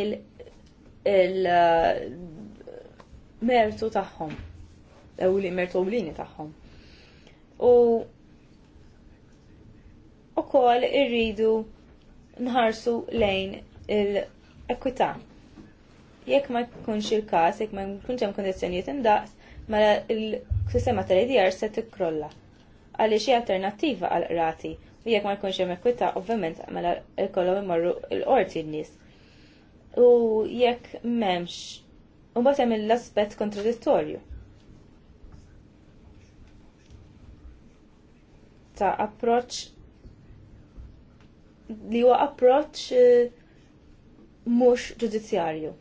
il-mertu uh, tagħhom u li mertu lini tagħhom. U ukoll irridu nħarsu lejn il-ekwità jekk ma jkunx il-każ, jekk ma jkunx hemm kondizzjonijiet indaqs, mela il-sistema tal-IDR se tikrolla. Għaliex xi alternattiva għal qrati u jekk ma jkunx hemm ekwita ovvjament mela jkollhom imorru l-qorti n-nies. U jekk m'hemmx, u mbagħad hemm l-aspett kontradittorju. ta' approċ li huwa approċ eh, mhux ġudizzjarju.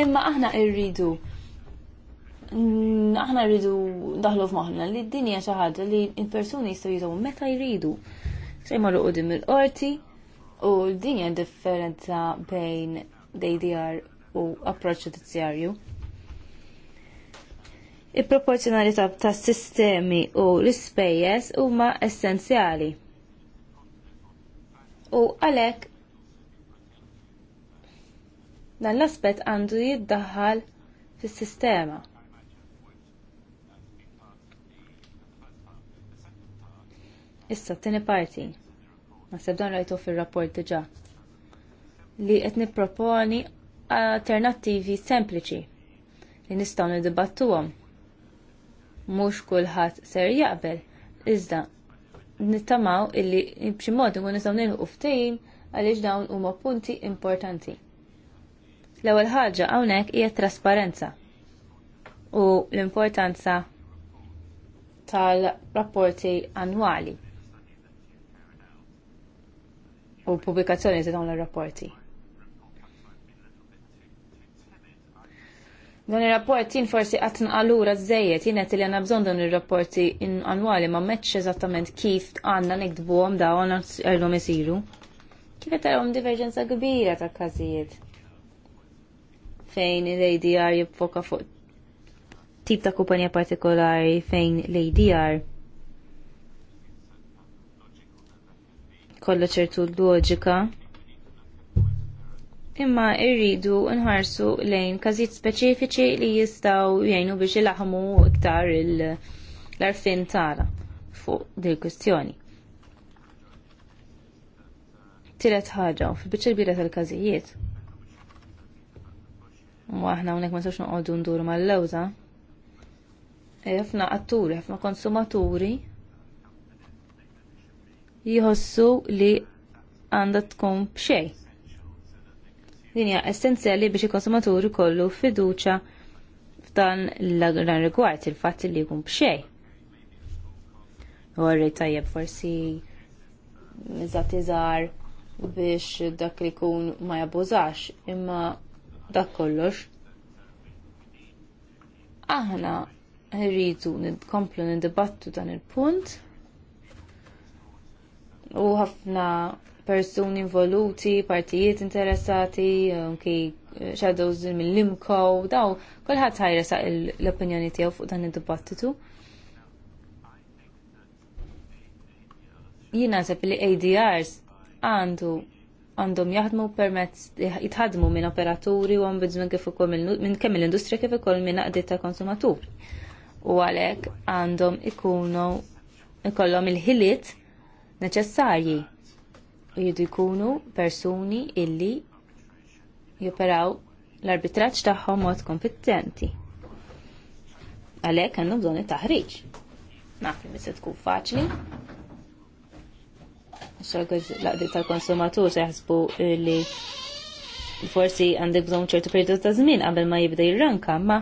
imma aħna rridu mm, aħna rridu daħlu f'maħna li d-dinja xi ħaġa li l-persuni jistgħu jżgħu meta jridu. Se jmorru qudiem il-qorti u d-dinja differenza bejn DDR u approċċ ġudizzjarju il-proporzjonalità tas sistemi u l-ispejjeż huma essenzjali. U għalhekk Dan l-aspet għandu jiddaħħal fis-sistema. Issa, t-tini parti. Nasib dan rajtu fil-rapport diġa. Li qed nipproponi alternattivi sempliċi li nistgħu nidibattuhom. Mhux kulħadd ser jaqbel, iżda nittamaw illi b'xi mod nkun nistgħu nilħu ftehim għaliex dawn huma punti importanti. L-ewwel ħaġa hawnhekk hija trasparenza u l-importanza tal-rapporti annwali u pubblikazzjoni ta' dawn ir-rapporti. Dawn ir-rapporti forsi qatt nqalura żejjed jien li għandna bżonn dawn ir-rapporti annwali ma meċċ eżattament kif għandna nikdbuhom dawn għandhom isiru. Kif qed tarahom diverġenza kbira ta' każijiet fejn l-ADR jibfoka fuq tip ta' kumpanija partikolari fejn l-ADR kollha ċertu loġika imma irridu nħarsu lejn każijiet speċifiċi li jistgħu jgħinu biex ilaħmu iktar l-arfin tagħna fuq dil kustjoni Tiret ħaġa, fil l-bira tal-każijiet. Ma aħna hawnhekk ma sawx noqogħdu nduru mal-lewża. E, ħafna atturi, ħafna konsumaturi jħossu li għandha tkun b'xejn. Din hija essenzjali biex il-konsumaturi kollu fiduċa f'dan l-rigward il-fatt li jkun b'xejn. U tajjeb forsi iżat iżar biex dak li jkun ma jabbużax imma dak kollox. Aħna rridu nkomplu nidibattu dan il-punt u ħafna persuni involuti, partijiet interessati, anki eh, shadows mill-limko, daw, kolħat sa' l-opinjoni tiegħu fuq dan id-dibattitu. Jina sepp li ADRs għandu għandhom jaħdmu permezz jitħadmu minn operaturi u ombudsman kif ukoll minn kemm l-industrija kif ukoll minn qdiet ta' konsumatur. U għalhekk għandhom ikunu ikollhom il-ħiliet neċessarji u jidu jkunu persuni illi joperaw l-arbitraġġ tagħhom mod kompetenti. Għalhekk għandhom bżonn it-taħriġ. Naf li se tkun faċli, l tal-konsumatur se jaħsbu li forsi għandek bżon ċertu periodu ta' żmien qabel ma jibda jirranka, ma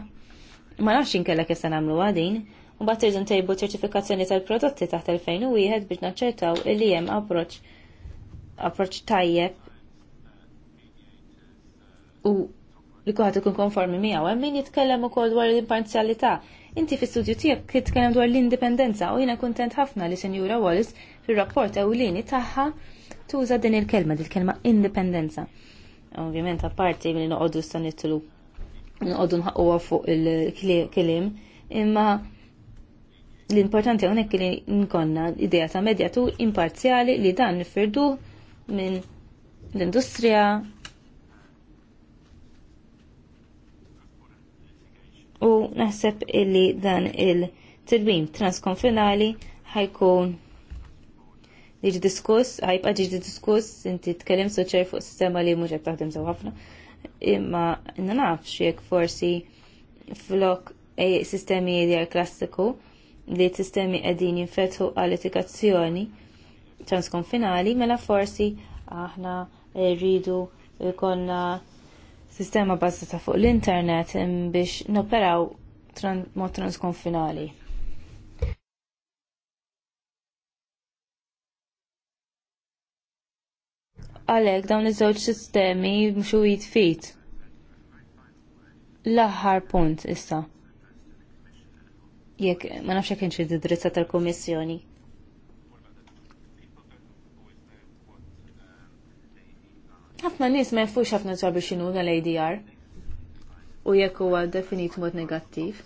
ma nafx inkella kif se nagħmlu għadin. U mbagħad irdu ntejbu ċertifikazzjoni tal-prodotti taħt 2001 biex naċċertaw li hemm approċċ tajjeb u li kuħat ikun konformi miegħu hemm min jitkellem ukoll dwar l-imparzjalità. Inti fis-studju tiegħek kitkellem dwar l-indipendenza u jiena kuntent ħafna li Sinjura Wallis fil-rapport ewlieni tagħha tuża din il-kelma, din il-kelma indipendenza. Ovvjament apparti minn noqogħdu sta nittlu noqogħdu nħaqquha fuq il-kliem, imma l-importanti hawnhekk li nkonna idea ta' medjatur imparzjali li dan nifirdu minn l-industrija u naħseb illi dan il-tilwim transkonfinali ħajkun jiġi diskuss, ħajbqa ġiġi diskuss, inti tkellem soċer fuq sistema li mhux qed taħdem sew ħafna. Imma inna nafx jekk forsi flok e, sistemi ideal klassiku li t sistemi qegħdin jinfetħu għal etikazzjoni transkonfinali mela forsi aħna rridu jkollna sistema bazzata fuq l-internet biex noperaw mod transkonfinali. għalhekk dawn iż-żewġ sistemi mhux jitfit. L-aħħar punt issa. Jekk ma nafx jekk inxi drizza tal-Kummissjoni. ħafna nies ma jafux ħafna ġabi x'inhu l-ADR u jekk huwa definit mod negattiv.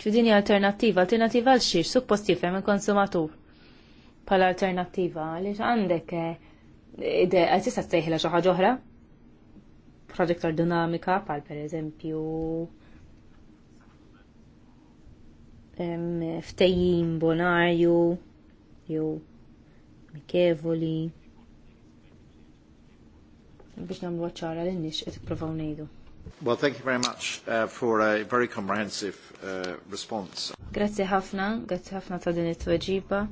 Ġudini alternattiva, alternativa għal xiex, suppost jifhem il-konsumatur pala alternattiva għaliex għandek eh, idea eh, tista' tejħilha xi ħaġa oħra. Projektor dinamika pal pereżempju ftejjim bonarju jew mikevoli biex nagħmlu ċara lin nix qed ippruvaw ngħidu. Well, thank you very much uh, for a very comprehensive uh, response. Grazie ħafna, grazie ħafna ta' din it-tweġiba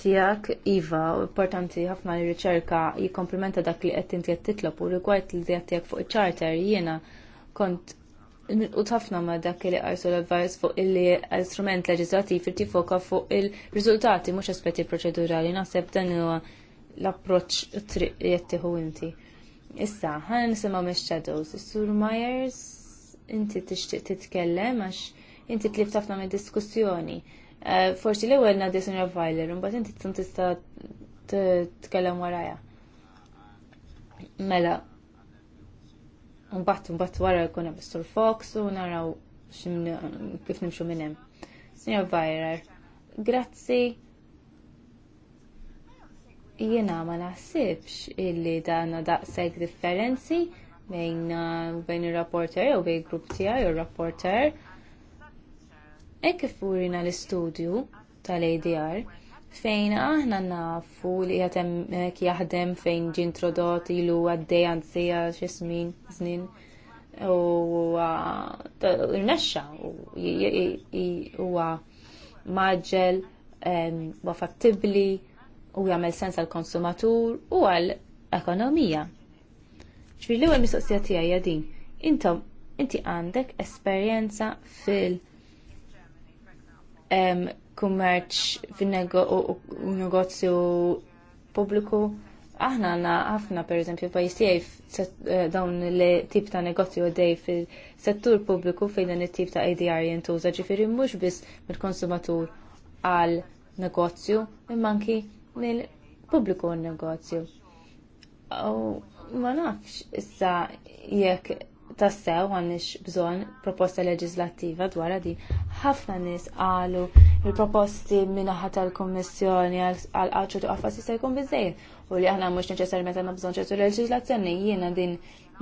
tijak, iva importanti ħafna li riċerka jikomplimenta dak li qed inti qed titlob u rigward li qed tiegħek fuq il-ċarter jiena kont u ħafna ma dak li qarsu l-advajs fuq il-istrument leġislattiv tifoka fuq il-riżultati mhux aspetti proċedurali naħseb dan huwa l-approċċ triq li inti. Issa, ħan nisema mix-shadows. Sur Myers, inti tixtieq titkellem għax inti tlib tafna me diskussjoni Eh, forsi l-ewwel ngħaddi Sinjor Vajler, imbagħad inti tkun tista' tkellem waraja. Mela, mbagħad mbagħad wara jkun hemm Sur Fox u naraw kif nimxu minn hemm. Sinjor Vajler, grazzi. Jiena ma naħsibx illi dan daqseg differenzi bejn eh, bejn ir-rapporter u bejn grupp tiegħi u il rapporter Hekk kif urina l-istudju tal-ADR, fejn aħna nafu li jatem eh, jaħdem fejn ġi introdott ilu għaddej għaddejja xismin, znin, u rnexxa u maġġel huwa fattibbli, u jagħmel sens għall konsumatur u għall ekonomija. Ġifieri l-ewwel mistoqsija tiegħi din. Intom inti għandek esperjenza fil- kummerċ fin-negozju pubbliku. Aħna għanna ħafna per eżempju pajjiż eh, dawn li tip ta' negozju għaddej fil-settur pubbliku fejn dan it-tip ta' ADR jintuża ġifieri mhux biss mill-konsumatur għal negozju imma anki mill-pubbliku għal negozju. Ma nafx issa jekk tassew għandix bżonn proposta leġislattiva dwar din. Ħafna nies qalu l proposti min tal-Kummissjoni għal qaċċu qafas jista' jkun bizzejn. u li aħna mhux neċessarjament għandna bżonn ċertu leġislazzjoni jiena din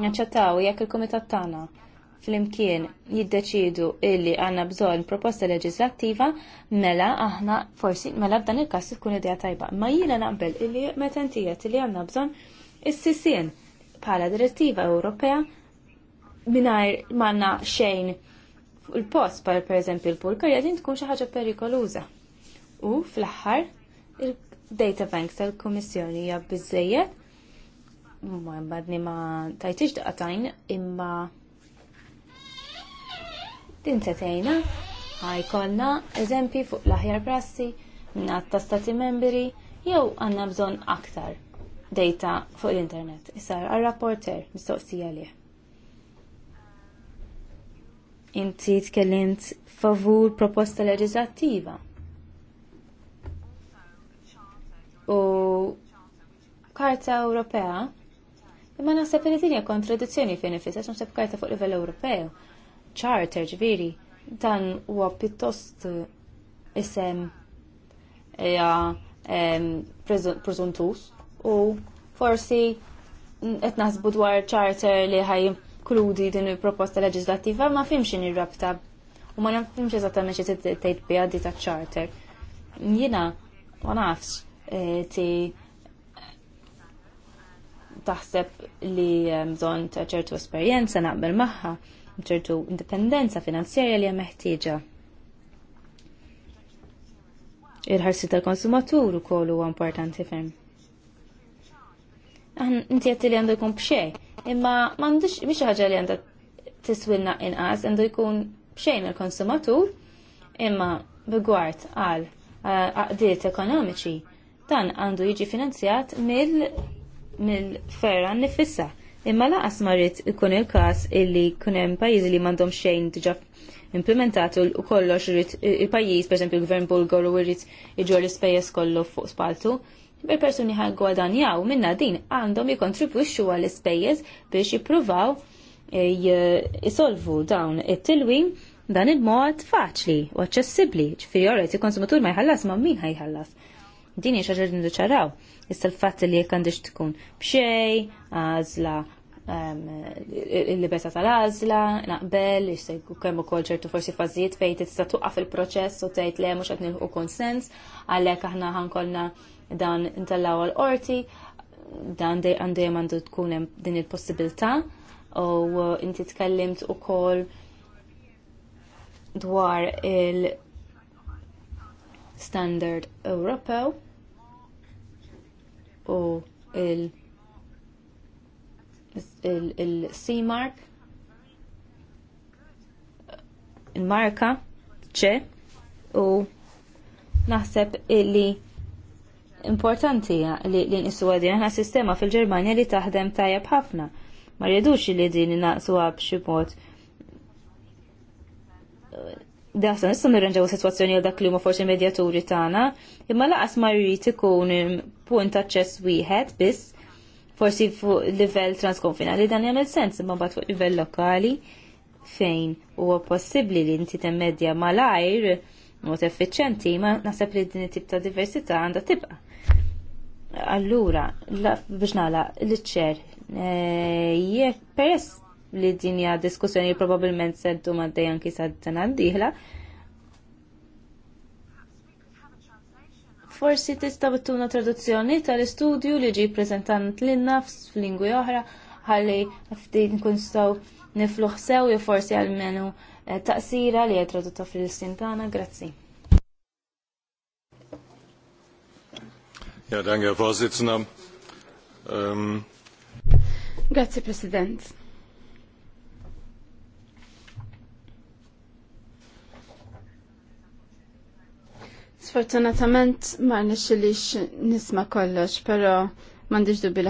naċċettaw jekk il-kumitat tagħna flimkien jiddeċiedu illi għandna bżonn proposta leġislattiva mela aħna forsi mela f'dan il-każ tkun idea tajba. Ma jiena naqbel illi meta intijiet li għandna bżonn is-sisien bħala direttiva Ewropea minar manna xejn il-post par per eżempju l pulkarja din tkun xi ħaġa perikoluża. U fl-aħħar il-data banks tal-Kummissjoni hija biżejjed ma badni ma tajtix daqatajn imma din setejna ħajkolna eżempji fuq l-aħjar prassi minna ta' stati membri jew għanna bżon aktar data fuq l-internet. Issa għal-rapporter mistoqsija liħ inti tkellimt favur proposta leġislattiva. U karta Ewropea imma naħseb li din hija kontradizzjoni fejn ifisser naħseb karta fuq livell Ewropew. Charter ġifieri dan huwa pjuttost isem ja preżuntus u forsi mm, qed naħsbu dwar charter li ħaj jinkludi din il-proposta leġislattiva ma fimx in rabta u ma nafimx eżattament xi tgħid biha di ta' charter. Jiena ma nafx eh, ti taħseb li bżonn ta' ċertu esperjenza naqbel magħha, ċertu indipendenza finanzjarja li hemm meħtieġa. Il-ħarsi tal-konsumatur ukoll huwa importanti ferm inti għatti li għandu jkun bxej, imma mandux biex ħagġa li għanda tiswilna inqas, għandu jkun bxej mill konsumatur imma bigwart għal eh, għaqdiet ekonomiċi, dan għandu jiġi finanzjat mill-ferra nifissa. Imma laqas marrit ikun il-kas illi kunem pajizi li mandom xejn diġa implementatu u kollox rrit il-pajiz, per esempio, il-gvern bulgaru rrit iġu l-ispejjeż kollu fuq spaltu il-persuni għadanjaw minna din għandhom jikontribwixxu għall ispejjeż biex jippruvaw eh, jisolvu dawn it-tilwim dan il-mod faċli u aċċessibbli, ġifieri orajt il-konsumatur ma jħallas ma min ħajħallas. Din hija xi ħaġa ċaraw, issa l-fatt li jekk għandix tkun b'xej, għażla ehm, il-libesa tal-għazla, naqbel, jissegu kemm ukoll ċertu forsi fażijiet fejn tista' tuqqa fil-proċess u tgħid le mhux qed nilħu konsens, għalhekk aħna ħankolna dan intallaw għal-qorti, dan dej dejjem għandu tkun hemm din il-possibilità u uh, inti tkellimt ukoll dwar il standard Ewropew u il il-C-mark il-marka ċe u naħseb illi importanti li nqisu għadin aħna sistema fil-Ġermanja li taħdem tajjeb ħafna. Ma rridux li din naqsu għab xipot. mod. Daħsan nistgħu nirranġaw sitwazzjoni għal dak li huma forsi medjaturi tagħna, imma laqas ma jrid ikun punt aċċess wieħed biss forsi fuq livell transkonfinali dan jagħmel sens imma mbagħad fuq livell lokali fejn huwa possibbli li inti temmedja malajr mod effiċenti ma naħseb li din tip ta' diversità għandha tibqa' Allura, biex nala, l-ċer, eh, jek peress li dinja diskussjoni probabilment seddu maddej anki sad-sena d forsi tista' bittuna traduzzjoni tal-istudju li ġi prezentant l nafs f'lingwi oħra ħalli ftin kun kunstaw nifluħsew, jew forsi għal menu eh, taqsira li hija tradotta fil sintana Grazzi. Herr Vorsitzender. Ähm, Grazie, President. Sfortunatament ma nixilix nisma kollox, pero mandiġ dubi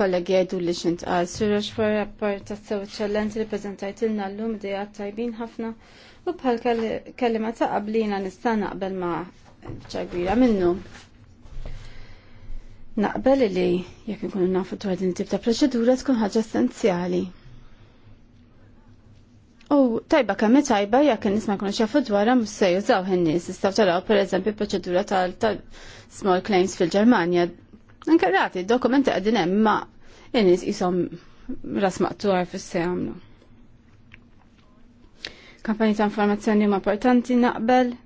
kollegi għajdu li xint għal. Sirroċ for rapport ta' sew ċellenti li prezentajt ilna l-lum di tajbin ħafna u bħal kellima ta' qablina nista' naqbel ma' ċagwira minnu. Naqbel li jekk ikunu nafu dwar din tip ta' proċedura tkun ħaġa essenzjali. U tajba kemm tajba jekk in-nies ma jkunux jafu dwarha mhux se jużaw in-nies jistgħu taraw pereżempju proċedura tal-small claims fil-Ġermanja. Anke rati dokumenti qegħdin hemm ma in-nies qishom ras maqtuar fis-se jagħmlu. Kampanji ta' informazzjoni huma importanti naqbel,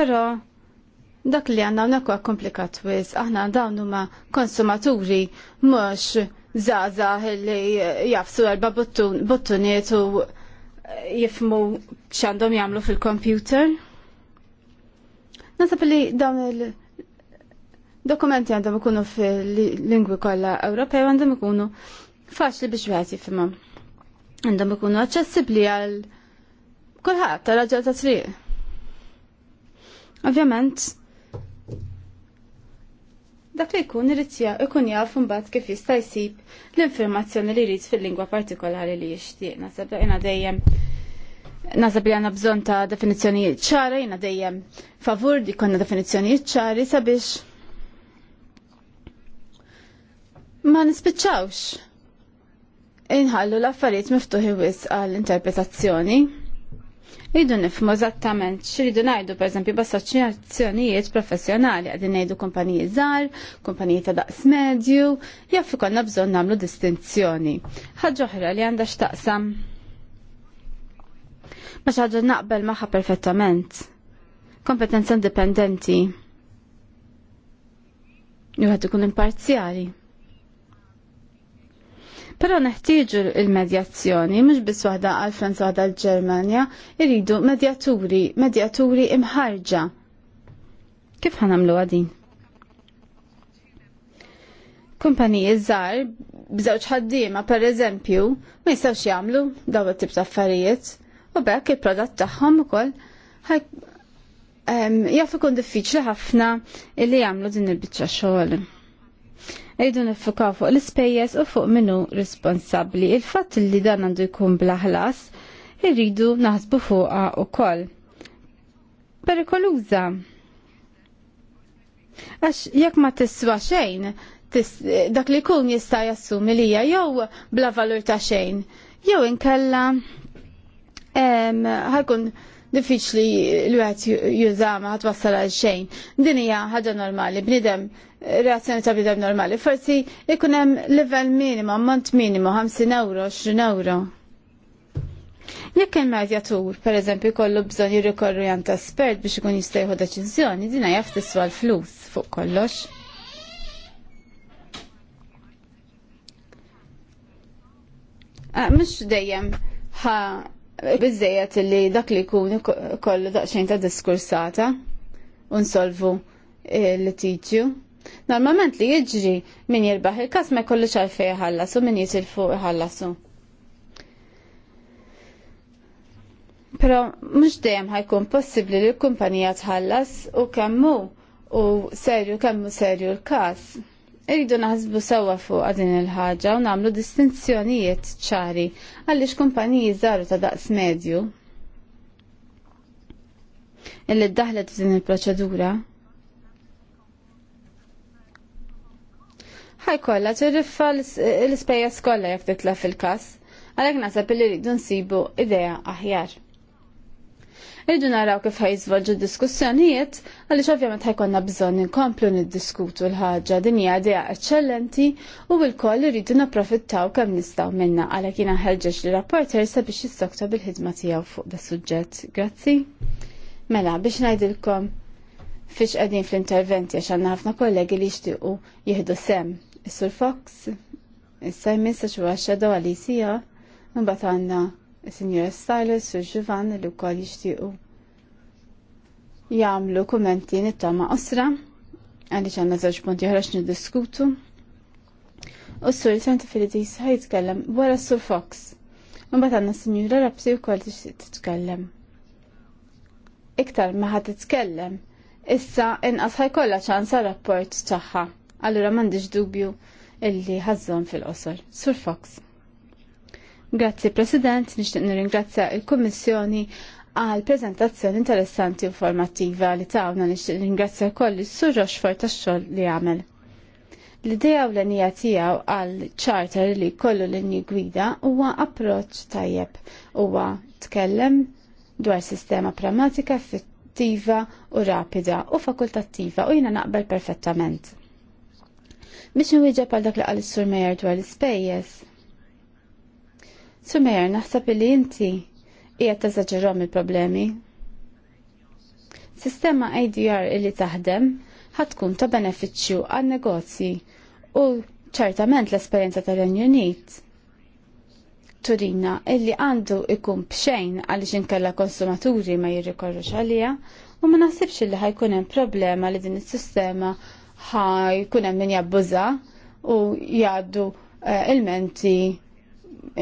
però Dak li għanna unek huwa komplikat wis, aħna dawn huma konsumaturi mhux zaza li jafsu erba' bottuniet u jifmu x'għandhom jagħmlu fil-computer. Nasab li dawn il- dokumenti għandhom ikunu fil-lingwi kollha Ewropej għandhom ikunu faċli biex wieħed jifhimhom. Għandhom ikunu aċċessibbli għal kulħadd tal-raġel ta' triq. Ovvjament, dak li jkun irritja ikun jaf imbagħad kif jista' jsib l-informazzjoni li jrid fil-lingwa partikolari li jixtieq. Nasab jiena dejjem Nasab li għandna bżonn ta' definizzjonijiet ċara, jiena dejjem favur li jkunna definizzjonijiet ċari sabiex ma nispiċċawx inħallu l-affarijiet miftuħi wisq għall-interpretazzjoni. Idu nifmu eżattament xridu najdu per b'assoċjazzjonijiet professjonali għadin ngħidu kumpaniji żgħar, kumpaniji ta' daqs medju, jaf ikollna bżonn nagħmlu distinzjoni. Ħaġa oħra li għandha x'taqsam. Ma ħaġa naqbel magħha perfettament. Kompetenza indipendenti. Juħad ikun imparzjali. Però neħtieġu il-medjazzjoni, mhux biss waħda għal Franza waħda l Ġermanja, iridu medjaturi, medjaturi imħarġa. Kif ħanamlu għadin? Kumpaniji żgħar bżewġ ħaddiema pereżempju ma jistgħux jagħmlu dawn it-tip ta' affarijiet u bekk il-prodott tagħhom ukoll jaf ikun diffiċli ħafna li jagħmlu din il-biċċa xogħol. Ejdu nifukaw fuq l-ispejjeż u fuq minnu responsabbli. Il-fatt li dan għandu jkun bla ħlas irridu naħsbu fuqha wkoll. Perikoluża. Għax jekk ma tiswa xejn, dak li kun jista' jassumi li hija jew bla valur ta' xejn, jew inkella ħajkun um, diffiċli l-għat jużama għat wassal għal xejn. Din hija ħaġa normali, bnidem reazzjoni ta' bnidem normali. Forsi ikun hemm level minimum, ammont minimo, 50 euro, 20 euro. Jekk il-medjatur, per eżempju, kollu bżon jirrikorru jant espert biex ikun jistajħu deċiżjoni, dina jaf tiswa l-flus fuq kollox. Ah, Mux dejjem ħa bizzejet li dak li kun kollu daqxajn ta' diskursata unsolvu l-tiġu. Normalment li jiġri min jirbaħ il-kas ma jkollu xalfej ħallasu, min jisil fuq ħallasu. Pero mux dejjem ħajkun possibli li l-kumpanija tħallas u kemmu u serju kemmu serju l-kas. Iridu naħsbu sewwa fuq din il-ħaġa u nagħmlu distinzjonijiet ċari għaliex kumpaniji żaru ta' daqs medju illi ddaħlet f'din il-proċedura ħajkolla ċerriffa l-ispejjeż kollha jekk titla' fil każ għalhekk naħseb li rridu nsibu idea aħjar. Irridu naraw kif ħajżvolġu diskussjonijiet għaliex ovvjament ħajkonna bżonn inkomplu niddiskutu l-ħaġa din hija idea eċċellenti u l-koll irridu napprofittaw kemm nistgħu minna għalhekk jiena ħelġeġ li rapporter sabiex jistokta bil-ħidma tiegħu fuq da suġġett. Grazzi. Mela biex ngħidilkom fiex qegħdin fl-interventi għax għandna ħafna kollegi li jixtiequ jieħdu sem. Is-Sur Fox, issa jmissa xi għaxxa daw għal Mbagħad għandna Signora Stiles u Ġivan li wkoll jixtiequ jagħmlu kumenti nittama qosra għaliex għandna żewġ punti oħra niddiskutu. U s-sur Santa Filidis ħajtkellem wara s-sur Fox. Mbagħad għandna Sinjura Rabsi wkoll tixtieq titkellem. Iktar ma ħad titkellem, issa inqas kollha ċans rapport tagħha. Allura m'għandix dubju illi ħażhom fil-qosor. Sur Fox. Grazzi President, nixtieq nirringrazzja il-Kummissjoni għal prezentazzjoni interessanti u formattiva li tawna nixtieq nirringrazzja koll is-Sur Rochfort tax-xogħol li għamel. L-idea u l-enija tiegħu għal charter li kollu linji gwida huwa approċċ tajjeb huwa tkellem dwar sistema pragmatika effettiva u rapida u fakultattiva u jiena naqbel perfettament. Biex nwieġeb għal dak li għal sur Mejer dwar l-ispejjeż, Sumer, naħseb li inti hija teżaġġerhom il-problemi. Sistema IDR illi taħdem ħatkun ta' benefiċċju għan negozji u ċertament l-esperjenza tal-Renju Unit. Turina illi għandu ikun bxejn għaliex inkella konsumaturi ma jirrikorrux għalija u ma naħsibx li ħajkun hemm problema li din is-sistema ħajkun hemm min jabbuża u jgħaddu uh, il-menti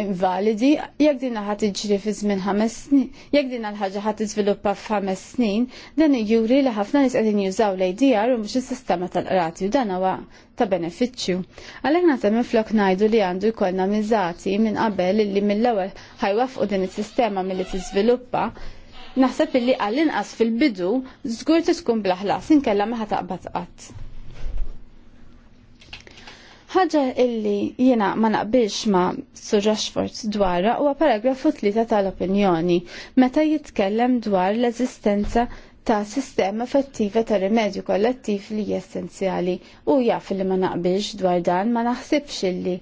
invalidi jekk dinna ħadd iġri fi żmien ħames snin, jekk din l-ħaġa ħadd iżviluppa f'ħames snin, dan juri li ħafna nies qegħdin jużaw l-IDR u mux is-sistema tal-qrati u dan huwa ta' benefiċċju. Għalhekk nagħtem minflok ngħidu li għandu jkollna miżati minn qabel li mill-ewwel ħajwafqu din is-sistema milli tiżviluppa naħseb illi għall-inqas fil-bidu żgur tkun blaħlas inkella ma ħataqbad qatt ħaġa illi jiena ma naqbilx ma Sur Rashford dwarra huwa paragrafu tlieta tal-opinjoni meta jitkellem dwar l-eżistenza ta' sistema effettiva ta' rimedju kollettiv li hija essenzjali u jaf li ma naqbilx dwar dan ma naħsibx illi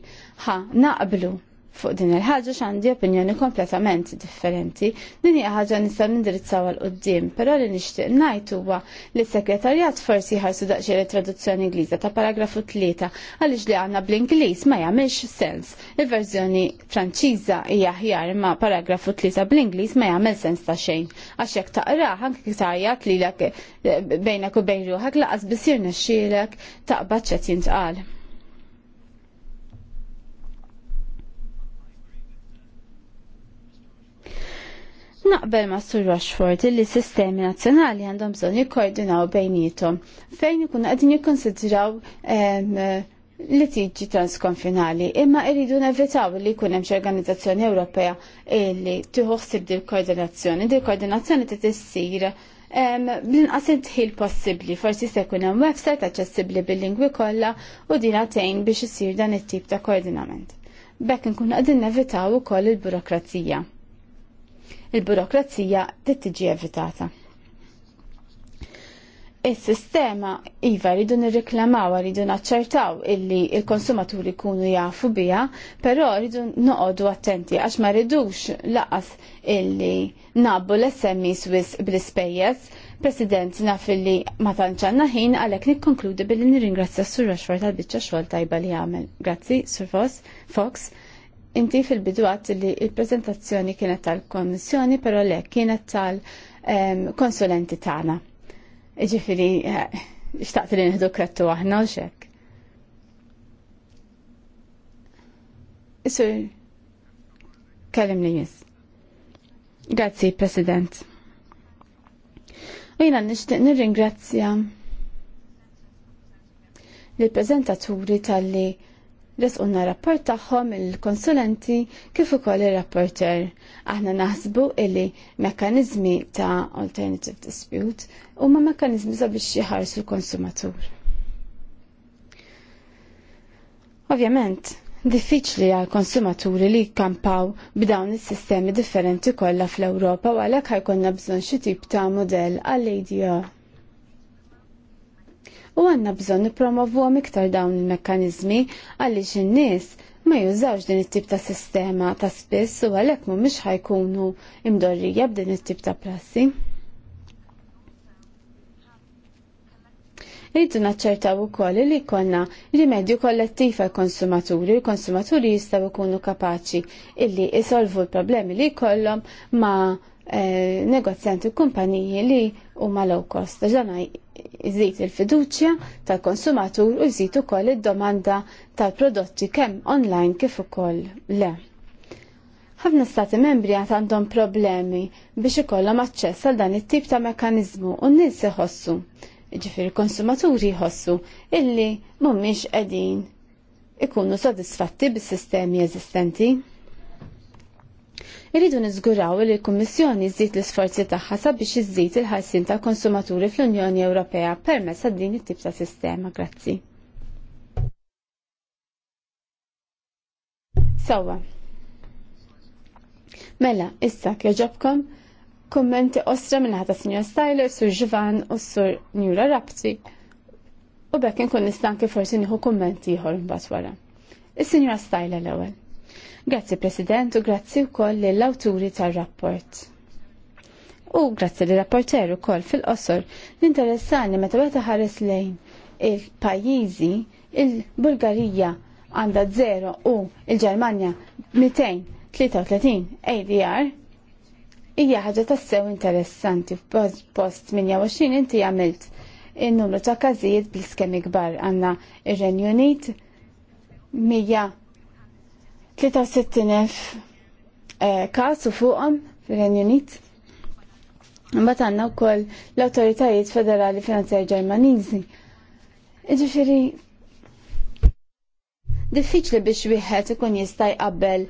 ħa naqblu fuq din il ħagġa xandi opinjoni kompletament differenti. Din hija ħaġa nista' nindirizzaw għal qudiem, però li nixtieq ngħid huwa li s-sekretarjat forsi ħarsu daqsxejn traduzzjoni Ingliża ta' paragrafu tlieta għaliex li għandna bl-Ingliż ma jagħmilx sens. Il-verżjoni Franċiża hija ħjar ma paragrafu tlieta bl-Ingliż ma jagħmel sens ta' xejn. Għax jekk taqrah anke kif tajjat lilek eh, bejnek u bejn ruħak laqas biss jirnexxielek taqbad x'qed jintqal. Naqbel ma' Sur Rochford li sistemi nazzjonali għandhom bżonn jikkoordinaw bejnietom fejn ikun qegħdin jikkonsidraw ehm, li tiġi transkonfinali, imma irridu nevitaw li jkun hemm xi organizzazzjoni Ewropea li tieħu ħsieb dil koordinazzjoni. Dil koordinazzjoni trid issir ehm, bl-inqas intħil possibbli, forsi se jkun hemm website aċċessibbli bil-lingwi kollha u din għatejn biex isir dan it-tip ta' koordinament. Bekk nkun qegħdin nevitaw ukoll il-burokrazija il-burokrazija tittiġi evitata. Is-sistema iva rridu nirriklamaw, rridu naċċertaw illi il-konsumaturi kunu jafu biha, però rridu noqogħdu attenti għax ma rridux laqas illi nabbu l-SMI Swiss bl-ispejjeż. President, naf illi ma tanċanna ħin għalhekk nikkonkludi billi nirringrazzja Sur Rashford tal-biċċa xogħol tajba li għamel. Grazzi, Sur Fox. Inti fil-biduat li il-prezentazzjoni kienet tal-Kommissjoni, però le kienet tal-konsulenti tagħna. Ġifiri, eh, xtaqt li nħdu krettu aħna u xek. Isur, kellim li jis. Grazzi, President. U jina nishtiq nirringrazzja li prezentaturi tal-li resqunna rapport tagħhom il-konsulenti kif ukoll ir-rapporter. Aħna naħsbu illi mekkaniżmi ta' alternative dispute huma mekkaniżmi sabiex jħarsu l-konsumatur. Ovvjament, diffiċli għal konsumaturi li kampaw b'dawn is-sistemi differenti kollha fl-Ewropa u għalhekk ħajkonna bżonn xi tip ta' modell għall-ADR u għanna bżon nipromovu għam iktar dawn il-mekkanizmi għalix in-nies ma jużawx din it-tip ta' sistema ta' spiss u għalek mu mux ħajkunu imdorrija b'din it-tip ta' prassi. Rridu naċċertaw ukoll li jkollna rimedju kollettiv għal konsumaturi, l konsumaturi jistgħu jkunu kapaċi illi jisolvu l-problemi li jkollhom ma' eh, negozjanti u kumpaniji li huma low cost. Ġanaj jżid il-fiduċja tal-konsumatur u jżid ukoll id-domanda tal-prodotti kemm online kif ukoll le. Ħafna stati membri għat għandhom problemi biex ikollhom aċċess għal dan it-tip ta' mekkaniżmu u n-nies iħossu, ġifieri konsumaturi jħossu illi mhumiex qegħdin ikunu sodisfatti bis-sistemi eżistenti. Irridu niżguraw li l-Kummissjoni żżid l-isforzi tagħha sabiex iżżid il-ħarsien ta' konsumaturi fl-Unjoni Ewropea permezz ta' din it-tip ta' sistema. Grazzi. Sawa. Mela, issa kjoġobkom kummenti ostra minnaħta Sr. Styler, Sur Ġivan u Sur Njura Rapti. U bekk nkun nistanki forsi nieħu kummenti ieħor mbagħad wara. Is-Sinjura Styler l-ewwel. Grazzi President u grazzi wkoll lill-awturi tar-rapport. U grazzi li rapporteru koll fil-qosor l-interessani meta weta ħares lejn il-pajjiżi il-Bulgarija għandha 0 u il-Ġermanja 233 ADR hija ħaġa tassew interessanti f'post 28 inti għamilt in-numru ta' każijiet bl-iskemi kbar għandna ir-Renju Unit 63.000 eh, kas u fuqhom fir-Renju Unit. Mbagħad għandna wkoll l-awtoritajiet federali finanzjari Ġermaniżi. Iġifieri diffiċli biex wieħed ikun jista' jqabbel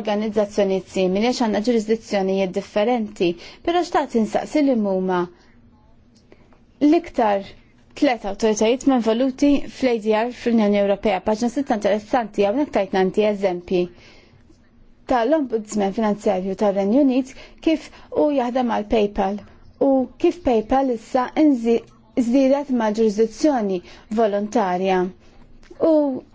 organizzazzjonijiet simili għax għandna ġurisdizzjonijiet differenti, però xtaqt insaqsi li huma l-iktar Tlet autoritajiet minn valuti fl-ADR fl-Unjoni Ewropea, paġna sitta interessanti għaw nektajt nanti eżempi tal-Ombudsman Finanzjarju tal-Renju Unit kif u jaħdem għal PayPal u kif PayPal issa nżidet ma' ġurisdizzjoni volontarja. U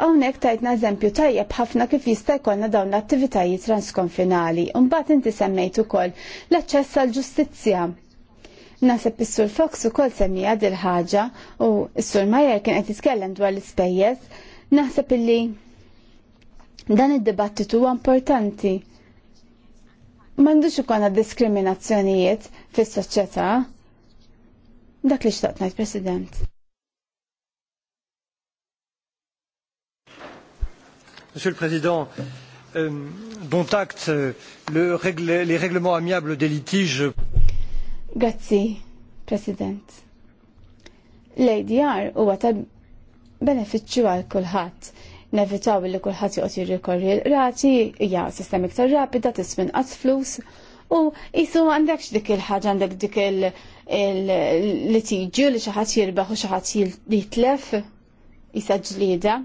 għonek tajtna eżempju tajjeb ħafna kif jista' jkollna dawn l-attivitajiet transkonfinali. Mbagħad inti semmejt ukoll l-aċċess għall-ġustizzja. Naseb is-sur Fox ukoll semija dil ħaġa u s-sur Majer kien qed jitkellem dwar l-ispejjeż, naħseb illi dan id-dibattitu huwa importanti. M'għandux ukoll diskriminazzjonijiet fis-soċjetà. Dak li xtaqt ngħid President. Monsieur le Président, euh, dont acte euh, le règle, les règlements amiables des litiges Grazzi, President. L-ADR huwa ta' benefiċċju għal kulħadd. Nevitaw li kulħadd joqgħod jirrikorri l-rati, hija sistema iktar rapida, tismin qatt flus u jisu għandek dik il-ħaġa għandek dik il litiġu li xi ħadd jirbaħ u xi ħadd jitlef jisa ġlieda.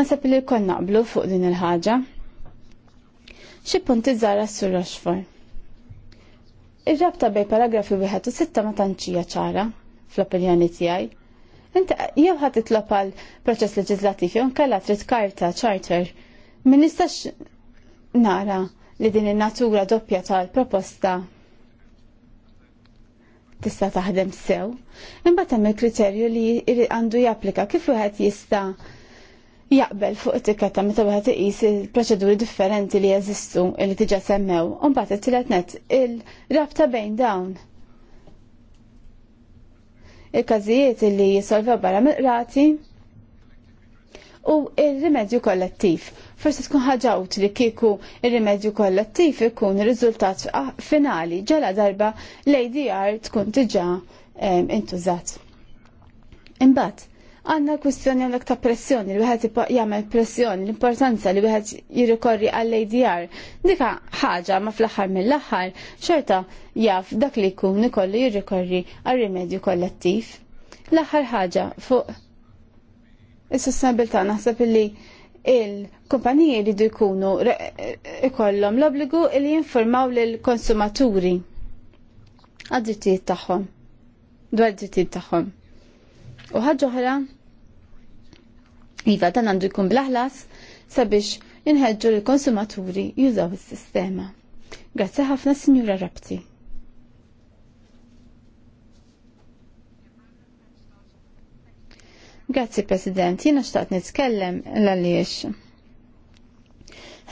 Nasab li konna naqblu fuq din il-ħaġa. Xi punti zara s surraċfor Ir-rabta bej paragrafi wieħed u sitta ma tantxija ċara fl-opinjoni tiegħi. Inti jew ħad titlob għal proċess leġislattiv jew nkella trid karta charter. Min nistax nara li din in-natura doppja tal-proposta tista' taħdem sew. Imbagħad hemm il-kriterju li għandu japplika kif wieħed jista' jaqbel fuq it-tiketta meta wieħed iqis il-proċeduri differenti li jeżistu li tiġa semmew. u mbagħad it-tielet net il-rabta bejn dawn. Il-każijiet li jisolvew barra mill-rati u il-rimedju kollettiv. Forsi tkun ħaġa utli kieku il-rimedju kollettiv ikun ir-riżultat ah, finali ġala darba l-ADR tkun diġà eh, intużat. Imbagħad, Għanna kwistjoni għandek ta' pressjoni, li wieħed jagħmel pressjoni, l-importanza li wieħed jirrikorri għall-ADR. Dika ħaġa ma fl-aħħar mill-aħħar xorta jaf dak li jkun ikollu jirrikorri għal-rimedju kollettiv. L-aħħar ħaġa fuq is-sostenibilità naħseb li il-kumpaniji jridu jkunu ikollhom l-obbligu li jinformaw lill-konsumaturi għad-drittijiet tagħhom dwar id tagħhom. U ħaġa oħra Iva dan għandu jkun blaħlas sabiex jinħedġu l-konsumaturi jużaw is-sistema. Grazzi ħafna Sinjura Rabti. Grazzi President, jiena xtaqt nitkellem l-għaliex.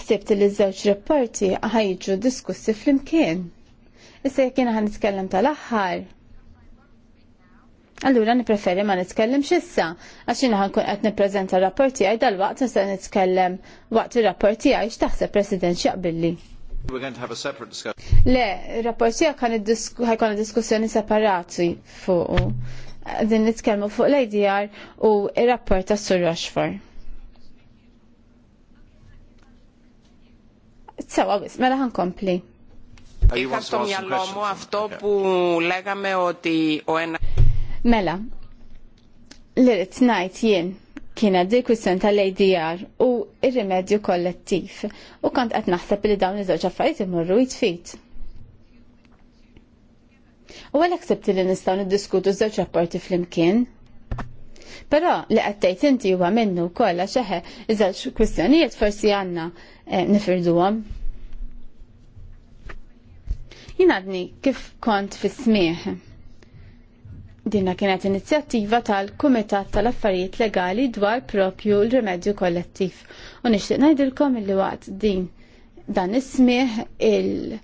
Ħsibt li ż-żewġ rapporti ħajġu diskussi fl-imkien. Issa jekk jiena ħanitkellem tal-aħħar, Allura nipreferi ma nitkellem xissa, għax jina ħankun qed nippreżenta rapporti għaj dal-waqt nista' nitkellem waqt ir-rapporti għaj x'taħseb President x'jaqbilli. We're going to have a separate discussion. Le, rapporti ħajkun diskussjoni separati fuq din nitkellmu fuq l-IDR u ir-rapport tas Sur Rashford. Sewa wis, mela ħankompli. kompli. στο μυαλό μου αυτό που λέγαμε ότι enna. Mela, l rrit ngħid jien dik di kwistjoni tal-ADR u ir-rimedju kollettiv u kont qed naħseb li dawn iż-żewġ affarijiet imorru jitfit. U għalhekk sebti li nistgħu niddiskutu żewġ rapporti flimkien. Però li qed tgħid inti huwa minnu wkoll għax eħe iż-żewġ kwistjonijiet forsi għandna eh, nifirduhom. Jien għadni kif kont fis-smieħ Dinna kienet inizjattiva tal-Kumitat tal-Affarijiet Legali dwar propju l-rimedju kollettiv. U nixtieq ngħidilkom illi waqt din dan ismih il-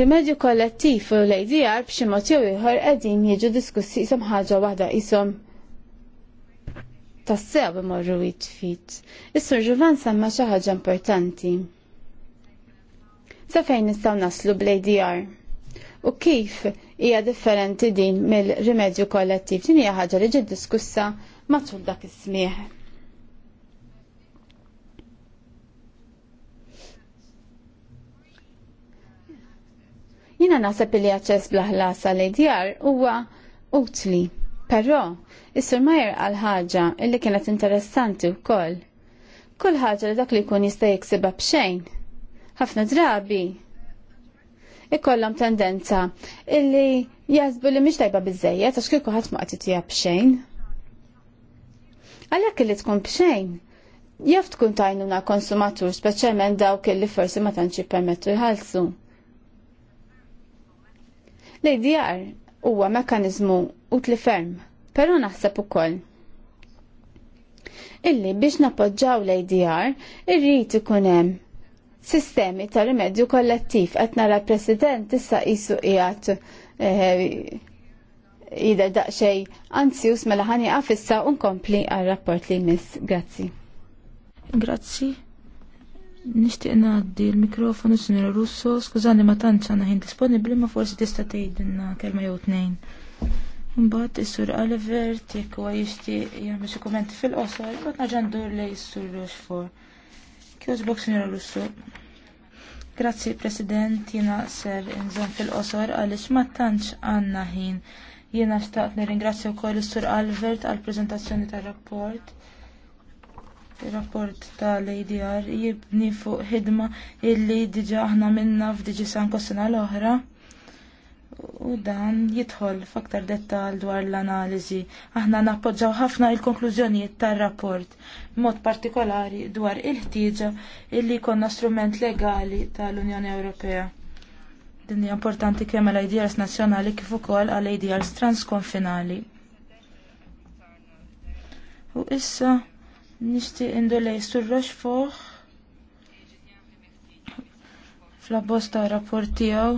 Rimedju kollettiv u l-ADR b'xi mod jew ieħor qegħdin jiġu diskussi isom ħaġa waħda isom tassew imorru jitfit. Is-Sur Ġuvan semma xi ħaġa importanti. Sa fejn nistgħu naslu bl-ADR? U kif hija differenti din mill-rimedju kollettiv. Din hija ħaġa li ġiet diskussa matul dak is-smieħ. Jina nasab li aċċess ħlasa li djar huwa utli, però is-Sur Majer għal ħaġa illi kienet interessanti wkoll. Kull ħaġa li dak li jkun jista' jiksibha b'xejn. Ħafna drabi ikollhom tendenza illi jazbu li mhix tajba biżejjed għax kieku ħadd ma tija b'xejn. Għalhekk illi tkun b'xejn, jaf tkun tajnuna konsumatur speċjalment dawk li forsi ma tantx jippermettu jħallsu. L-ADR huwa mekkaniżmu utli ferm, però naħseb ukoll. Illi biex nappoġġaw l-ADR irrid ikun hemm sistemi ta' rimedju kollettiv qed nara l-President issa qisu qiegħed eh, jidher daqsxejn anzjus mela ħani issa u nkompli għar-rapport li jmiss. Grazzi. Grazzi. Nixtieq ngħaddi l-mikrofonu Sinjora Russo, skużani ma tantx għandna ħin disponibbli ma forsi tista' tgħidilna kelma jew tnejn. Mbagħad is-sur Oliver jekk huwa jixtieq jagħmel xi kummenti fil-qosor, bad naġandur lej is-sur Rochefort. Kjożbok, signora Lussu. Grazzi, President, jina ser inżon fil-qosor għalix ma tantx għanna ħin. Jina xtaqt nirringrazzja wkoll is-Sur Albert għal preżentazzjoni tar-rapport. Il-rapport tal-ADR jibni fuq ħidma illi diġa aħna minna f'diġi sanko sena l-oħra u dan jidħol f'aktar dettal dwar l-analiżi. Aħna nappoġġaw ħafna il-konklużjonijiet tar-rapport, mod partikolari dwar il-ħtieġa illi jkollna strument legali tal-Unjoni Ewropea. Din hija importanti kemm għal IDRs nazzjonali kif ukoll għal ideas transkonfinali. U issa nixtieq indulej sur Rochefort fl-abbosta rapport tiegħu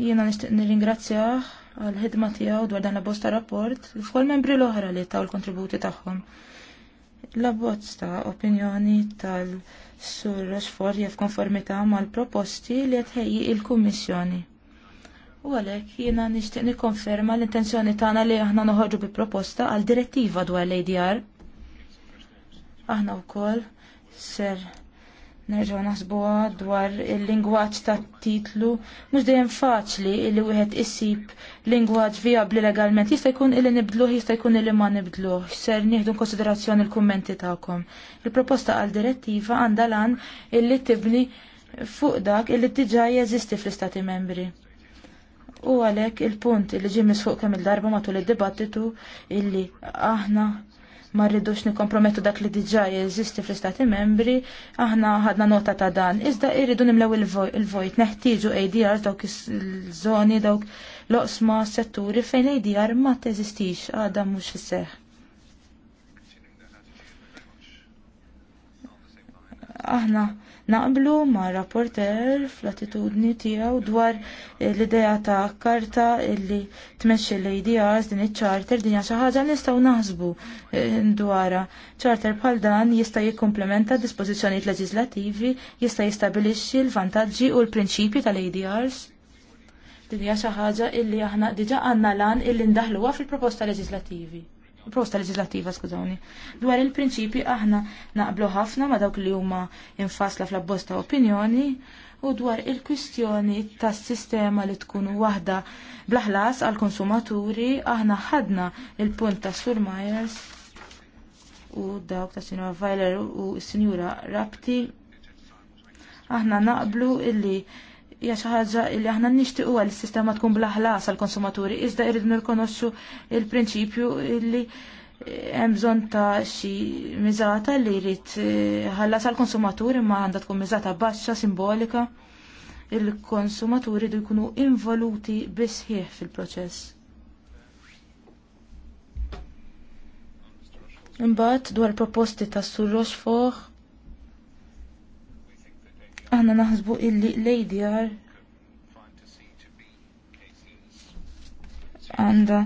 Jiena nixtieq nirringrazzjah għal ħidma tiegħu dwar dan l-abbozz rapport li f'kol membri l-oħra li taw l-kontributi tagħhom. L-abbozz ta' opinjoni tal-Sur Rochefort jaf konformità mal-proposti li qed ħejji l kummissjoni U għalhekk jiena nixtieq nikkonferma l-intenzjoni tagħna li aħna noħorġu bi proposta għal direttiva dwar l-ADR. Aħna wkoll ser nerġgħu naħsbuha dwar il-lingwaġġ tat-titlu mhux dejjem faċli li wieħed isib lingwaġġ vijabbli legalment jista' jkun illi nibdluh jista' jkun illi ma nibdluh. Ser nieħdu konsiderazzjoni l-kummenti tagħkom. Il-proposta għal direttiva għandha lan illi tibni fuq dak illi diġà jeżisti fl-Istati membri. U għalhekk il-punt li ġie fuq kemm il-darba matul id-dibattitu illi aħna ma rridux nikompromettu dak li diġà jeżisti fl-Istati membri, aħna ħadna nota ta' dan. Iżda irridu nimlew il-vojt, neħtieġu ADR dawk iż-żoni, dawk loqsma setturi fejn ADR ma teżistix għadha mhux fisseħ. Aħna Naqblu ma' rapporter fl-attitudni tiegħu dwar eh, l-idea ta' karta illi tmexxi l-ADRs din iċ-charter din xi ħaġa nistgħu naħsbu eh, dwarha. Charter bħal dan jista' jikkumplementa dispożizzjonijiet leġislattivi, jista' jistabilixxi l-vantaġġi u l-prinċipji tal-ADRs din hija xi ħaġa illi aħna diġà għandna lan illi ndaħluha fil-proposta leġislattivi prosta legislativa, skużawni. Dwar il-prinċipi aħna naqblu ħafna ma dawk li huma infasla fl-abbosta opinjoni u dwar il-kwistjoni tas sistema li tkun waħda blaħlas għal konsumaturi aħna ħadna il-punt ta' Sur Myers u dawk ta' Sinjora Weiler u Sinjura Rapti aħna naqblu illi hija xi ħaġa li aħna nixtiequ għal sistema tkun bla ħlas għall konsumaturi iżda jrid nirkonoxxu il-prinċipju li hemm bżonn ta' xi miżata li jrid ħallas għall konsumaturi ma għandha tkun miżata baxxa simbolika il-konsumaturi jridu jkunu involuti bisħieħ fil-proċess. Imbagħad dwar proposti tas Sur Rochefort Għanna naħsbu illi l-ADR għanda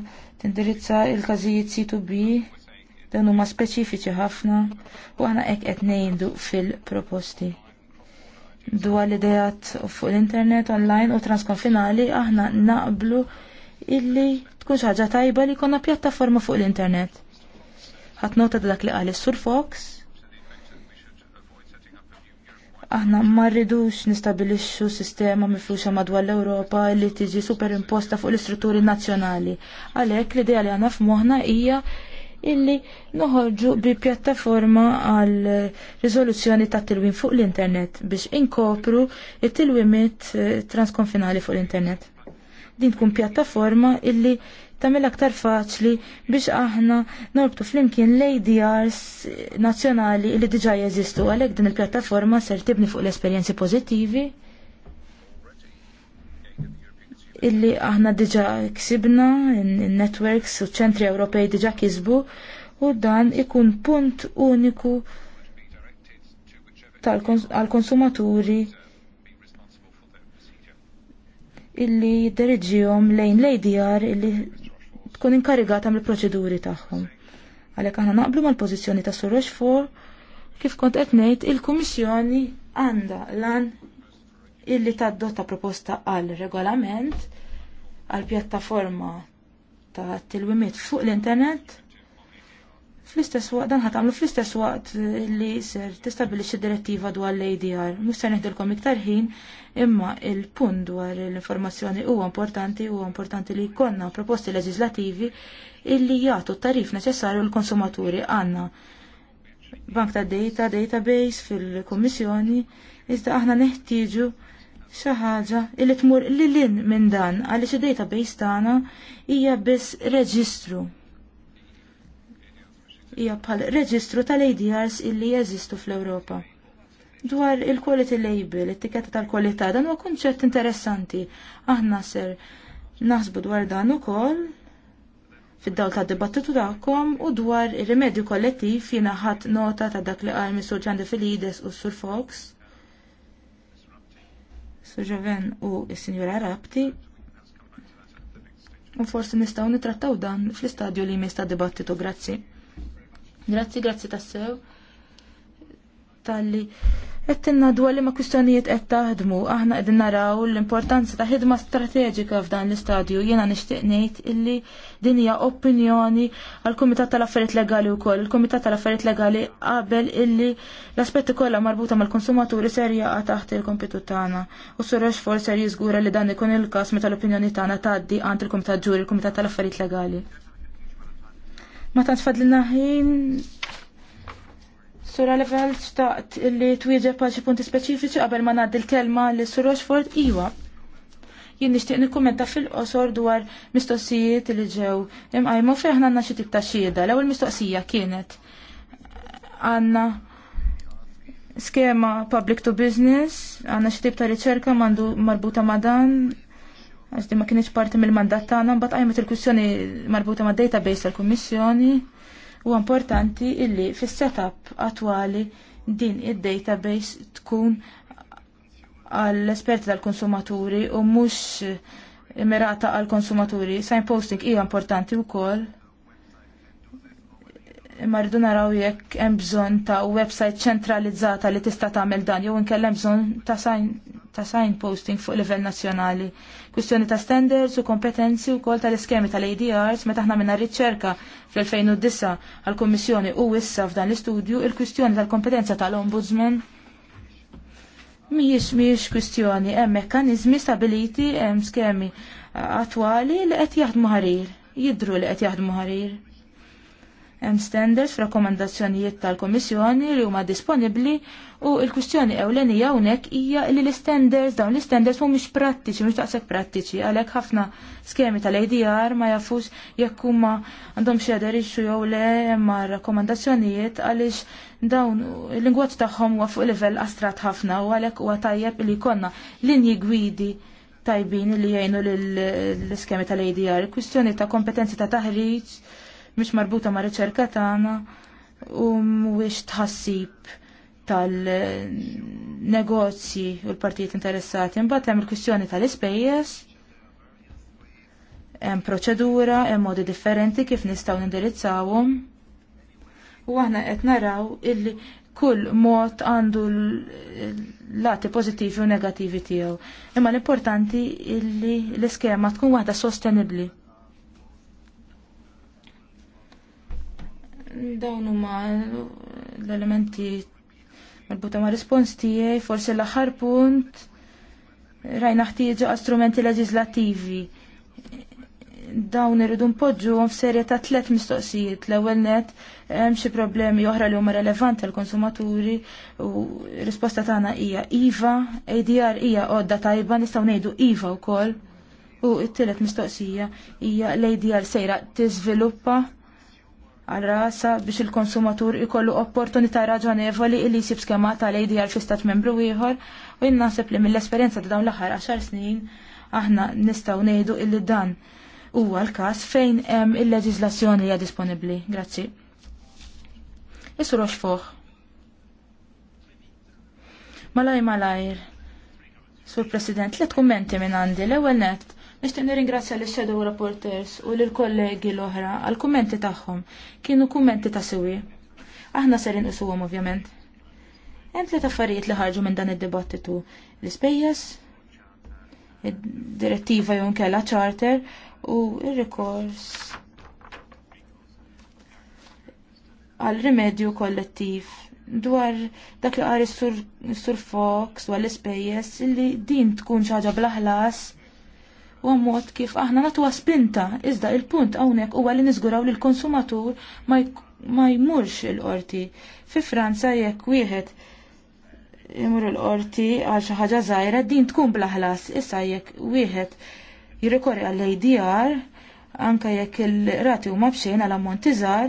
tindirizza il-kazijiet C2B dan huma speċifiċi ħafna u għana ek qed ngħidu fil-proposti. Du l-idejat fuq l-internet online u transkonfinali aħna naqblu illi tkun xaġa ħaġa tajba li konna pjattaforma fuq l-internet. Ħadd nota dak li qal is-Sur Fox Aħna ma rridux nistabilixxu sistema mifruxa madwar l-Ewropa li tiġi superimposta fuq l-istrutturi nazzjonali. Għalhekk l-idea li għandna f'moħħna hija illi noħorġu bi pjattaforma għal riżoluzzjoni ta' tilwim fuq l-internet biex inkopru it-tilwimiet eh, transkonfinali fuq l-internet. Din tkun pjattaforma illi tamil aktar faċli biex aħna norbtu flimkien l-ADRs nazzjonali li diġa' jeżistu għalhekk din il-pjattaforma ser tibni fuq l-esperjenzi pożittivi illi aħna diġà ksibna in-networks u ċentri Ewropej diġà kisbu u dan ikun punt uniku tal-konsumaturi illi jidderġijom lejn l-ADR illi tkun inkarigata mill-proċeduri tagħhom. Għalhekk aħna naqblu mal-pożizzjoni ta' Sur Rochefort kif kont qed ngħid il-Kummissjoni għandha lan illi tadotta proposta għal regolament għal pjattaforma ta' tilwimiet fuq l-internet fl-istess waqt dan ħatamlu fl-istess waqt li ser tistabilixxi direttiva dwar l-ADR. Mhux se neħdilkom iktar ħin, imma il-punt dwar l-informazzjoni huwa importanti huwa importanti li jkollna proposti leġislativi illi jagħtu t-tarif neċessarju l-konsumaturi għandna. Bank ta' data, database fil-Kummissjoni, iżda aħna neħtieġu xi ħaġa li tmur lilin minn dan għaliex id-database tagħna hija biss reġistru hija bħal reġistru tal-ADRs illi jeżistu fl-Ewropa. Dwar il-quality label, it-tiketta tal-kwalità, dan huwa kunċett interessanti. Aħna ser naħsbu dwar dan ukoll fid-dawl ta' dibattitu tagħkom u dwar ir-rimedju kollettiv jiena ħadd nota ta' dak li qal Mr. Ġandi Filides u Sur Fox. Sur Joven u s-Sinjura Rapti u forsi nistgħu nitrattaw dan fl-istadju li jmiss ta' dibattitu, grazzi. Grazzi, grazzi tassew. Talli, għettinna dwar li ma kustjonijiet qed taħdmu, aħna qegħdin naraw l-importanza ta' ħidma strateġika f'dan l-istadju jiena nixtieq ngħid illi din hija opinjoni għal kumitat tal-Affarijiet Legali wkoll. Il-Kumitat tal-Affarijiet Legali qabel illi l-aspetti kollha marbuta mal-konsumaturi ser jaqa' taħt il-kompitu tagħna. U sur Rochefort ser jiżgura li dan ikun il-każ meta l-opinjoni tagħna tgħaddi għand il-Kumitat Ġuri, il-Kumitat tal-Affarijiet Legali. Ma tant fadlina ħin. Sura level xtaqt li twieġeb għal xi punti speċifiċi qabel ma ngħaddi l-kelma li Sur Rochford iwa. Jien nixtieq nikkumenta fil-qosor dwar mistoqsijiet li ġew imqajmu fejn aħna għandna xi tip ta' xieda. L-ewwel mistoqsija kienet għandna skema public to business, għanna xtib ta' riċerka marbuta ma' dan, għax ma kienx parti mill-mandat tagħna mbagħad qajmet il kwissjoni marbuta mad database tal-Kummissjoni u importanti illi fis-setup attwali din id-database tkun għall-esperti tal-konsumaturi u mhux immirata għall-konsumaturi. Signposting hija importanti wkoll. Imma rridu naraw jekk hemm bżonn ta' website ċentralizzata li tista' tagħmel dan jew inkellem bżonn ta' sign ta' signposting fuq livell nazzjonali, kwistjoni ta' standards u kompetenzi u kol tal-iskemi tal-ADRs meta aħna minna riċerka fl-2009 għal-Kommissjoni u issa f'dan l-istudju il-kwistjoni tal-kompetenza tal-Ombudsman miex miex kwistjoni hemm mekkaniżmi stabiliti hemm skemi attwali li qed jaħdmu ħarir, jidru li qed jaħdmu ħarir. Hemm standards f'rakkomandazzjonijiet tal-Komissjoni li huma disponibbli u l-kwistjoni ewlenija hawnhekk hija li l-standards dawn l-standards mhumiex prattiċi mhux daqshekk prattiċi għalhekk ħafna skemi tal-ADR ma jafux jekk huma għandhom xi ixxu jew le ma' rakkomandazzjonijiet għaliex dawn il-lingwaġġ tagħhom huwa fuq livell astrat ħafna u għalhekk huwa tajjeb li jkollna linji gwidi tajbin li jgħinu l-iskemi tal-ADR. Kwistjoni ta' kompetenzi ta' taħriġ mhix marbuta ma' riċerka tagħna u mhuwiex tħassib tal-negozji u l-partijiet interessati. Imbagħad hemm il-kwistjoni tal-ispejjeż, hemm proċedura, hemm modi differenti kif nistgħu nindirizzawhom. U aħna qed naraw illi kull mod għandu l-lati pożittivi u negativi tiegħu. Imma l-importanti illi l-iskema tkun waħda sostenibbli. Dawn huma l-elementi marbuta ma' respons tiegħi, forsi l-aħħar punt rajna ħtieġu strumenti leġislattivi. Dawn irridu npoġġuhom f'serje ta' tliet mistoqsijiet. L-ewwel net hemm xi problemi oħra li huma relevanti għall konsumaturi u risposta tagħna hija IVA, ADR hija għodda tajba nistgħu ngħidu IVA wkoll. U t-tielet mistoqsija hija l-ADR sejra tiżviluppa għal rasa biex il-konsumatur ikollu opportunità raġonevoli li jisib skema tal-ADR fi stat membru ieħor u jinnaħseb li mill-esperjenza ta' dawn l-aħħar 10 snin aħna nistgħu ngħidu illi dan huwa l-każ fejn hemm il-leġiżlazzjoni hija disponibbli. Grazzi. Isur Roxfoħ. Malaj malajr. Sur President, li kummenti minn għandi l-ewwel nett Nixtieq nirringrazzja lis shadow Reporters u lill kollegi l-oħra għall kummenti tagħhom. Kienu kummenti ta' sewi. Aħna ser inqisuhom ovvjament. Hemm tliet affarijiet li ħarġu minn dan id-dibattitu. L-ispejjeż, id-direttiva jew kella charter u r rikors għal rimedju kollettiv dwar dak li qari sur Fox u għall-ispejjeż li din tkun xi ħaġa bla ħlas u mod kif aħna natuha spinta iżda il-punt hawnhekk huwa li niżguraw li l-konsumatur ma jmurx il-qorti. Fi Franza jekk wieħed jmur il-qorti għal xi ħaġa żgħira din tkun bla ħlas issa jekk wieħed jirrikorri għall adr anke jekk il-rati huma bxejn għal ammonti żgħar,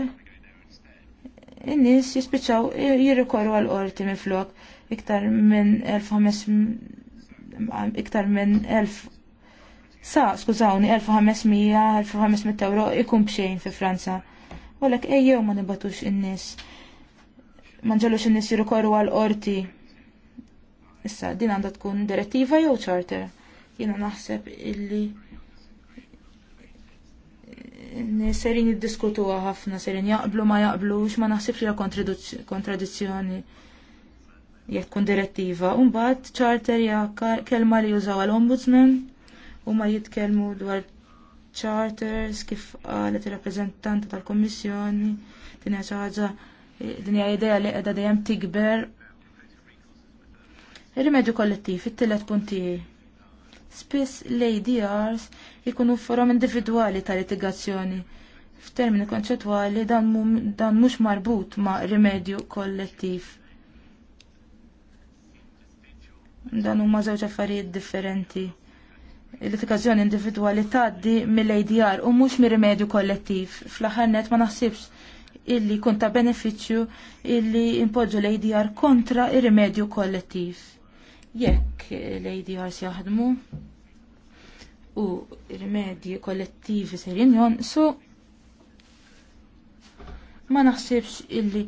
in-nies jispiċċaw jirrikorru għall qorti flok iktar minn 1500 iktar minn sa, skużawni, 1500-1500 euro ikun bxejn fi Franza. U ejjew ma nibatux in nies Ma nġellux in-nis jirkorru għal-qorti. Issa, din għandha tkun direttiva jew charter. Jiena naħseb illi serin jiddiskutuha ħafna, serin jaqblu ma jaqblux, ma naħsibx li kontradizzjoni jekk kun direttiva. Umbagħad charter hija kelma li jużaw l-ombudsman huma jitkellmu dwar charters kif qalet ir rappreżentanti tal-Kummissjoni din hija xi ħaġa din hija idea li qiegħda dejjem tikber. Ir-rimedju kollettiv, it-tielet punt tiegħi. Spiss l-ADRs ikunu forom individwali ta' litigazzjoni. F'termini konċettwali dan mhux marbut ma' rimedju kollettiv. Dan huma żewġ affarijiet differenti l-edukazzjoni individwali tgħaddi mill-ADR u mhux mir-rimedju kollettiv. Fl-aħħar net ma naħsibx illi kun ta' benefiċċju illi impoġġu l-ADR kontra ir-rimedju kollettiv. Jekk l-ADR jaħdmu u rimedji kollettivi serin jonqsu ma naħsibx illi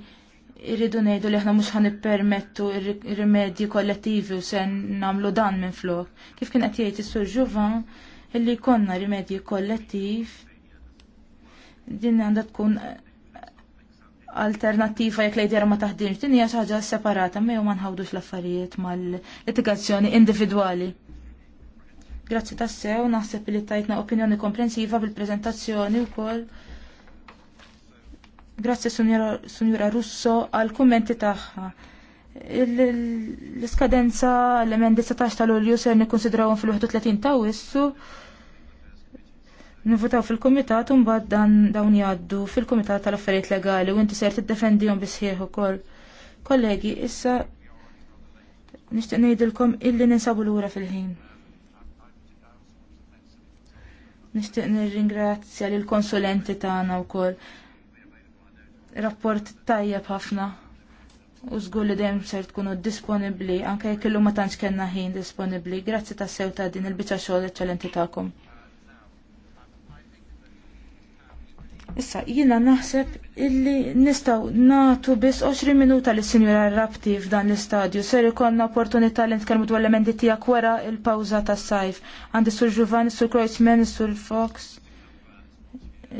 irridu ngħidu li aħna mhux permettu il rimedji kollettivi u se nagħmlu dan minn flok. Kif kien għatijajt jgħid is-Sur Juvan illi jkollna rimedji kollettiv din għandha tkun alternattiva jekk lejdi ma taħdimx, din hija xi ħaġa separata mejn ma nħawdux l-affarijiet mal-litigazzjoni individwali. Grazzi tassew, naħseb li tajtna opinjoni komprensiva bil-prezentazzjoni wkoll. Grazzi Sunjura Russo għal kummenti tagħha. L-iskadenza l-emendi 19 tal-Ulju ser nikkonsidrawhom fil-31 ta' Wissu. Nivutaw fil-komitat un bad dan dawn jaddu fil-komitat tal-affarijiet legali u inti ser tiddefendihom bisħieħ ukoll. Kollegi, issa nixtieq ngħidilkom illi ninsabu lura fil-ħin. Nixtieq nirringrazzja lill konsulenti tagħna wkoll rapport tajjeb ħafna. U żgur li dejjem ser tkunu disponibbli anke jekk illum ma tantx kellna ħin disponibbli. Grazzi tas-sew ta' din il-biċċa xogħol eċċellenti tagħkom. Issa, jina naħseb illi nistaw natu biss 20 minuta li sinjura rabti f'dan l-istadju. Ser ikonna opportunità li nitkellmu dwar l-emendi tiegħek wara il-pawża tas-sajf. Għandi sur Giovanni, sur Kreuzmann, sur Fox.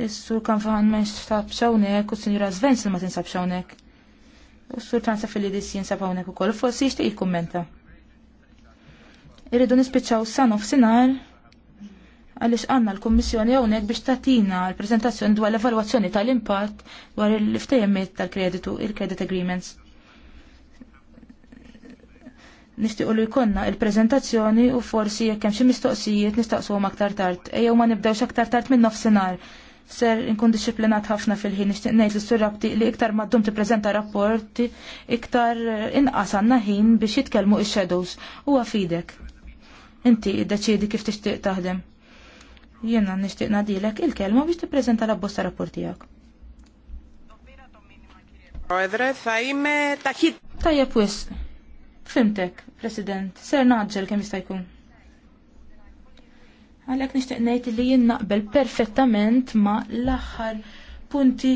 Is-sur kan faħan ma jinstab xawnek, u s-sinjura Svensson ma tinsab xawnek. U s-sur tan saf li dis jinsab xawnek u koll, forsi jishtiq jikkommenta. Irridu nispiċaw san of sinar għalix għanna l-Kommissjoni għonek biex tatina l-prezentazzjoni dwar l-evaluazzjoni tal-impatt dwar l iftajemmet tal-kreditu, il-credit agreements. Nishti li jkonna il-prezentazzjoni u forsi jekk hemm xi mistoqsijiet nistaqsuhom aktar tard. Ejjew ma nibdewx aktar tard minn nofsinhar ser inkun disciplinat ħafna fil-ħin nixtieq ngħid li s-surrabti li iktar maddum tippreżenta rapporti iktar inqas għandna ħin biex jitkellmu x shadows huwa fidek. Inti iddeċiedi kif tixtieq taħdem. Jiena nixtieq nadilek il-kelma biex tippreżenta l-abbozza rapport tiegħek. Tajjeb wis. Fimtek, President, ser naġġel kemm jista' jkun. Għalhekk nixtieq ngħid li jien naqbel perfettament ma l-aħħar punti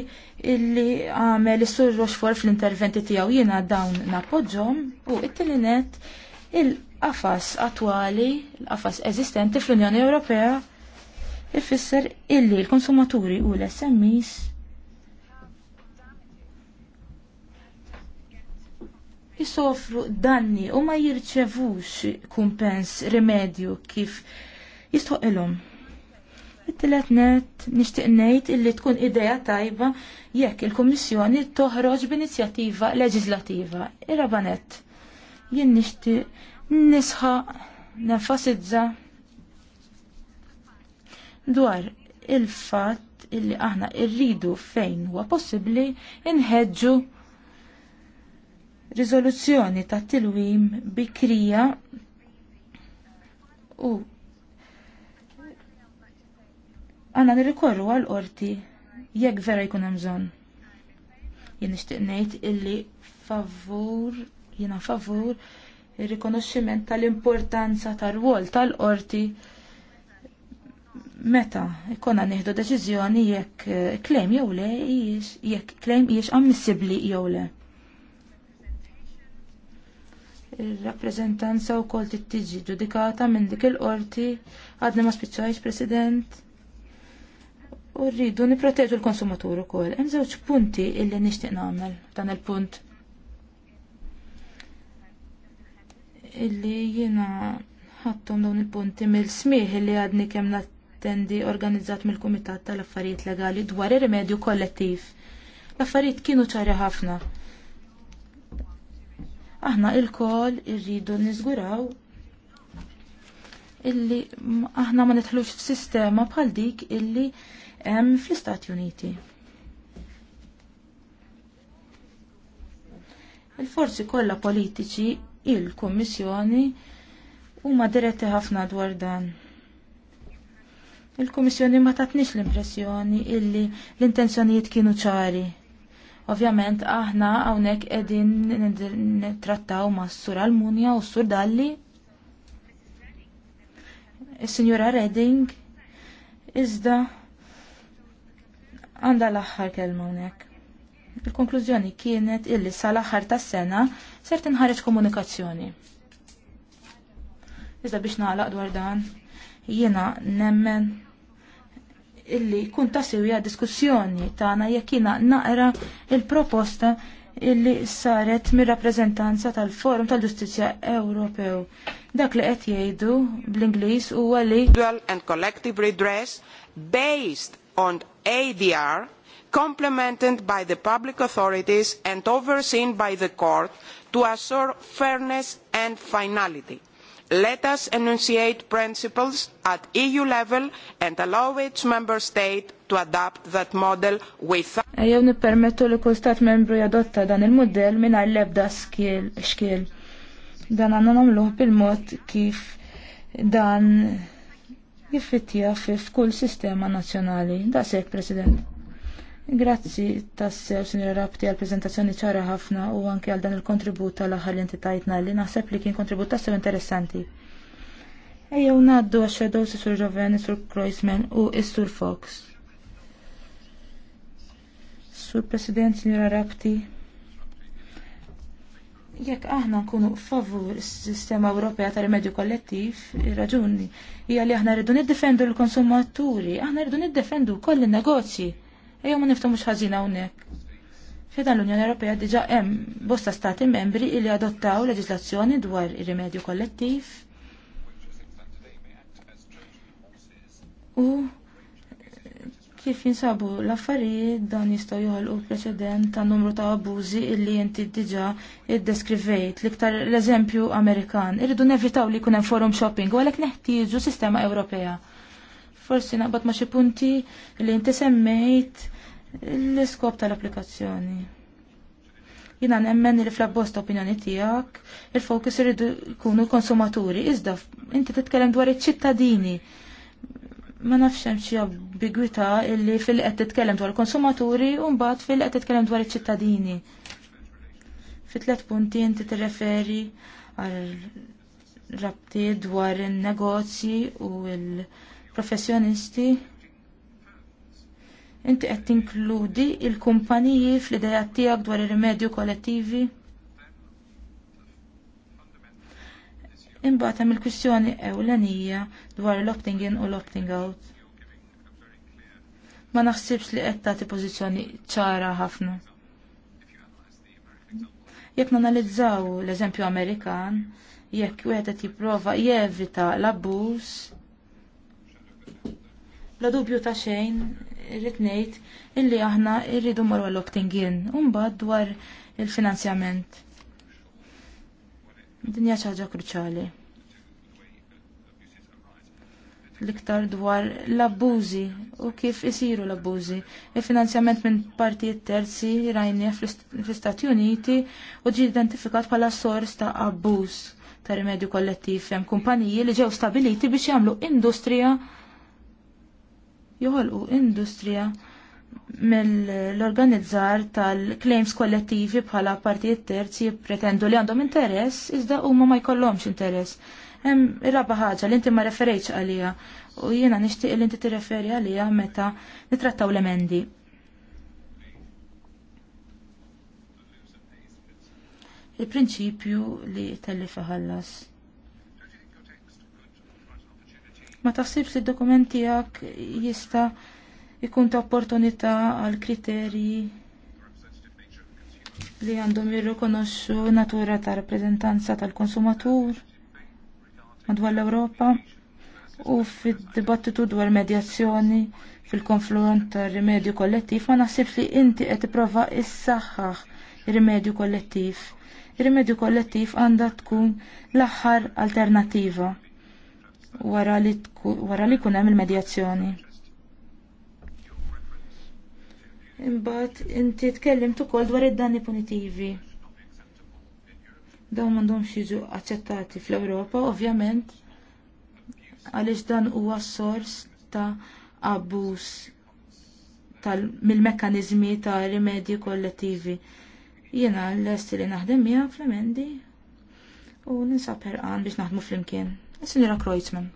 illi għamel is-sur Rochefort fl-interventi tiegħu jiena dawn napoġġhom u it-tilinet il-qafas attwali, l-qafas eżistenti fl-Unjoni Ewropea ifisser illi l-konsumaturi u l-SMEs jisofru danni u ma jirċevux kumpens rimedju kif jistħoq ilhom. It-tielet net nixtieq ngħid illi tkun idea tajba jekk il-Kummissjoni toħroġ b'inizjattiva leġislattiva. Iraba net. Jien nixtieq nisħaq nenfasizza dwar il-fatt illi aħna irridu fejn huwa possibbli inħeġġu rizoluzzjoni ta' tilwim bikrija u għanna nirrikorru għal-qorti jekk vera jkun hemm bżonn. Jien nixtieq ngħid illi favur jiena favur ir-rikonoxximent tal-importanza tar-rwol tal-qorti meta ikonna nieħdu deċiżjoni jekk klejm eh, jew le jekk klejm jiex ammissibbli jew le. Ir-rappreżentanza wkoll tittiġi ġudikata minn dik il-qorti għadna ma spiċċajx President u rridu niprotegġu l-konsumatur ukoll. Hemm żewġ punti illi nixtieq nagħmel dan il-punt. Illi jiena ħadtom dawn il-punti mill-smieħ illi għadni kemm nattendi organizzat mill-Kumitat tal-Affarijiet Legali dwar ir-rimedju kollettiv. L-affarijiet kienu ċari ħafna. Aħna il-kol irridu niżguraw illi aħna ma nidħlux f'sistema bħal dik illi hemm fl-Istati Uniti. Il-forzi kollha politiċi il-Kummissjoni huma diretti ħafna dwar dan. Il-Kummissjoni ma tatniex l-impressjoni illi l-intenzjonijiet kienu ċari. Ovvjament aħna hawnhekk qegħdin nittrattaw mas sur Almunja u s-sur Dalli. Is-Sinjura Redding iżda għandha l-aħħar kelma hawnhekk. Il-konklużjoni kienet illi sal-aħħar tas-sena ser tinħareġ komunikazzjoni. Iżda biex naqlaq dwar dan, jiena nemmen illi kun tasirja diskussjoni tagħna jekk jiena naqra il-proposta illi saret mir-rappreżentanza tal-Forum tal-Ġustizzja Ewropew. Dak li qed jgħidu bl-Ingliż huwa li dual and collective redress based on ADR complemented by the public authorities and overseen by the court to assure fairness and finality. Let us enunciate principles at EU level and allow each member state to adopt that model without Ejjew nippermettu li kull stat membru jadotta dan il-modell mingħajr xkiel. Dan għandna nagħmluh bil-mod kif dan jiffittija f'kull sistema nazzjonali. Daqshekk, President. Grazzi tassew, Sinjora Rabti, għal prezentazzjoni ċara ħafna u anke għal dan il-kontribut tal-aħħar li tajtna li naħseb li kien kontribut tassew interessanti. Ejjew ngħaddu għax-shadow sur Joven, sur Kreuzman u is-sur Fox. Sur President, Sinjora Rabti, Jekk aħna nkunu favur is-sistema Ewropea ta' rimedju kollettiv, ir-raġuni hija li aħna rridu niddefendu l-konsumaturi, aħna rridu niddefendu koll in-negozji. Ejja ma mhux ħażin hawnhekk. Fidan l-Unjoni Ewropea diġa hemm bosta stati membri li adottaw leġislazzjoni dwar ir-rimedju kollettiv. U Kif jinsabu l-affarijiet dan jistgħu joħolqu preċedent ta' numru ta' abbużi illi inti diġà iddeskrivejt l-iktar l-eżempju Amerikan. Irridu nevitaw li jkun hemm forum shopping u għalhekk neħtieġu sistema Ewropea. Forsi naqbad ma' xi punti li inti semmejt l-iskop tal-applikazzjoni. Jina nemmen li fl-abbosta opinjoni tiegħek il-fokus irridu jkunu l-konsumaturi, iżda inti titkellem dwar iċ-ċittadini ma nafx hemm xi ambigwità illi fil qed titkellem dwar il-konsumaturi u mbagħad fil qed titkellem dwar iċ-ċittadini. Fi tliet punti inti tirreferi għal rabti dwar in-negozji u l-professjonisti inti qed tinkludi l kumpaniji fl-idejat tiegħek dwar ir-rimedju kollettivi? Imbagħad hemm il-kwistjoni ewlenija dwar l-opting in u l-opting out. Ma naħsibx li qed tagħti pożizzjoni ċara ħafna. Jekk nanalizzaw l-eżempju Amerikan, jekk wieħed qed jipprova jevita l-abbuż, la dubju ta' xejn irrid ngħid illi aħna rridu marwa l-opting in u mbagħad dwar il-finanzjament. Dinja ċaġa kruċali. L-iktar dwar l-abbużi u kif isiru l-abbużi. Il-finanzjament minn partijiet terzi rajni fl-Istati Uniti u ġi identifikat bħala sors ta' abbuż ta' rimedju kollettiv hemm kumpaniji li ġew stabiliti biex jagħmlu industrija joħolqu industrija mill-organizzar tal-claims kollettivi bħala partijiet terzi pretendu li għandhom interess, iżda huma ma jkollhomx interess. Hemm ir-raba ħaġa li inti ma referejtx għalija u jiena nixtieq li inti tirreferi għalija meta nitrattaw l-emendi. Il-prinċipju li telli ħallas. Ma taħsibx li d dokumenti tiegħek jista' ikun ta' opportunità għal kriterji li għandhom jirrikonoxxu natura ta' rappreżentanza tal-konsumatur madwar l-Ewropa u fid-dibattitu dwar medjazzjoni fil-konfront tar rimedju kollettiv ma naħsib li inti qed tipprova issaħħaħ ir-rimedju kollettiv. Ir-rimedju kollettiv għandha tkun l-aħħar alternattiva wara li jkun hemm il-medjazzjoni. Imbagħad inti tkellimt ukoll dwar id-danni punitivi. Dawn m'għandhomx jiġu aċċettati fl-Ewropa, ovvjament, għaliex dan huwa sors ta' abbuż mill-mekkaniżmi ta' rimedji kollettivi. Jiena lesti li naħdem miha fl-emendi u ninsab ħerqan biex naħdmu flimkien. Is-Sinjora Kreuzmann.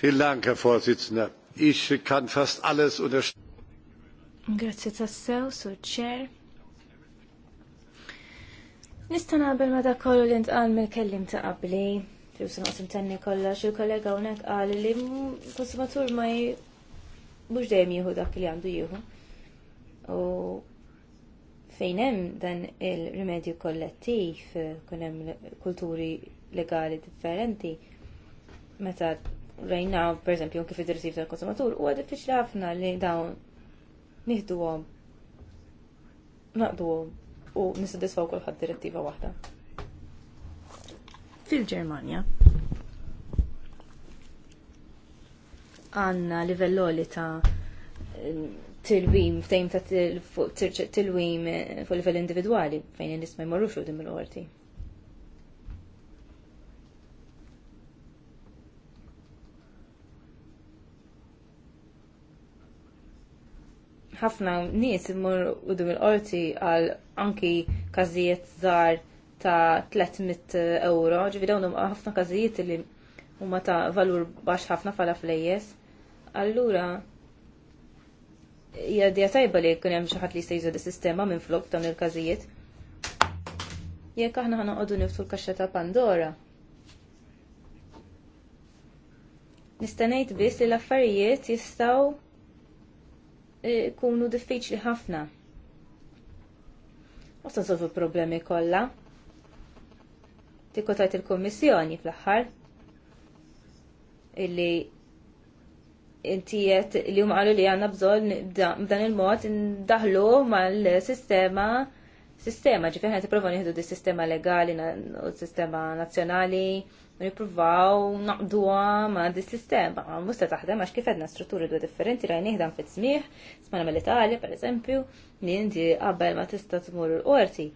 Vielen Dank, Herr Vorsitzender. Ich kann fast alles unterstützen Grazzi tassew, sur ċer. Nista għabel ma dak kollu li ntqal mil kellim ta' qabli. usan għasim tenni kolla, xil kollega unek qal li konsumatur ma mhux dejjem jieħu dak li għandu jieħu. U fejn hemm dan il-rimedju kollettiv, kun hemm kulturi legali differenti, meta rejna, per esempio, kif id-dirsiv tal-konsumatur, huwa diffiċli ħafna li dawn nieħduhom naqduhom u nissodisfaw kulħadd direttiva waħda. Fil-Ġermanja għanna livelloli ta' tilwim, fejn ta' tilwim eh, fuq livell individwali fejn nisma' jmorrux xudim l mill ħafna nies imur u il-qorti għal anki każijiet żgħar ta' 300 euro, ġivi dawn ħafna każijiet li huma ta' valur baxx ħafna bħala flejjes. Allura, hija tajba li jkun hemm xi ħadd li jista' juża sistema minn flok dawn il-każijiet. Jekk aħna ħana qogħdu niftu l-kaxxa ta' Pandora. Nista' ngħid biss li l-affarijiet jistgħu kunu diffiċli ħafna. Osta zovu problemi problemi kollha. tajt il-Kommissjoni fl-aħħar illi intijiet li huma li għandna bżonn b'dan il-mod ndaħlu mal-sistema sistema, ġifir ħan t-provaw nieħdu di sistema legali u sistema nazjonali, niprovaw naqduwa ma di sistema. Musta taħdem għax kif għedna strutturi dwa differenti rajn nieħdan fit smih smana mill-Italja per eżempju, li inti qabel ma tista tmur l-qorti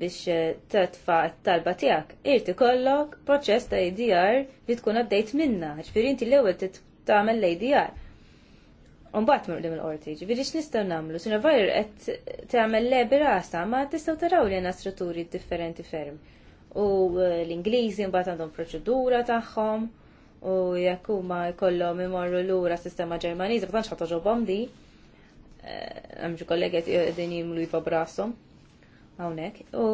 biex eh, tatfa t-talba tijak. Irti kollok proċess ta' IDR li tkun update minna, ġifir inti l-ewel tagħmel l-IDR Umbat mur li mill-qorti, ġviri x'nistgħu nagħmlu, sina vajr qed tagħmel lebi rasa, ma tistgħu taraw li għandna strutturi differenti ferm. U uh, l-Ingliżi mbagħad għandhom proċedura tagħhom, u jekk huma jkollhom imorru lura sistema Ġermaniża, ma tantx ħatoġobhom di. Eh, hemm xi kollegi qegħdin jimlu jifa brasom hawnhekk. U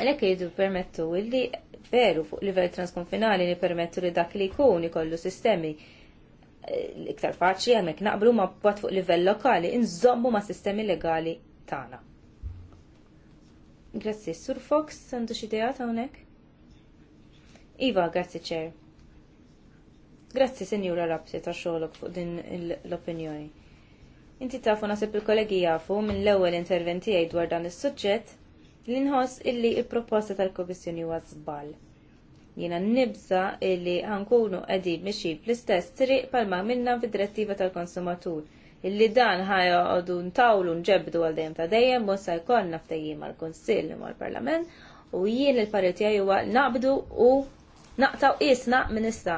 għalhekk jridu permettu li veru fuq livell transkonfinali nippermettu permettu li dak li jkun ikollu sistemi iktar faċli għamek naqblu ma' bat fuq livell lokali inżommu ma' sistemi legali tagħna. Grazzi, Sur Fox, għandu xi idea hawnhekk? Iva, grazzi ċer. Grazzi, Senjura Rabsi, ta' xogħolok fuq din l-opinjoni. Inti tafu nasib il-kollegi jafu minn l-ewwel interventi dwar dan is-suġġett li nħoss illi il-proposta tal-Komissjoni huwa żball Jiena nibza illi ħankunu qegħdin mixi fl istess triq palma minna fid-direttiva tal-konsumatur. Illi dan ħajqogħdu ntawlu nġebdu għal dejjem ta' dejjem mhux se jkollna ftehim mal-Kunsill u mal-Parlament u jien il-parit huwa naqbdu u naqtaw isna minn issa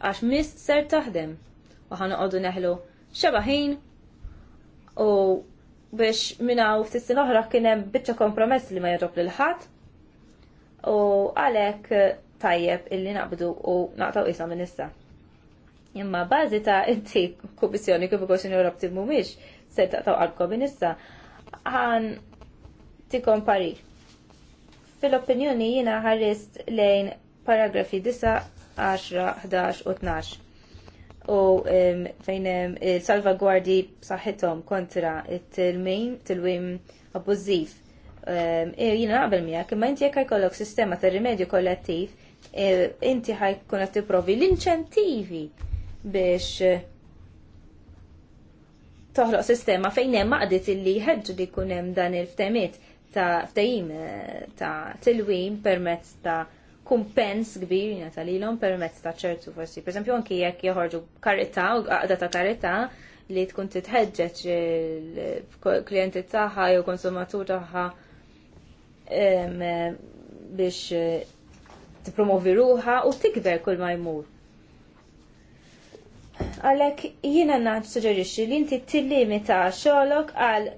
għax mis ser taħdem u ħanqogħdu neħlu xebaħin u biex minnaw ftit sin oħra kien hemm biċċa kompromess li ma jogħġob lil ħadd u għalek tajjeb illi naqbdu u naqtaw isa minn issa. Imma bażi ta' inti kummissjoni kif ukoll xini Europe timmu mhix se taqtaw għalko minn issa ħan tikom Fil-opinjoni jiena ħarrist lejn paragrafi 9, 10, 11 u 12 u fejn il-salvagwardi saħħithom kontra il-tilmin, tilwim abbużiv. E Jina naqbel miegħek imma inti jekk jkollok sistema ta' rimedju kollettiv E, inti ħajkun qed tipprovi l-inċentivi biex e, toħloq sistema fejn hemm maqdiet illi jħeġġu li jkun hemm dan il-ftemiet ta' ftehim e, ta' tilwim permezz ta' kumpens kbir jingħata permezz ta' ċertu forsi. Pereżempju anki jekk joħorġu karità u qaqda ta' karità li tkun titħeġġeġ il-klijenti tagħha jew konsumatur tagħha biex t-promovi ruha u tikber kull ma jmur. Għalek jiena naħt suġġerixxi li inti tillimita xolok għal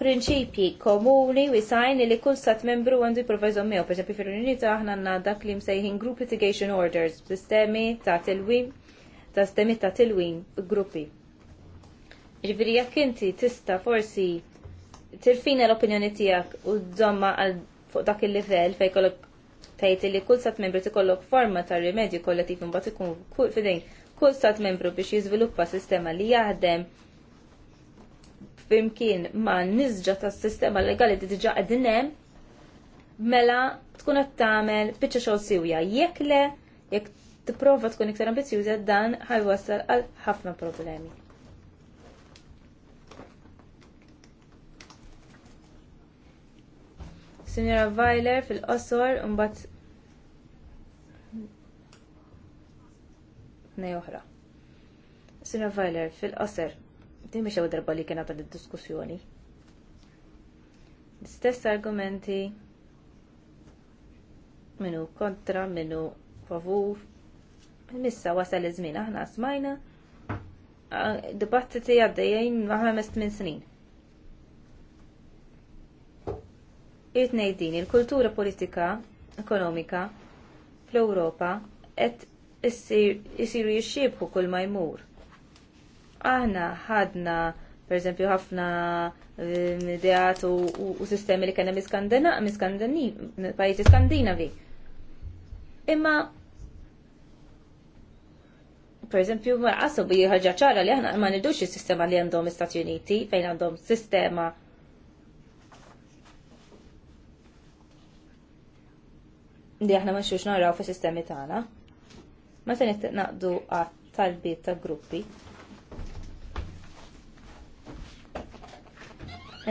prinċipji komuni u sajn li kull stat membru għandu jiprovajżhom miegħu, pereżempju fir-Unita aħna għandna dak li msejħin group litigation orders, sistemi ta' tilwim, ta' sistemi ta' tilwim gruppi. Ġviri, jekk inti tista' forsi tirfina l-opinjoni tiegħek u d-domma għal fuq dak il-livell fejn kollok tajt li kull stat membru tikollok forma ta' rimedju kollettiv imbagħad ikun fidejn kull stat membru biex jiżviluppa sistema li jaħdem f'imkien ma' niżġa tas sistema legali li diġà qegħdin hemm mela tkun qed tagħmel biċċa xogħol siwja. Jekk le, jekk tipprova tkun iktar ambizzjuża dan ħajwassal għal ħafna problemi. Signora Weiler fil-qosor imbagħad. nej oħra. Signora Weiler fil-qosor din mhix ewwel darba li kien għadha diskussjoni. L-istess argumenti minu kontra, minu favur. Missa wasal iż-żmien aħna smajna dibattiti għaddejjin maħamest mest minn snin. ngħid din, il-kultura politika, ekonomika, fl-Europa, et jisiru jixxibħu kull ma jmur. Aħna ħadna, per eżempju, ħafna ehm, ideat u sistemi li kena miskandena, miskandeni, skandinavi. Imma per eżempju, ma' għasu bi ċara li aħna ma' nidux il-sistema li għandhom Istati Uniti, fejn għandhom sistema li aħna ma nxux naraw fi sistemi tagħna. Meta naqdu għat talbiet ta' gruppi.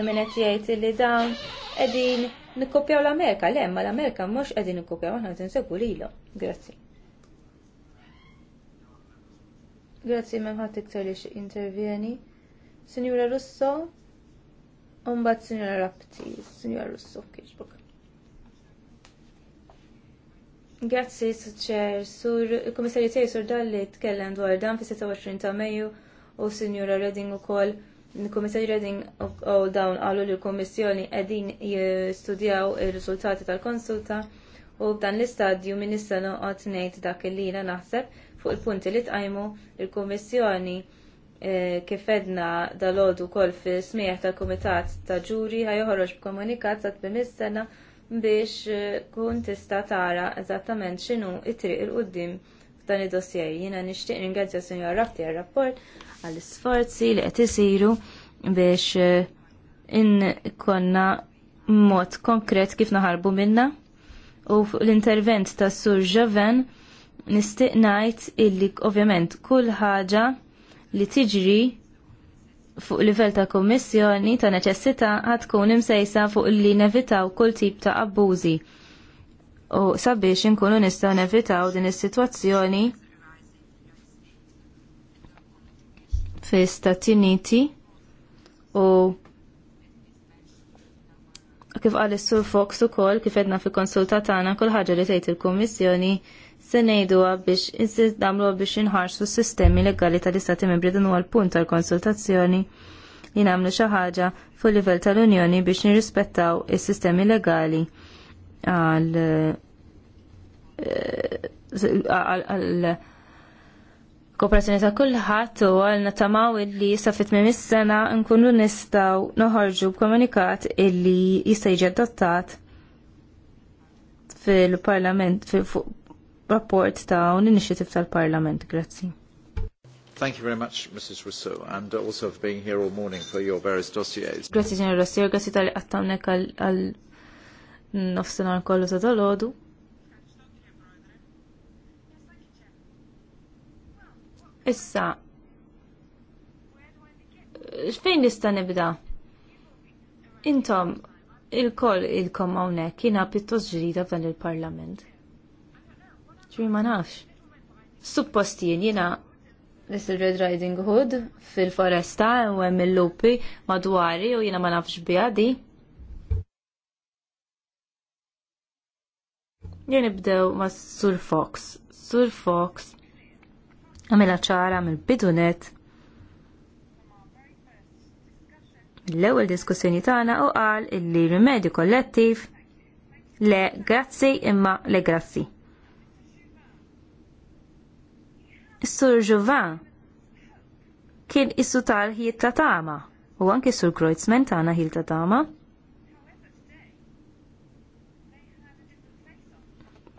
Imma qed jgħid li dawn qegħdin nikkopjaw l-Amerika, le ma l-Amerika mhux qegħdin nikkopjaw aħna qed insegwu lilhom. Grazzi. Grazzi minn ħadd iktar li intervjeni. Sinjura Russo, u mbagħad Sinjura Rapti, Sinjura Russo kieġbok. Grazzi, Sir. Sur il-Komissarju tiegħi sur dalli tkellem dwar dan fis-26 ta' Mejju u Sinjura Redding ukoll. Il-Komissarju Redding u dawn qalu li l-Kummissjoni qegħdin jistudjaw ir-riżultati tal-konsulta u b'dan l-istadju min issa noqgħod ngħid dak il jiena naħseb fuq il-punti li tqajmu il-Kummissjoni eh, kif edna dal-għodu kol fi smieħ tal-Komitat ta' ġuri joħroġ b'komunikat ta' tmim is-sena biex eh, kun tista tara eżattament x'inhu t triq il quddiem f'dan id-dossier. Jiena nixtieq ringrazzja Sinjor Rafti għar-rapport għall-isforzi li qed isiru biex eh, inkonna mod konkret kif naħarbu minna u l-intervent tas Sur Javen nistiq ngħid illi ovvjament kull ħaġa li tiġri fuq livell ta' kommissjoni ta' neċessità ħatkun imsejsa fuq li nevitaw kull tip ta' abbużi. U sabiex inkunu nista' nevitaw din is-sitwazzjoni fi Stati Uniti u kif qal is-Sur Fox ukoll kif edna fi konsultatana kull ħaġa li tgħid il-Kummissjoni se ngħiduha biex insiz damlu biex inħarsu s-sistemi legali tal-istati membri dan huwa l-punt tal-konsultazzjoni li nagħmlu xi ħaġa fuq livell tal-Unjoni biex nirrispettaw is-sistemi legali eh, għal għal kooperazzjoni ta' kulħadd u għal natamaw illi sa fit minn is-sena nkunu nistgħu noħorġu b'komunikat illi jista' jiġi adottat fil-Parlament fuq rapport ta' un initiative tal-Parlament. Grazzi. Thank you very much, Mrs. Rousseau, and uh, also for being here all morning for your various dossiers. Grazie, signor Rousseau, grazie tal-li għattamnek għal nofsenar kollu ta' dal-ħodu. Issa, fejn nista nibda? Intom, il-koll il komma unek jina pittos ġrida f'dan il-parlament ċmi ma nafx. Suppostin jina Little Red Riding Hood fil-foresta u hemm il-lupi madwari u jiena ma nafx biha Jien nibdew ma' Sur Fox. Sur Fox għamilha ċara mill-bidunet l-ewwel diskussjoni tagħna u qal li rimedju kollettiv le grazzi imma le grazzi. Is-sur Jovan kien issu tal-ħiet ta' tama u anke sur Kreuzman tagħna ħil ta' tama.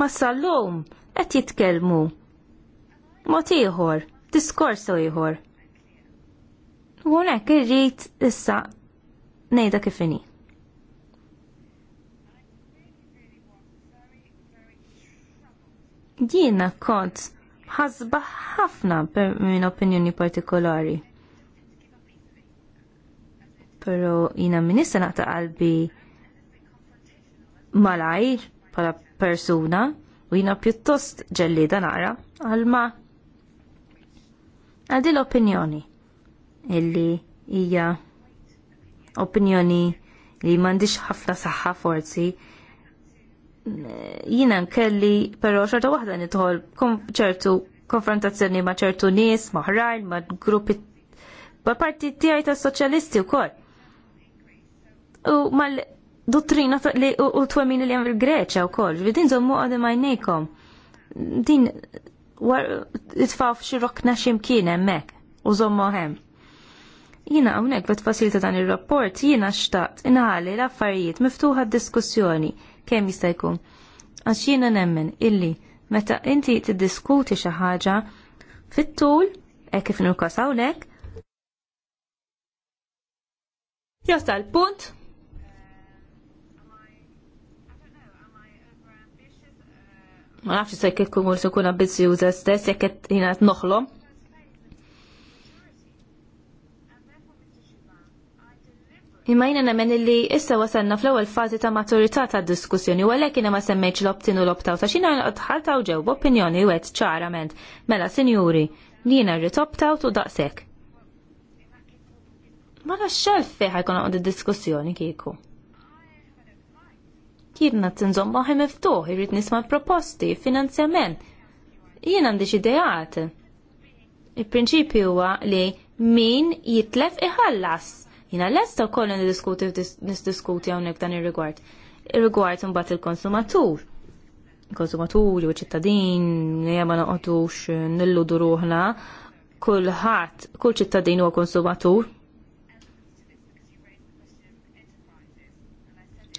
Ma sal-lum qed jitkellmu mod ieħor, diskors ieħor. U hekk irrid issa ngħidha kif inhi. Jiena kont ħasba ħafna minn opinjoni partikolari. Pero jina minissa naqta qalbi malajr pala persuna u jina pjuttost ġellida nara għalma għaddi l-opinjoni illi hija opinjoni li mandiġ ħafna saħħa forzi jina nkelli però xorta waħda nidħol ċertu konfrontazzjoni ma' ċertu nies, ma' ħrajn, ma' gruppi ma' parti tiegħi ta' soċjalisti wkoll. U mal dottrina li u twemmin li għamil Greċa wkoll, vidin zommu għadem għajnejkom. Din itfaw f'xi rokna ximkien hemmhekk u żommu hemm. Jina hawnhekk bet fasilta dan ir-rapport jiena xtaqt inħalli l-affarijiet miftuħa d-diskussjoni kemm jista' jkun. Għax jiena nemmen illi meta inti tiddiskuti xi ħaġa fit-tul hekk kif nirkosawlek. Jasal punt ma nafx se jekk ikun se jkun ambizzjuża stess jekk qed jingħad noħlom Imma jina nemmen illi issa wasanna fl-ewwel fażi ta' maturità ta' diskussjoni u għalhekk jiena ma semmejċ l-optin u l-optaw ta' xina tħaltaw ġew b'opinjoni għed ċarament. Mela, sinjuri, jiena rrid optaw tu daqshekk. Ma nafx xelf fiħa jkun għod diskussjoni kieku. Jirna t-tinżom maħi miftuħ, jirrit nisma proposti, finanzjament. Jien għandi xi ideat. Il-prinċipju huwa li min jitlef iħallas Jina l-esta u koll nidiskuti nisdiskuti għonek dan il-rigward. Il-rigward mbat il-konsumatur il-konsumatur u ċittadin li noqotux nilludu ruħna kullħat, kull ċittadin huwa konsumatur.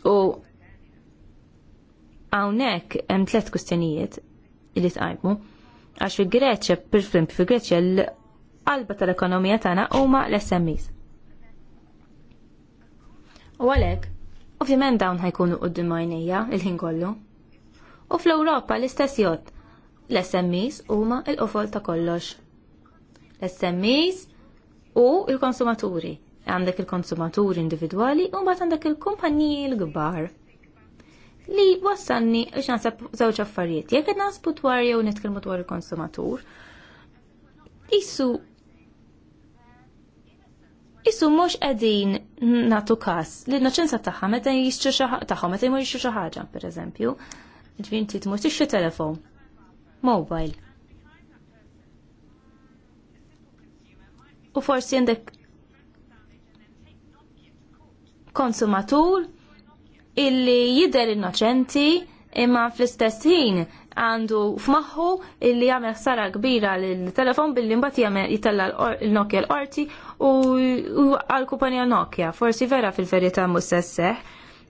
U hawnhekk hemm tliet kustjonijiet li tqajmu għax fil-Greċja, per fil-Greċja l-qalba tal-ekonomija tagħna huma l-SMEs. U għalhekk, ovvjament dawn ħajkunu d għajnejja il-ħin kollu. U fl-Ewropa l-istess jott, l u huma l-qofol ta' kollox. l smis u l-konsumaturi. Għandek il-konsumaturi individwali u bat għandek il kumpanji l-kbar li wassanni biex nasab żewġ affarijiet. Jekk qed nasbu dwar jew nitkellmu dwar il-konsumatur, issu Isu mhux qegħdin nagħtu każ l-innoċenza tagħha meta jixtru tagħhom meta jmur jixtru xi ħaġa pereżempju. Ġvien trid mhux tixtri telefon. Mobile. U forsi għandek konsumatur illi jidher innoċenti imma fl-istess ħin għandu f'maħħu illi jagħmel sara kbira lill-telefon billi mbati għamil jitella l-Nokia l-qorti u għall-kumpanija Nokia. Forsi vera fil verita mhux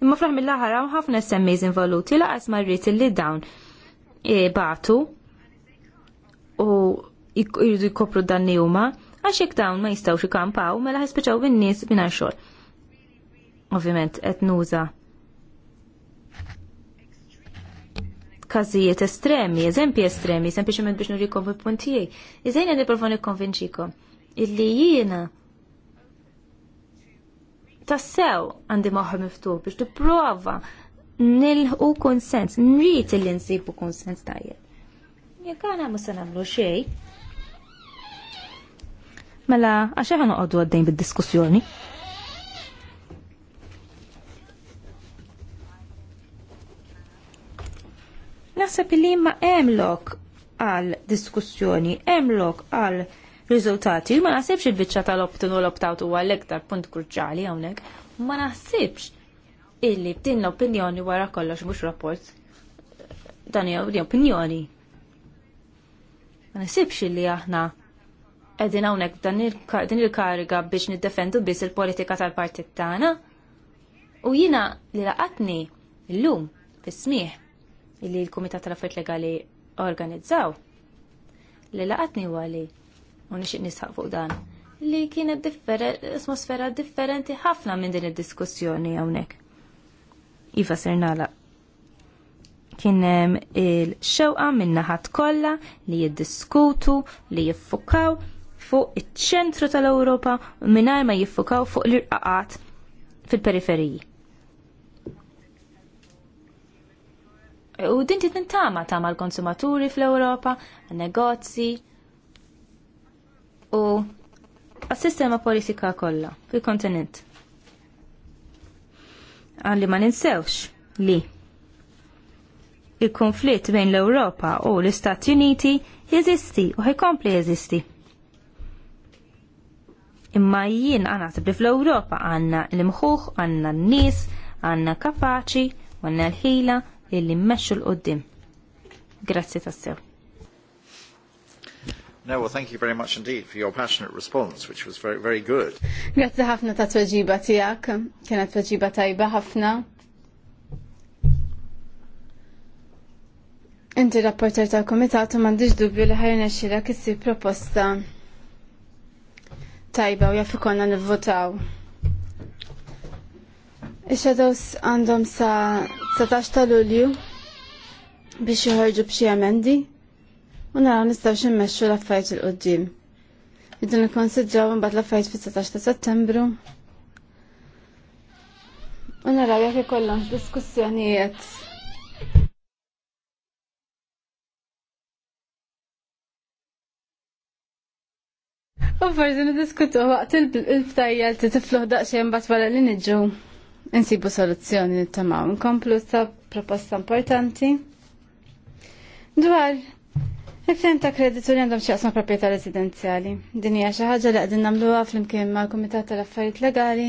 Imma fl mill laħar hawn ħafna semmiz involuti laqas ma rrid illi dawn e, batu u jridu jkopru danni huma għax jekk dawn ma jistgħux ikampaw mela ħispiċaw bin-nies mingħajr xogħol. Ovvjament qed nuża kazijiet estremi, eżempi estremi, sempliċement biex nurikom il-puntijaj. Iżajn għed niprofa nikkonvinċikom illi jiena tassew għandi maħħa miftuħ biex tipprova nilħu konsens, nrit li nsibu konsens tajjeb. Jek għana ma se xej. Mela, għaxa għan noqogħdu għaddejn bid-diskussjoni. Naħseb li ma emlok għal diskussjoni, emlok għal riżultati. Ma naħsibx il-bicċa opt u l opt u għal-ektar punt kruċali għawnek. Ma naħsibx illi l opinjoni wara kollox mux rapport. Dan hija opinjoni. Ma naħsibx illi aħna edin għonek din il-kariga biex niddefendu biss il-politika tal-partit tagħna. U jina li laqatni l-lum fis-smieħ illi l komitat tal-Affarijiet Legali organizzaw li laqatni għali u nixtieq nisħaq fuq dan li kienet atmosfera differenti ħafna minn din id-diskussjoni hawnhekk. Iva ser nagħlaq. Kien hemm il-xewqa min-naħat kollha li jiddiskutu, li jiffukaw fuq iċ-ċentru tal-Ewropa mingħajr ma jiffukaw fuq l-irqaqat fil-periferiji. U din ta' ma' l-konsumaturi fl-Europa, negozji u għas-sistema politika kollha fil-kontinent. Għalli ma ninsewx li il-konflitt bejn l-Europa u l-Istati Uniti jeżisti u ħajkompli jeżisti. Imma jien għana li fl-Europa għanna l-imħuħ, għanna n-nis, għanna kapaċi, għanna l-ħila, illi mmexxu l-qoddim. Grazzi tassew. No, well, thank you very much indeed for your passionate response, which was very, very good. Grazzi ħafna ta' tweġiba tijak, kienet tweġiba tajba ħafna. Inti rapporter tal komitatu u mandiġ dubju li ħajna xilak issi proposta tajba u konna nivvotaw. votaw Ix-shadows għandhom sa 19 ta' Lulju biex joħorġu b'xi emendi u naraw nistgħu ximmexxu l-affarijiet il qudiem Idu nikkonsidraw imbagħad l-affarijiet fis-19 ta' Settembru. U naraw jekk ikollhom diskussjonijiet U forsi niddiskutu waqt il li titifluħ daqsxejn bat wara li niġġu insibu soluzzjoni nittamaw. Nkomplu ta' proposta importanti dwar il fem ta' kreditu li għandhom xieqsma proprjetà residenzjali. Din hija xi ħaġa li qegħdin nagħmluha flimkien mal kumitat tal-Affarijiet Legali.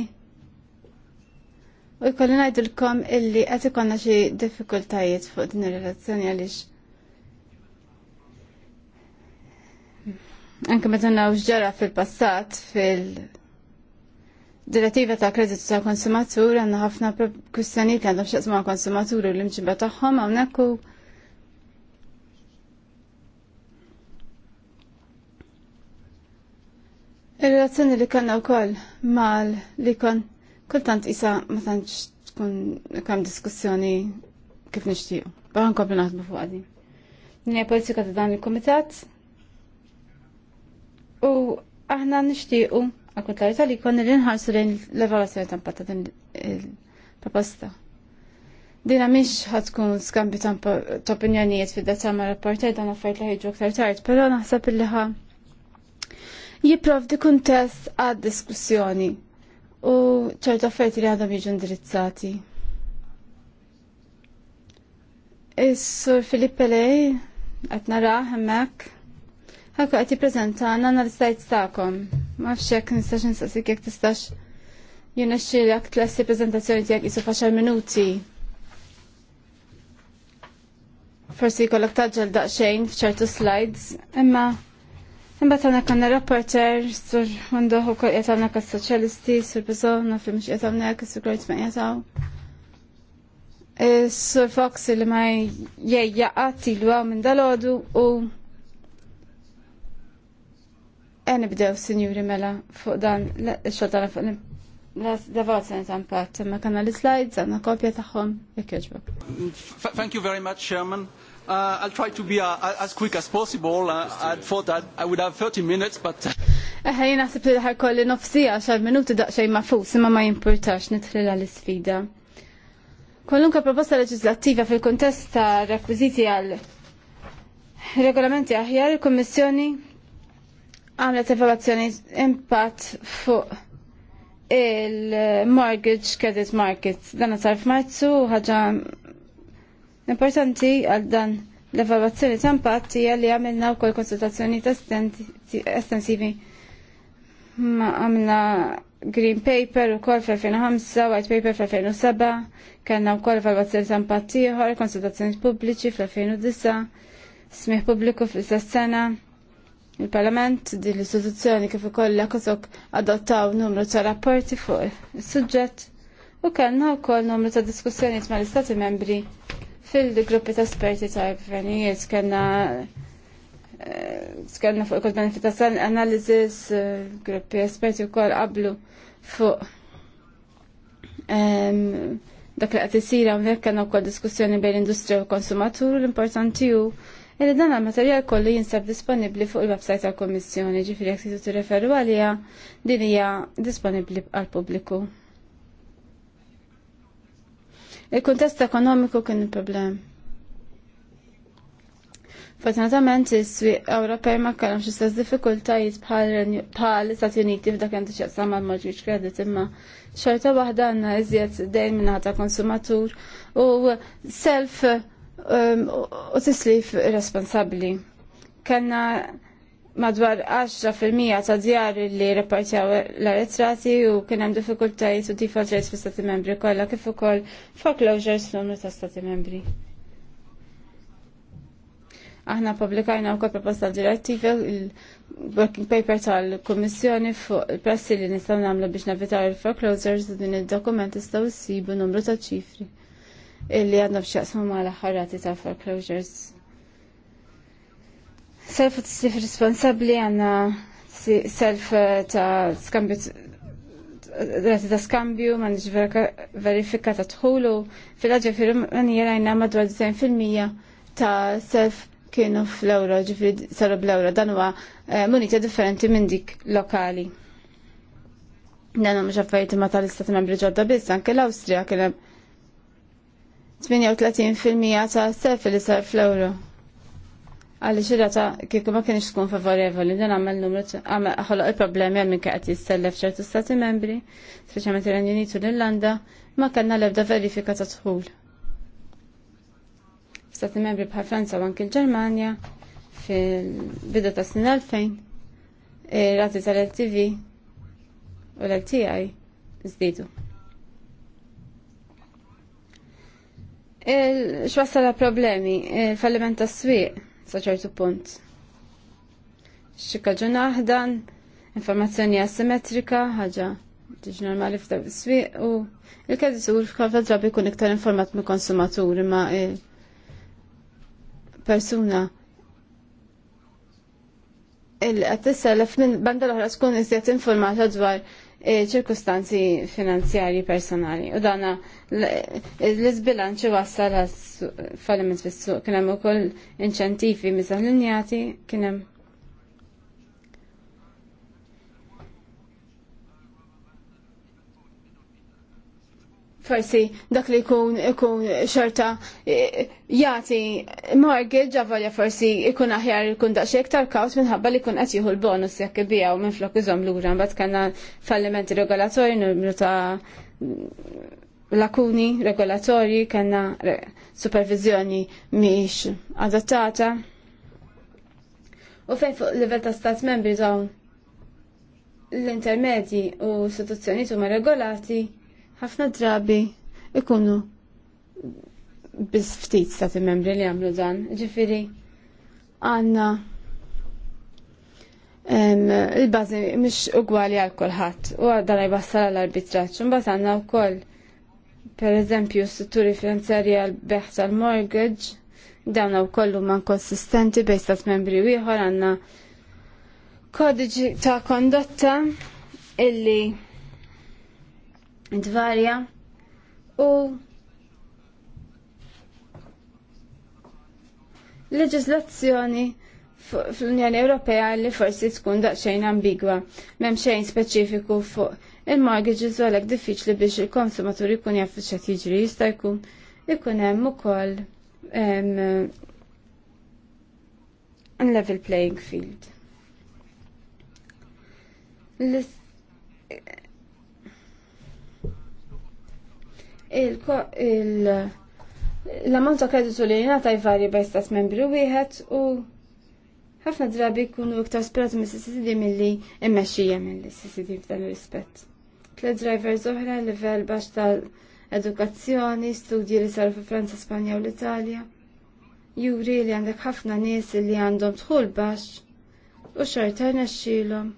U jkolli kom illi qed ikonna xi diffikultajiet fuq din ir-relazzjoni għaliex. Anke meta nawx ġara fil-passat fil-, -passat, fil Direttiva ta' kreditu ta' konsumatur għanna ħafna kustanijiet li għandhom xaqsmu għal konsumatur u l-imġiba tagħhom hawnhekk Il-relazzjoni li kanna u koll mal li kon kultant isa ma tantx tkun kam diskussjoni kif nishtiju. Baħan kompli naħdmu fuq għadin. Nina politika ta' dan il-komitat u aħna nishtiju akutarità li konni li nħarsu lejn l-evaluazzjoni ta' patta din il-proposta. Dina miex ħatkun skambju ta' opinjonijiet fid-data ma' rapporter dan affarijiet li ħiġu aktar tard, però naħseb illi ħa jipprovdi test għad diskussjoni u ċertu affarijiet li għadhom jiġu indirizzati. Is-sur Filippe Lej, għatna raħ hemmek, ħakka għati prezentana l-istajt stakom. Ma fxek nistax nistaqsik jek tistax jena xilak tlessi prezentazzjoni tijak jisu faċar minuti. Forsi kollok taġġel daqxejn fċertu slides, imma imba tana kanna rapporter, sur għanduħu kol jatamna kas soċjalisti, sur na fi mx jatamna kas sur grojt ma jataw. Eh, sur Fox li ma jgħjaqati l-għaw minn dal-ħodu u Għen nibdew, sinjuri mela, fuq dan, xodana fuq l-davat sen mpat, ma kanna l-slides, għanna kopja taħħom, jekħġbok. Thank you very much, Chairman. Uh, I'll try to be uh, as quick as possible. Uh, I thought that I would have 30 minutes, but... Uh, Eħħajin għasib li kolli nofsija, xar minuti daqxaj fuq, imma ma jimportax nitħlila l-sfida. Kolunka proposta leġislattiva fil-kontest ta' rekwiziti għal regolamenti aħjar, il-Kommissjoni għamlet evaluazzjoni impatt fuq il-mortgage credit market. Dan sar f'Marzu ħaġa importanti għal dan l-evaluazzjoni ta' impatt hija li għamilna wkoll konsultazzjoni estensivi ma għamilna Green Paper u kol fl-2005, White Paper fl-2007, kellna u kol evaluazzjoni ta' impatt ieħor, konsultazzjoni pubbliċi fl-2009, smieħ pubbliku fl-istess sena Il-Parlament din l-istituzzjoni kif ukoll l adottaw numru ta' rapporti fuq is-suġġett u kellna wkoll numru ta' diskussjonijiet mal-Istati membri fil-gruppi ta' esperti ta' gvernijiet kellna skerna eh, fuq kol benefita san gruppi esperti u qablu fuq dak li għatisira isir kena u wkoll diskussjoni bejn industrija u konsumatur l-importanti u Illi dan il-materjal kollu jinsab disponibli fuq il-website tal komissjoni ġifiri jek titu tirreferu għalija din hija disponibli għal pubbliku. Il-kuntest ekonomiku kien il-problem. Fortunatament is-swieq Ewropej ma kellhomx istess diffikultajiet bħal l-Istati Uniti f'dak għandu x'jaqsam għal mortgage credit imma xorta waħda għandna iżjed dejn minn ta' konsumatur u self Um, u tislif madwar għaxra madwar 10% ta' djar li repartjaw l retrati u kien hemm diffikultajiet u tifa rates fi stati membri kollha kif ukoll foreclosures f'numru ta' stati membri. Aħna publikajna wkoll proposta direttiva il-working paper tal-Kummissjoni fuq il-prassi li nistgħu nagħmlu biex navitaw il-foreclosures u din id-dokument jistgħu jsibu numru ta' ċifri illi għadna bċaqsmu ma l-ħarrati ta' foreclosures. Self t-sif responsabli għanna self eh, ta' skambju rati ta' skambju ma' nġ verifika ta' tħulu fil-ħagġa fil-Rumanija rajna madwar 90% ta' self kienu fl-euro ġifri saru bl-euro dan huwa eh, munita differenti minn dik lokali. Dan mhux affarijiet ma tal-istat membri ġodda biss anke l-Awstrija kien hemm 38% ta' sef li sar fl-euro. Għalli xirra ta' kieku ma kienx tkun favorevoli, dan għamel numru għamel il-problemi għal minn kaqet jistellef ċertu stati membri, speċjalment il-Renju Unitu l-Irlanda, ma kellna l-ebda verifika ta' tħul. Stati membri bħal Franza u anki l-Ġermanja fil-bidu ta' sin 2000 rati tal-LTV u l-LTI zdidu. Xwassala problemi, fallimenta s swieq sa' ċertu punt. Xikaġun aħdan, informazzjoni asimetrika, ħaġa tiġi normali is swieq u il-kreditur f'kafta drabi jkun iktar informat mill konsumatur ma' persuna il-għattissa l-fnin banda l oħra tkun iżjed informata dwar E, ċirkustanzi finanzjarji personali. U dana l-izbilanċi wassal għas fallimit fissu, kienem kien hemm ukoll mizzal l-injati, kienem forsi dak li jkun ikun xorta e, jagħti mortgage għavolja forsi ikun aħjar ikun daqsxejn iktar kaws minħabba li jkun qed jieħu l-bonus jekk ibijaw minn flok iżhom lura mbagħad kellna fallimenti regolatorji numru ta' lakuni regolatorji kellna supervizjoni mhix adattata. U fejn fuq livell ta' stat membri dawn l-intermedji u istituzzjonijiet huma regolati ħafna drabi ikunu bizftit ftit stati membri li għamlu dan. Ġifiri, għanna il-bazi mish ugwali għal kolħat u għadda la għal l-arbitraċ. Mbaz għanna u koll, per eżempju, strutturi finanzjari għal beħ għal mortgage dawn u kollu man konsistenti bej stat membri u jħor għanna kodiġi ta' kondotta illi tvarja u leġislazzjoni fl-Unjoni Ewropea li forsi tkun daqsxejn ambigwa, m'hemm xejn speċifiku fuq il-mortgages u għalhekk diffiċli biex il-konsumatur jkun jaf x'qed jiġri jista' jkun ikun hemm ukoll level playing field. l-ammont ta' kreditu li jingħata jvarji bej stat membri wieħed u ħafna drabi jkunu iktar sperati mis mill milli immexxija mill-CCD f'dan ir-rispett. Tle drivers oħra livell baxx tal-edukazzjoni, studji li saru fi Franza, Spanja u l-Italja. Juri li għandek ħafna nies li għandhom tħul baxx u xorta jnexxilhom.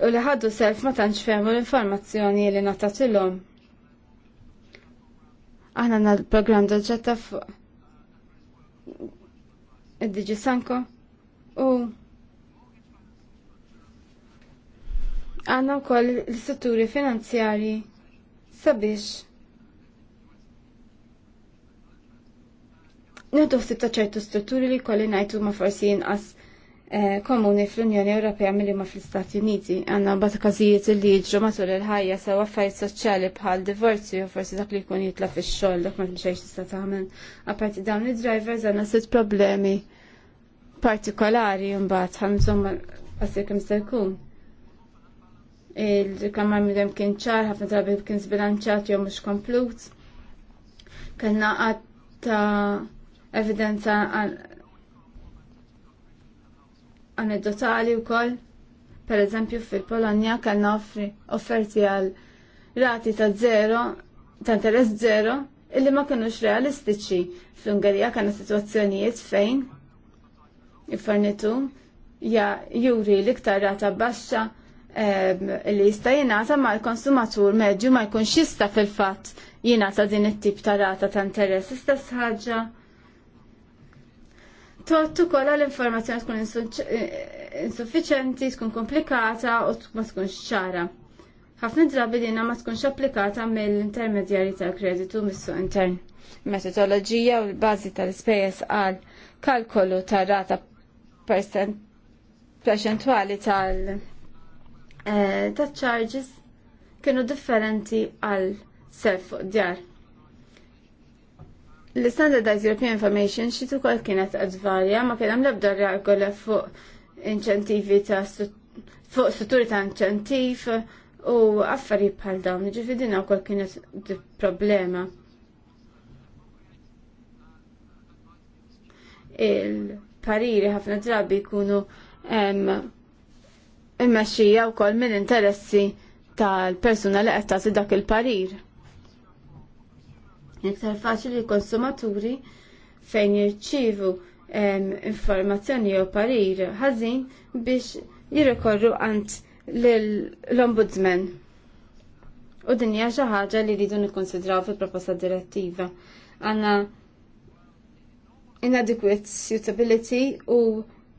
U li ħaddu self ma tantx fehmu l-informazzjoni li natatilhom. Aħna għandna l-programm ġetta' fuq id-Diġi Sanko u għanna wkoll l-istrutturi finanzjarji sabiex Nħeddu ftit ta' ċertu strutturi li kolli najtu ma' forsi jinqas Eh, komuni fl-Unjoni Ewropea mill ma fl-Istati Uniti. Għanna bat kazijiet li jġru matul il-ħajja sa waffajt soċjali bħal divorzju u forsi dak li jkun jitla fi xogħol dak ma tmxejx tista' tagħmel. Aparti dawn id-drivers għanna sitt problemi partikolari mbagħad ħanżom għasir kemm se jkun. Il-kamar midem kien ċar, ħafna drabi kien zbilanċat jew mhux komplut. Kellna għatta ta' evidenza u wkoll. Per eżempju fil-Polonja kellna offri offerti għal rati ta' zero, ta' interess zero, illi ma kienux realistiċi. Fl-Ungerija kellna sitwazzjonijiet fejn il fornitu ja juri l-iktar rata baxxa ehm, li jista jenata ma l-konsumatur medju ma jkunx jista fil-fat jenata din it-tip ta' rata ta' interess. Istess ħaġa tortu kolla l-informazzjoni tkun eh, insuffiċenti, tkun komplikata u ma tkunx ċara. Ħafna drabi dinna ma tkunx applikata mill-intermedjari tal-kreditu mis-suq intern. Metodoloġija u l-bażi tal-ispejjeż għal kalkolu tar-rata perċentwali tal- eh, ta' charges kienu differenti għal self fuq djar. L-Standardized European Information Sheet ukoll kienet advarja ma kien hemm l-ebda regola fuq inċentivi ta' fuq strutturi ta' inċentiv u affarijiet bħal dawn, ġifi din ukoll kienet problema. il-pariri ħafna drabi jkunu immexxija wkoll mill-interessi tal-persuna li qed tagħti dak il-parir. Iktar faċli konsumaturi fejn jirċivu informazzjoni jew parir ħażin biex jirrikorru għand l-ombudsman. U din hija xi ħaġa li rridu nikkonsidraw fil-proposta direttiva. Għandna inadequate suitability u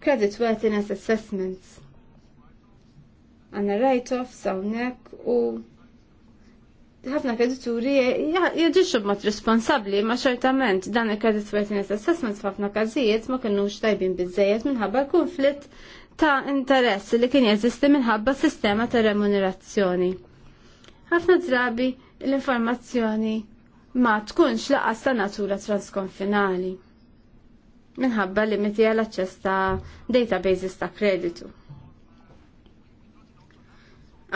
credit worthiness assessments. Għandna write-offs hawnhekk u ħafna kredituri jieġiġu mat responsabli ma ċertament dan il kredit worthiness assessment f'ħafna każijiet ma kinux tajbin bizzejiet minħabba konflitt ta' interess li kien jeżisti minħabba sistema ta' remunerazzjoni. Ħafna drabi l-informazzjoni ma tkunx laqas ta' natura transkonfinali minħabba limiti għal aċċess ta' databases ta' kreditu.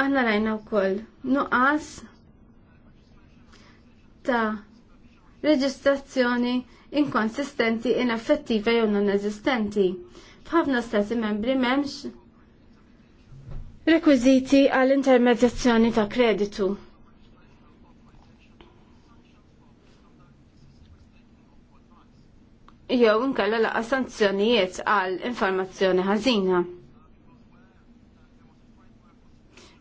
Aħna rajna wkoll nuqqas ta' reġistrazzjoni inkonsistenti, inaffettiva jew non eżistenti. F'ħafna stati membri m'hemmx rekwiżiti għall intermedjazzjoni ta' kreditu. Jew inkella laqa sanzjonijiet għal informazzjoni ħażina.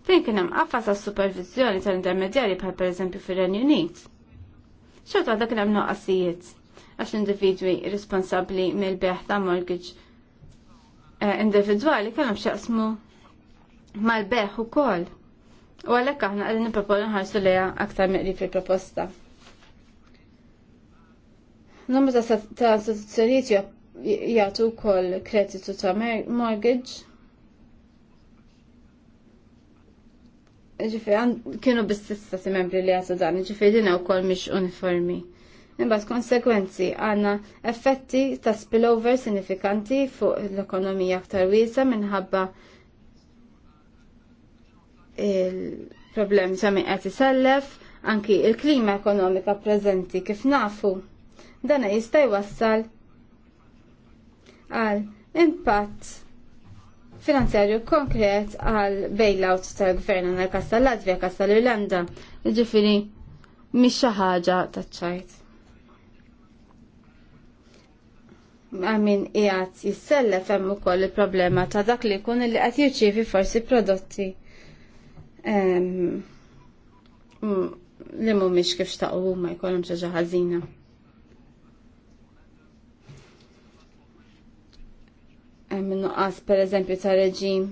Fejn kien hemm qafas għas supervizjoni tal-intermedjarji bħal pereżempju fir-Renju Unit ċerta għadha kien hemm noqqasijiet għax individwi responsabbli mill-beħ ta' mortgage individwali kellhom x'jaqsmu mal-beħ ukoll. U għalhekk aħna qegħdin nipproponu nħarsu leja aktar meqri fil-proposta. Numru ta' istituzzjonijiet jagħtu wkoll kreditu ta' mortgage ġifiri kienu bis-sissa si membri li għatu dan, ġifiri dina u kol mish uniformi. Imbagħad konsekwenzi għandna effetti ta' spillover sinifikanti fuq l-ekonomija aktar wiesa minħabba il-problemi ta' min qed anki il-klima ekonomika preżenti kif nafu. Dan jista' jwassal għal impatt finanzjarju konkret għal bailout tal-gvern għal kas tal-Latvija, kas l irlanda ġifiri mis xi ħaġa taċ-ċajt. Għamin qiegħed jissellef hemm ukoll il-problema ta' dak li kun li qed jirċivi forsi prodotti ehm, li mhumiex kif xtaqu ma jkollhom xi ħażina. Eh, minnuqqas per eżempju ta' reġim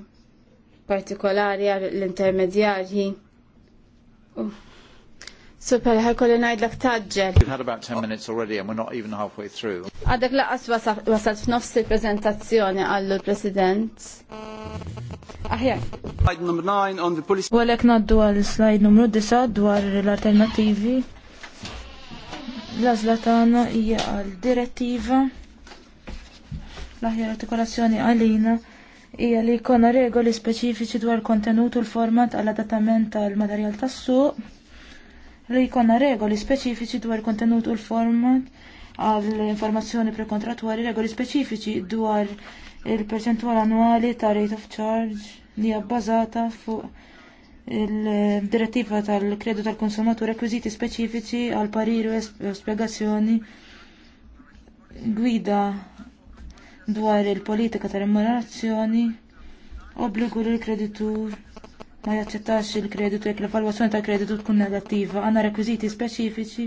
partikolari għal l-intermedjarji. Super, ħaj kolli najd l-ak We've had about 10 minutes already and we're not even halfway through. Għadek laqas wasalt f'nofs il-prezentazzjoni għallu l-President. Aħjar. Slide number 9 on the policy. Għalek naddu għal slide numru 9 dwar l-alternativi. L-azla hija għal direttiva L-aħjar artikolazzjoni għalina hija li jkollna regoli speċifiċi dwar kontenut u l-format għall adattament tal-materjal tas-suq, li jkollna regoli speċifiċi dwar kontenut u l-format għall informazzjoni prekontratwali, regoli speċifiċi dwar il-perċentwal annwali ta' rate of charge li hija bbażata fuq il-direttiva tal-kredu tal-konsumatur rekwiżiti speċifiċi għal pariru u spiegazzjoni gwida dwar il-politika ta' remunerazzjoni obbligu li l-kreditur ma jaċċettax il-kreditu jekk l-evalwazzjoni tal-kreditu tkun negattiva għandna rekwiżiti speċifiċi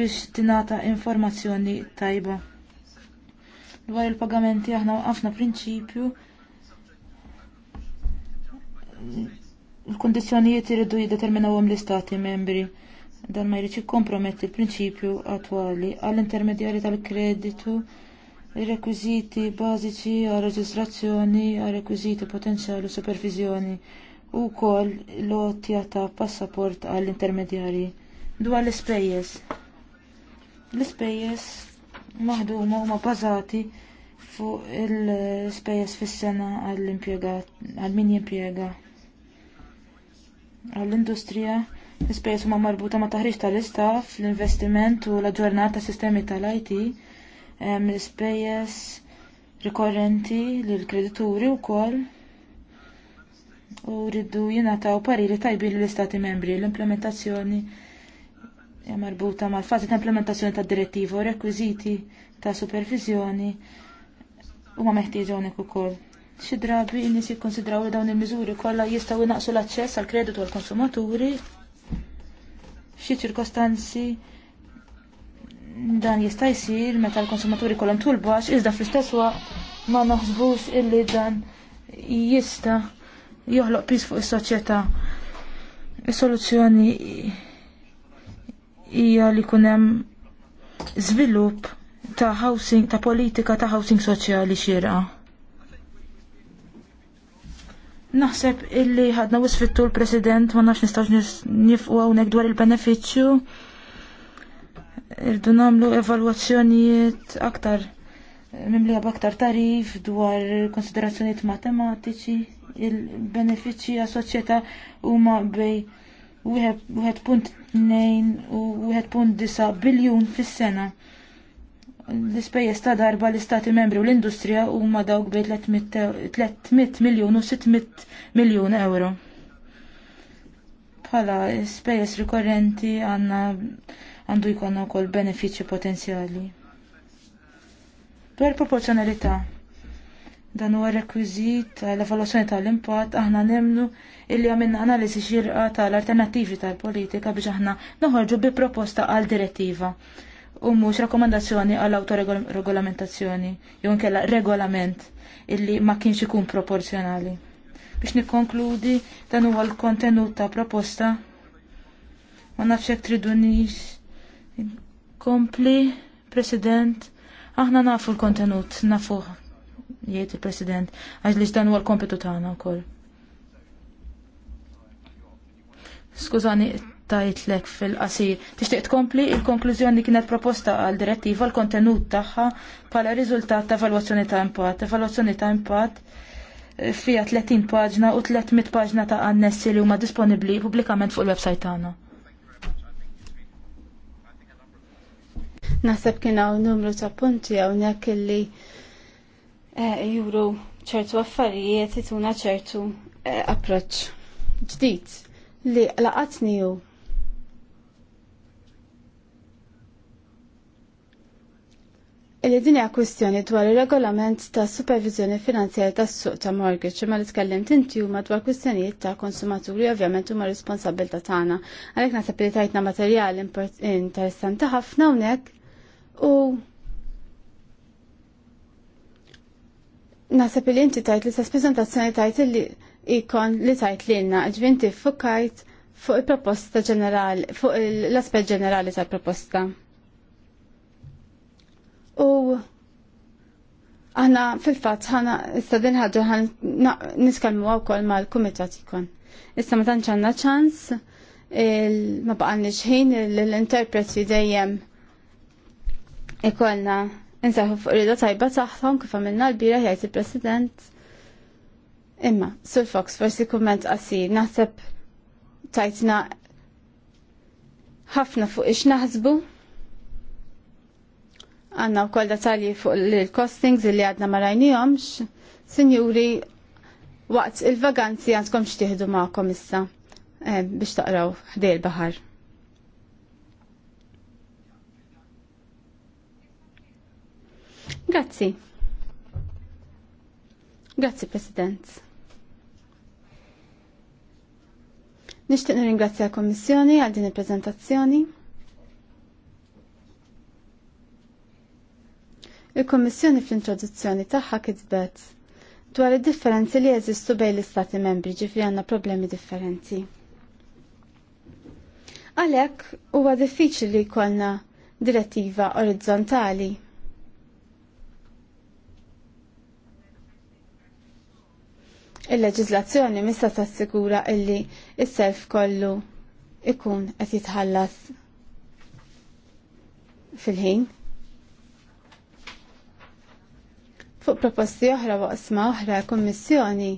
biex tingħata informazzjoni tajba. Dwar il-pagamenti aħna waqafna prinċipju il-kondizjonijiet iridu jiddeterminawhom l-istati membri dan ma jridx jikkomprometti l-prinċipju attwali għall intermedjari tal-kreditu ir-rekwiżiti bażiċi għal reġistrazzjoni għal rekwiżiti potenzjali u supervizjoni u wkoll lotja ta' passaport għall intermedjarji dwar l-ispejjeż. L-ispejjeż maħduma huma bbażati fuq l-ispejjeż fis-sena għall-impjegat għal min jimpjega. Għall-industrija l-ispejjeż huma marbuta ma' taħriġ tal-istaff, l-investiment u l aġġornata ta' sistemi tal-IT hemm l-ispejjeż rikorrenti lill kredituri wkoll u rridu jingħataw pariri tajbin lill-Istati membri l-implementazzjoni hija marbuta mal-fażi ta' implementazzjoni tad direttiva u rekwiżiti ta' supervizjoni huma meħtieġa hawnhekk ukoll. Xi drabi n-nies jikkonsidraw li dawn il-miżuri kollha jistgħu jnaqsu l-aċċess għall kreditu għall konsumaturi f'xi ċirkostanzi dan jista' jsir meta l-konsumaturi kollhom tulbax iżda fl-istess ma naħsbux illi dan jista' joħloq pis fuq is-soċjetà. Is-soluzzjoni hija li jkun hemm żvilupp ta' housing, ta' politika ta' housing soċjali xieraqa. Naħseb illi ħadna wisfittu l-President ma nafx nistax nifqu hawnhekk dwar il-benefiċċju irdu namlu evalwazzjonijiet aktar mimlija b'aktar tarif dwar konsiderazzjonijiet matematiċi il-benefiċċji għas soċjetà huma bej wieħed punt nejn u wieħed punt disa' biljun fis-sena. L-ispejjeż ta' darba l-Istati Membri u l-Industrija huma dawk bej 300 miljun u 600 miljun euro. Bħala l-ispejjeż rikorrenti għandna għandu jkollna wkoll benefiċċji potenzjali. Dwar proporzjonalità dan huwa rekwiżit għall evaluazzjoni tal-impatt aħna nemnu illi għamilna analiżi xirqa tal-alternattivi tal-politika biex aħna noħorġu bi proposta għal direttiva u mhux rakkomandazzjoni għall autoregolamentazzjoni jew inkella regolament illi ma kienx ikun proporzjonali. Biex nikkonkludi dan huwa l-kontenut ta' proposta ma nafx hekk tridunix Kompli, President, aħna nafu l-kontenut, nafu, jgħid il-President, għax li dan huwa l-kompetu tagħna wkoll. Skużani, tajtlek fil-qasir. Tixtieq tkompli il-konklużjoni kienet proposta għal direttiva l-kontenut tagħha bħala riżultat ta' evalwazzjoni ta' impatt. Evalwazzjoni ta' impat eh, fija 30 paġna u 300 paġna ta' annessi li huma disponibbli pubblikament fuq il-websajt tagħna. Naħseb kien hawn numru ta' punti nek li eh, juru ċertu affarijiet ituna ċertu eh, approċ ġdid li laqatni hu Illi din hija kwistjoni dwar ir-regolament ta' supervizjoni finanzjarja tas-suq ta' mortgage imma li tkellimt inti huma dwar kwistjonijiet ta' konsumaturi ovvjament huma responsabilità tagħna. Għalhekk naħseb li tajtna materjal interessanti ħafna hawnhekk U Nasab li inti tajt li s-prezentazzjoni tajt li ikon li tajt li inna, ġvinti fukajt fuq il-proposta ġenerali, fuq l-aspet ġenerali tal-proposta. U għana fil-fat għana istadin ħadġu għan niskalmu għaw kol ma l-kumitat ikon. Issa ma tanċanna ċans, ma baqan ħin l-interpreti dejjem Ikolna, nsaħu fuq rida tajba taħħom kif għamilna l-bira jgħajt il-President. Imma, Sur Fox, forsi kumment qasir, naħseb tajtna ħafna fuq ix naħsbu. Għanna u koll detalji fuq l-costings li għadna marajnijomx. Sinjuri, waqt il-vaganzi għandkom xtieħdu ma'kom issa eh, biex taqraw ħdej il-bahar. Grazzi. Grazzi, President. Nishtiq nirringrazzja l-Kommissjoni għal din il-prezentazzjoni. Il-Kommissjoni fl-introduzzjoni tagħha kitbet dwar id-differenzi li jeżistu bejn l-Istati membri ġifri għandna problemi differenti. Għalhekk huwa diffiċli li jkollna direttiva orizzontali il-leġizlazzjoni mista tassigura illi il-self kollu ikun qed jitħallas fil-ħin. Fuq proposti oħra waqsma oħra kummissjoni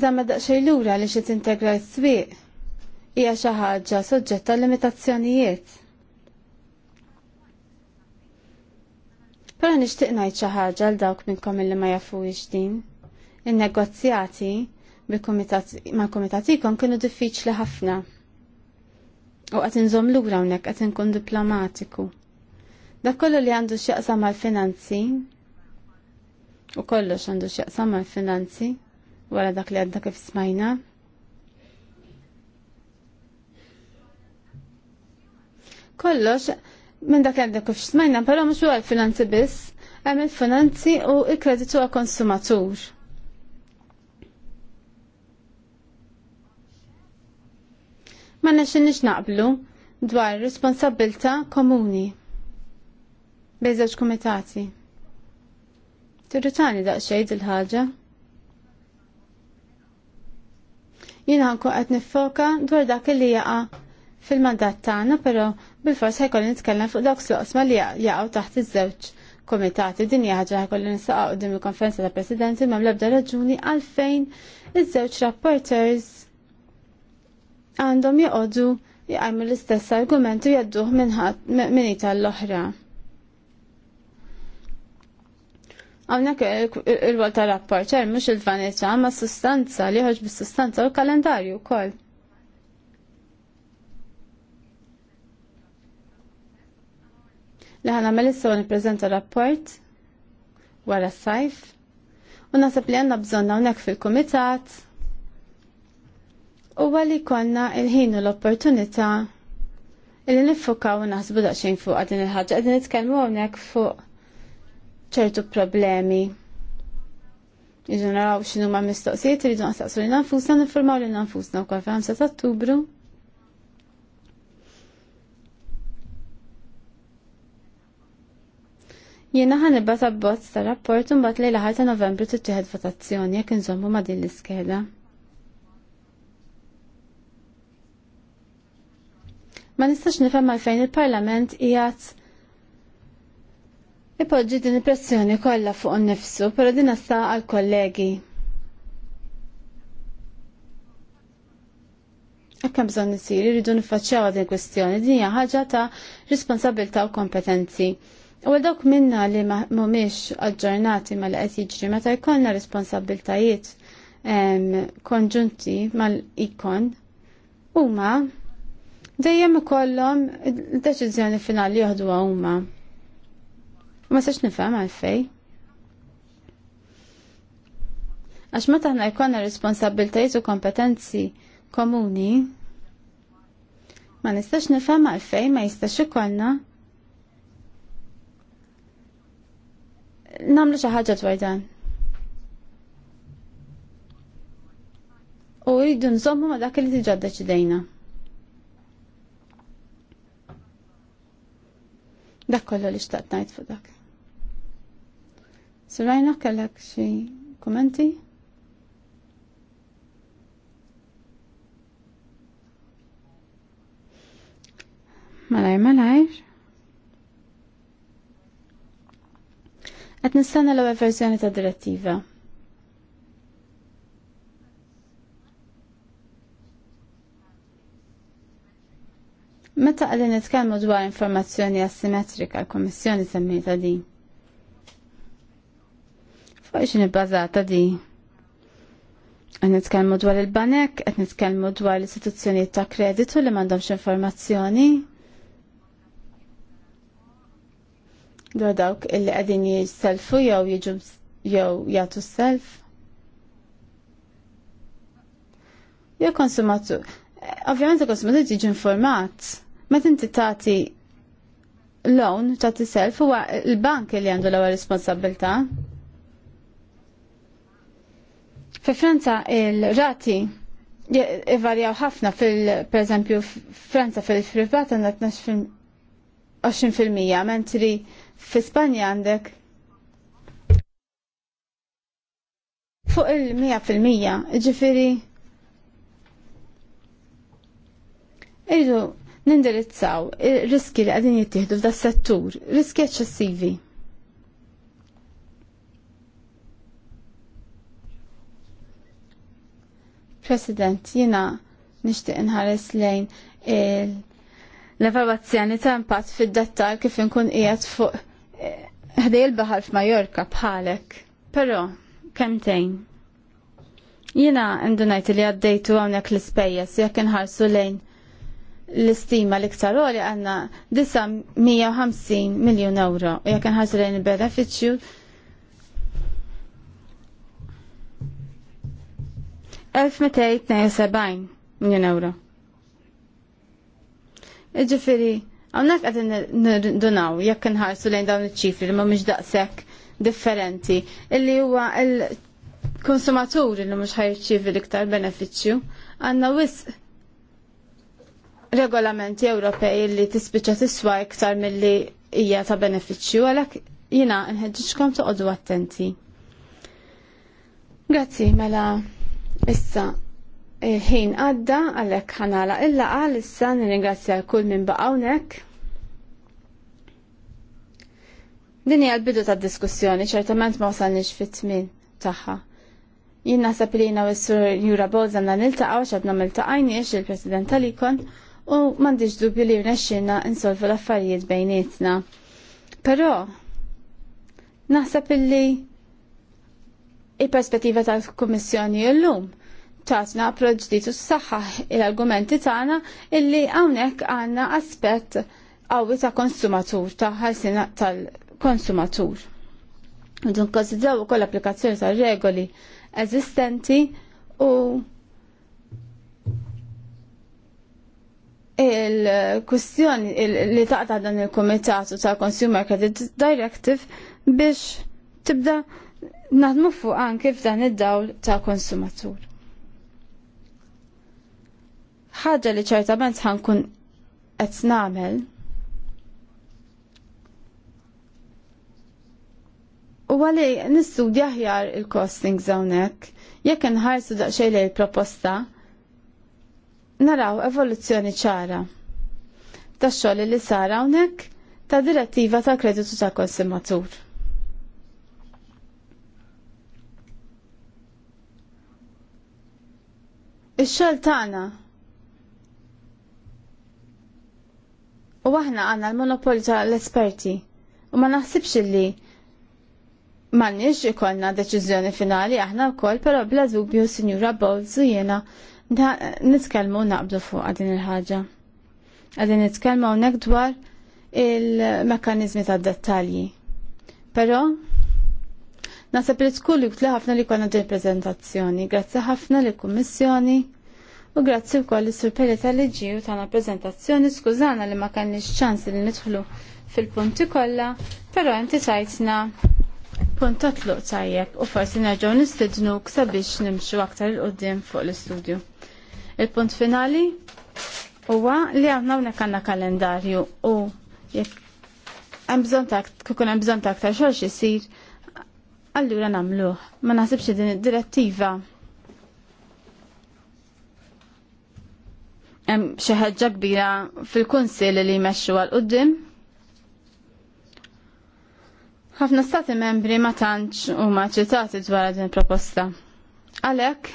Zamma daqxej lura li xi tintegra s-swieq hija xi ħaġa soġġetta limitazzjonijiet. Però nixtieq ngħid xi ħaġa għal dawk minnkom illi ma jafux din il-negozjati ma' komitat kienu diffiċli ħafna. U għat nżom lura unnek għat nkun diplomatiku. Dak kollu li għandu xieqsam mal-finanzi, u kollox għandu xieqsam mal-finanzi, wara dak li għadda kif smajna, kollox minn dak għadda kif smajna, però mhux huwa l-finanzi biss, hemm il-finanzi u l kreditu għal konsumatur. ma nexinix naqblu dwar responsabilta komuni bejżewġ komitati. Tirritani daqsxejn il-ħaġa. Jina għanku qed nifoka dwar dak li jaqa' fil-mandat tagħna, però bil-fors ħajkolli nitkellem fuq dawk sloqsma li jaqgħu taħt iż-żewġ komitati din ħaġa ħkolli nisaqaw qudiem il-konferenza ta' presidenti ma' mlabda raġuni għalfejn iż-żewġ rapporters għandhom joqogħdu jgħajmu l-istess argumentu jadduh minn ita l-oħra. Għawnek il-wol ta' ċer mux il-vanita, ma' sustanza, li ħoġ bis-sustanza u kalendarju kol. Li ħana melissa u niprezenta rapport wara s-sajf u nasab li għanna bżonna unek fil-komitat u li konna il-ħin u l-opportunità illi nifokaw u naħsbu daqsxejn fuq din il-ħaġa qegħdin nitkellmu hawnhekk fuq ċertu problemi. Iġu naraw xinu ma mistoqsijiet rridu naqsaqsu li nanfusna, nifurmaw li nanfusna u kol 5 ta' ottubru. Jiena ħanibba ta' bozz ta' rapport un bat li laħar ta' novembru tittieħed votazzjoni jekk inżommu ma' din l-iskeda. Ma nistax nifhem għalfejn il-Parlament qiegħed ipoġġi din il-pressjoni kollha fuq nifsu, però din sta għal kollegi. Hekk hemm bżonn isir iridu niffaċċjaw din kwestjoni din hija ħaġa ta' responsabilità u kompetenzi. U dawk minna li mumiex aġġornati mal qed jiġri meta jkollna responsabiltajiet konġunti mal-ikon huma dejjem ikollhom deċiżjoni finali joħdu huma. Ma sax nifhem għalfej. Għax ma taħna jkollna responsabiltajiet u kompetenzi komuni, ma nistax nifhem għalfej ma jistax jkollna. namlu xi ħaġa dwar U jiddu nżommu ma dak li diġà deċidejna. Dak kollu li xtaqt najt fuq dak. Surajna kellek xi kommenti? Malaj, malaj. Qed nista'na l-ewwel verżjoni ta' direttiva. Meta għadin nitkellmu dwar informazzjoni asimetrika, l-Kommissjoni semmita di. Fuq xini bbażata di? Qed nitkellmu dwar il-banek, qed nitkellmu dwar l-istituzzjonijiet ta' kreditu li m'għandhomx informazzjoni. Dwar dawk illi qegħdin jisselfu jew jiġu jew jagħtu self. Jew konsumatur. Ovvjament il-konsumatur jiġi informat. Meta inti tagħti loan tati self huwa l-bank li għandu l-ewwel responsabilità. Fi Franza il-rati ivarjaw ħafna fil pereżempju Franza fil-privat għandek 20% mentri fi Spanja għandek fuq il-100% ġifiri irridu nindirizzaw riski li għadin jittieħdu f'da settur, riski eċċessivi. President, jina nishtiq nħares lejn l-evaluazzjoni ta' impatt fid-dettal kif inkun qiegħed fuq eh, ħdej il-baħar f'Majorka bħalek. Però, kemtejn. Jina ndunajt li għaddejtu għawnek l-spejjes, jek nħarsu lejn l-istima l-iktar għoli għanna 950 miljon euro u jek nħarsu lejn il-beneficju 1272 miljon euro. Iġifiri, għonak għadin dunaw jekk nħarsu lejn dawn il-ċifri li ma mux daqsek differenti illi huwa il-konsumaturi li mux ħajċivi l-iktar beneficju għanna wisq regolamenti Ewropej li tispiċa tiswa iktar milli hija ta' benefiċċju għalhekk jiena nħeġġiġkom toqogħdu attenti. Grazzi mela issa il-ħin eh, għadda għalhekk ħanala illa għal issa nirringrazzja kull minn baqgħu hawnhekk. Din hija l-bidu tad-diskussjoni, ċertament ma wasalniex fit-tmien tagħha. Jien naħseb li jiena s-sur Jura Bowzan niltaqgħu x'abna miltaqajniex il-President tal-ikon u mandiġ dubju li rnexxinna insolvu l-affarijiet bejnietna. Però, naħseb illi il-perspettiva tal-Kummissjoni l-lum taħtna approċ u s saxħa il-argumenti taħna illi għawnek għanna aspet għawi ta' konsumatur, ta' ħarsina tal-konsumatur. Dun konsidraw u koll applikazzjoni tal regoli eżistenti u il-kustjoni li taqta dan il-Komitatu ta' Consumer Credit Directive biex tibda naħdmu fuq anke f'dan id-dawl ta' konsumatur. Ħaġa li ċertament ħankun qed nagħmel U għalli nistudja ħjar il costings zawnek, jekk nħarsu daqxej li l-proposta, naraw evoluzzjoni ċara ta' xogħol li sar hawnhekk ta' direttiva ta' kreditu ta' konsumatur. Ix-xogħol tagħna U aħna għanna l-monopolju tal-esperti. U ma naħsibx li m'għandniex ikollna deċiżjoni finali aħna wkoll, però bla dubju Sinjura Bowles u jiena nitkellmu naqbdu fuq għadin il-ħaġa. Għadin nitkellmu hawnhekk dwar il-mekkaniżmi tad-dettalji. Però Nasab li tkun li ħafna li konna din prezentazzjoni. Grazzi ħafna li kummissjoni u grazzi u koll sur tal liġi u tana prezentazzjoni. Skużana li ma kanni ċans li nidħlu fil-punti kolla, pero inti tajtna punta tluq tajjeb u forsi nerġgħu nistidnuk sabiex nimxu aktar il-qoddim fuq l-istudju. Il-punt finali huwa li għandna hawnhekk għandna kalendarju u jekk hemm bżonn ta' kikun hemm bżonn ta' aktar xogħol isir, allura nagħmluh. Ma naħsibx din id-direttiva hemm xi ħaġa kbira fil kunsil li jmexxu għal qudiem ħafna stati membri ma tantx huma ċitati dwar din il proposta. Għalhekk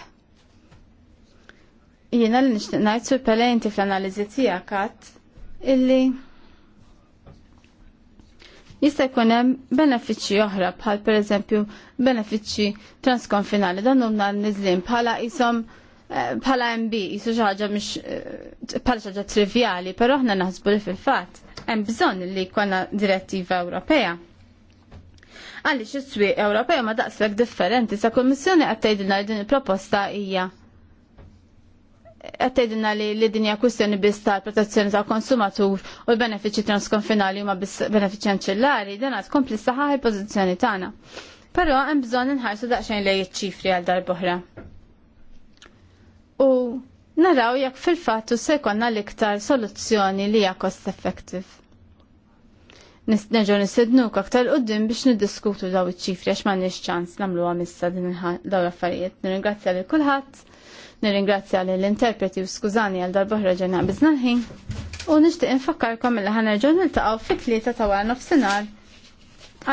Jiena li nixtieq ngħid surpelenti fl-analiżi tiegħek għat illi jista' jkun hemm benefiċċji oħra bħal pereżempju benefiċċji transkonfinali dan huma nizlin bħala isom eh, bħala MB jisu xi ħaġa eh, bħala xi ħaġa trivjali, però aħna naħsbu li fil-fatt hemm bżonn li jkollna direttiva Ewropea. Għaliex is-swieq Ewropea ma daqsfek differenti sa' Kummissjoni qed tgħidilna li din il-proposta hija għattejdina li li dinja kwistjoni biss tal-protezzjoni tal-konsumatur u l-benefiċi transkonfinali huma biss benefiċi ancillari, dan għad kompli saħħa il-pozizjoni tagħna. Però hemm bżonn inħarsu daqsxejn lejn iċ-ċifri għal darb'oħra. U naraw jekk fil-fatt se jkollna l-iktar soluzzjoni li hija cost effective. Nerġgħu nisidnu aktar qudiem biex niddiskutu daw iċ-ċifri għax m'għandniex ċans nagħmluha għamissa din daw l-affarijiet. Nirringrazzja lil kulħadd. Nirringrazzja lill interpreti u skużani għal darbohra ġena biznaħi. u nixtieq infakkarkom il ħanerġgħu niltaqgħu fit-tlieta ta' għal nofsinhar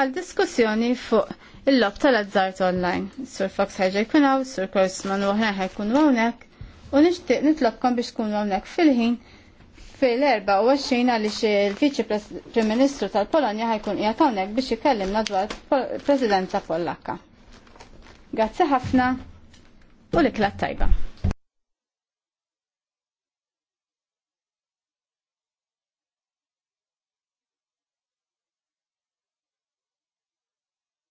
għal diskussjoni fuq il-lob tal-azzart online. Sur Fox ħajġa jkun hawn, Sur Korsman u ħna ħajkunu hawnhekk u nixtieq nitlobkom biex tkunu hawnhekk fil-ħin fil-24 għaliex il vice Prim Ministru tal-Polonja ħajkun qiegħed hawnhekk biex ikellimna dwar Presidenza Pollakka. Grazzi ħafna u l-iklat tajba.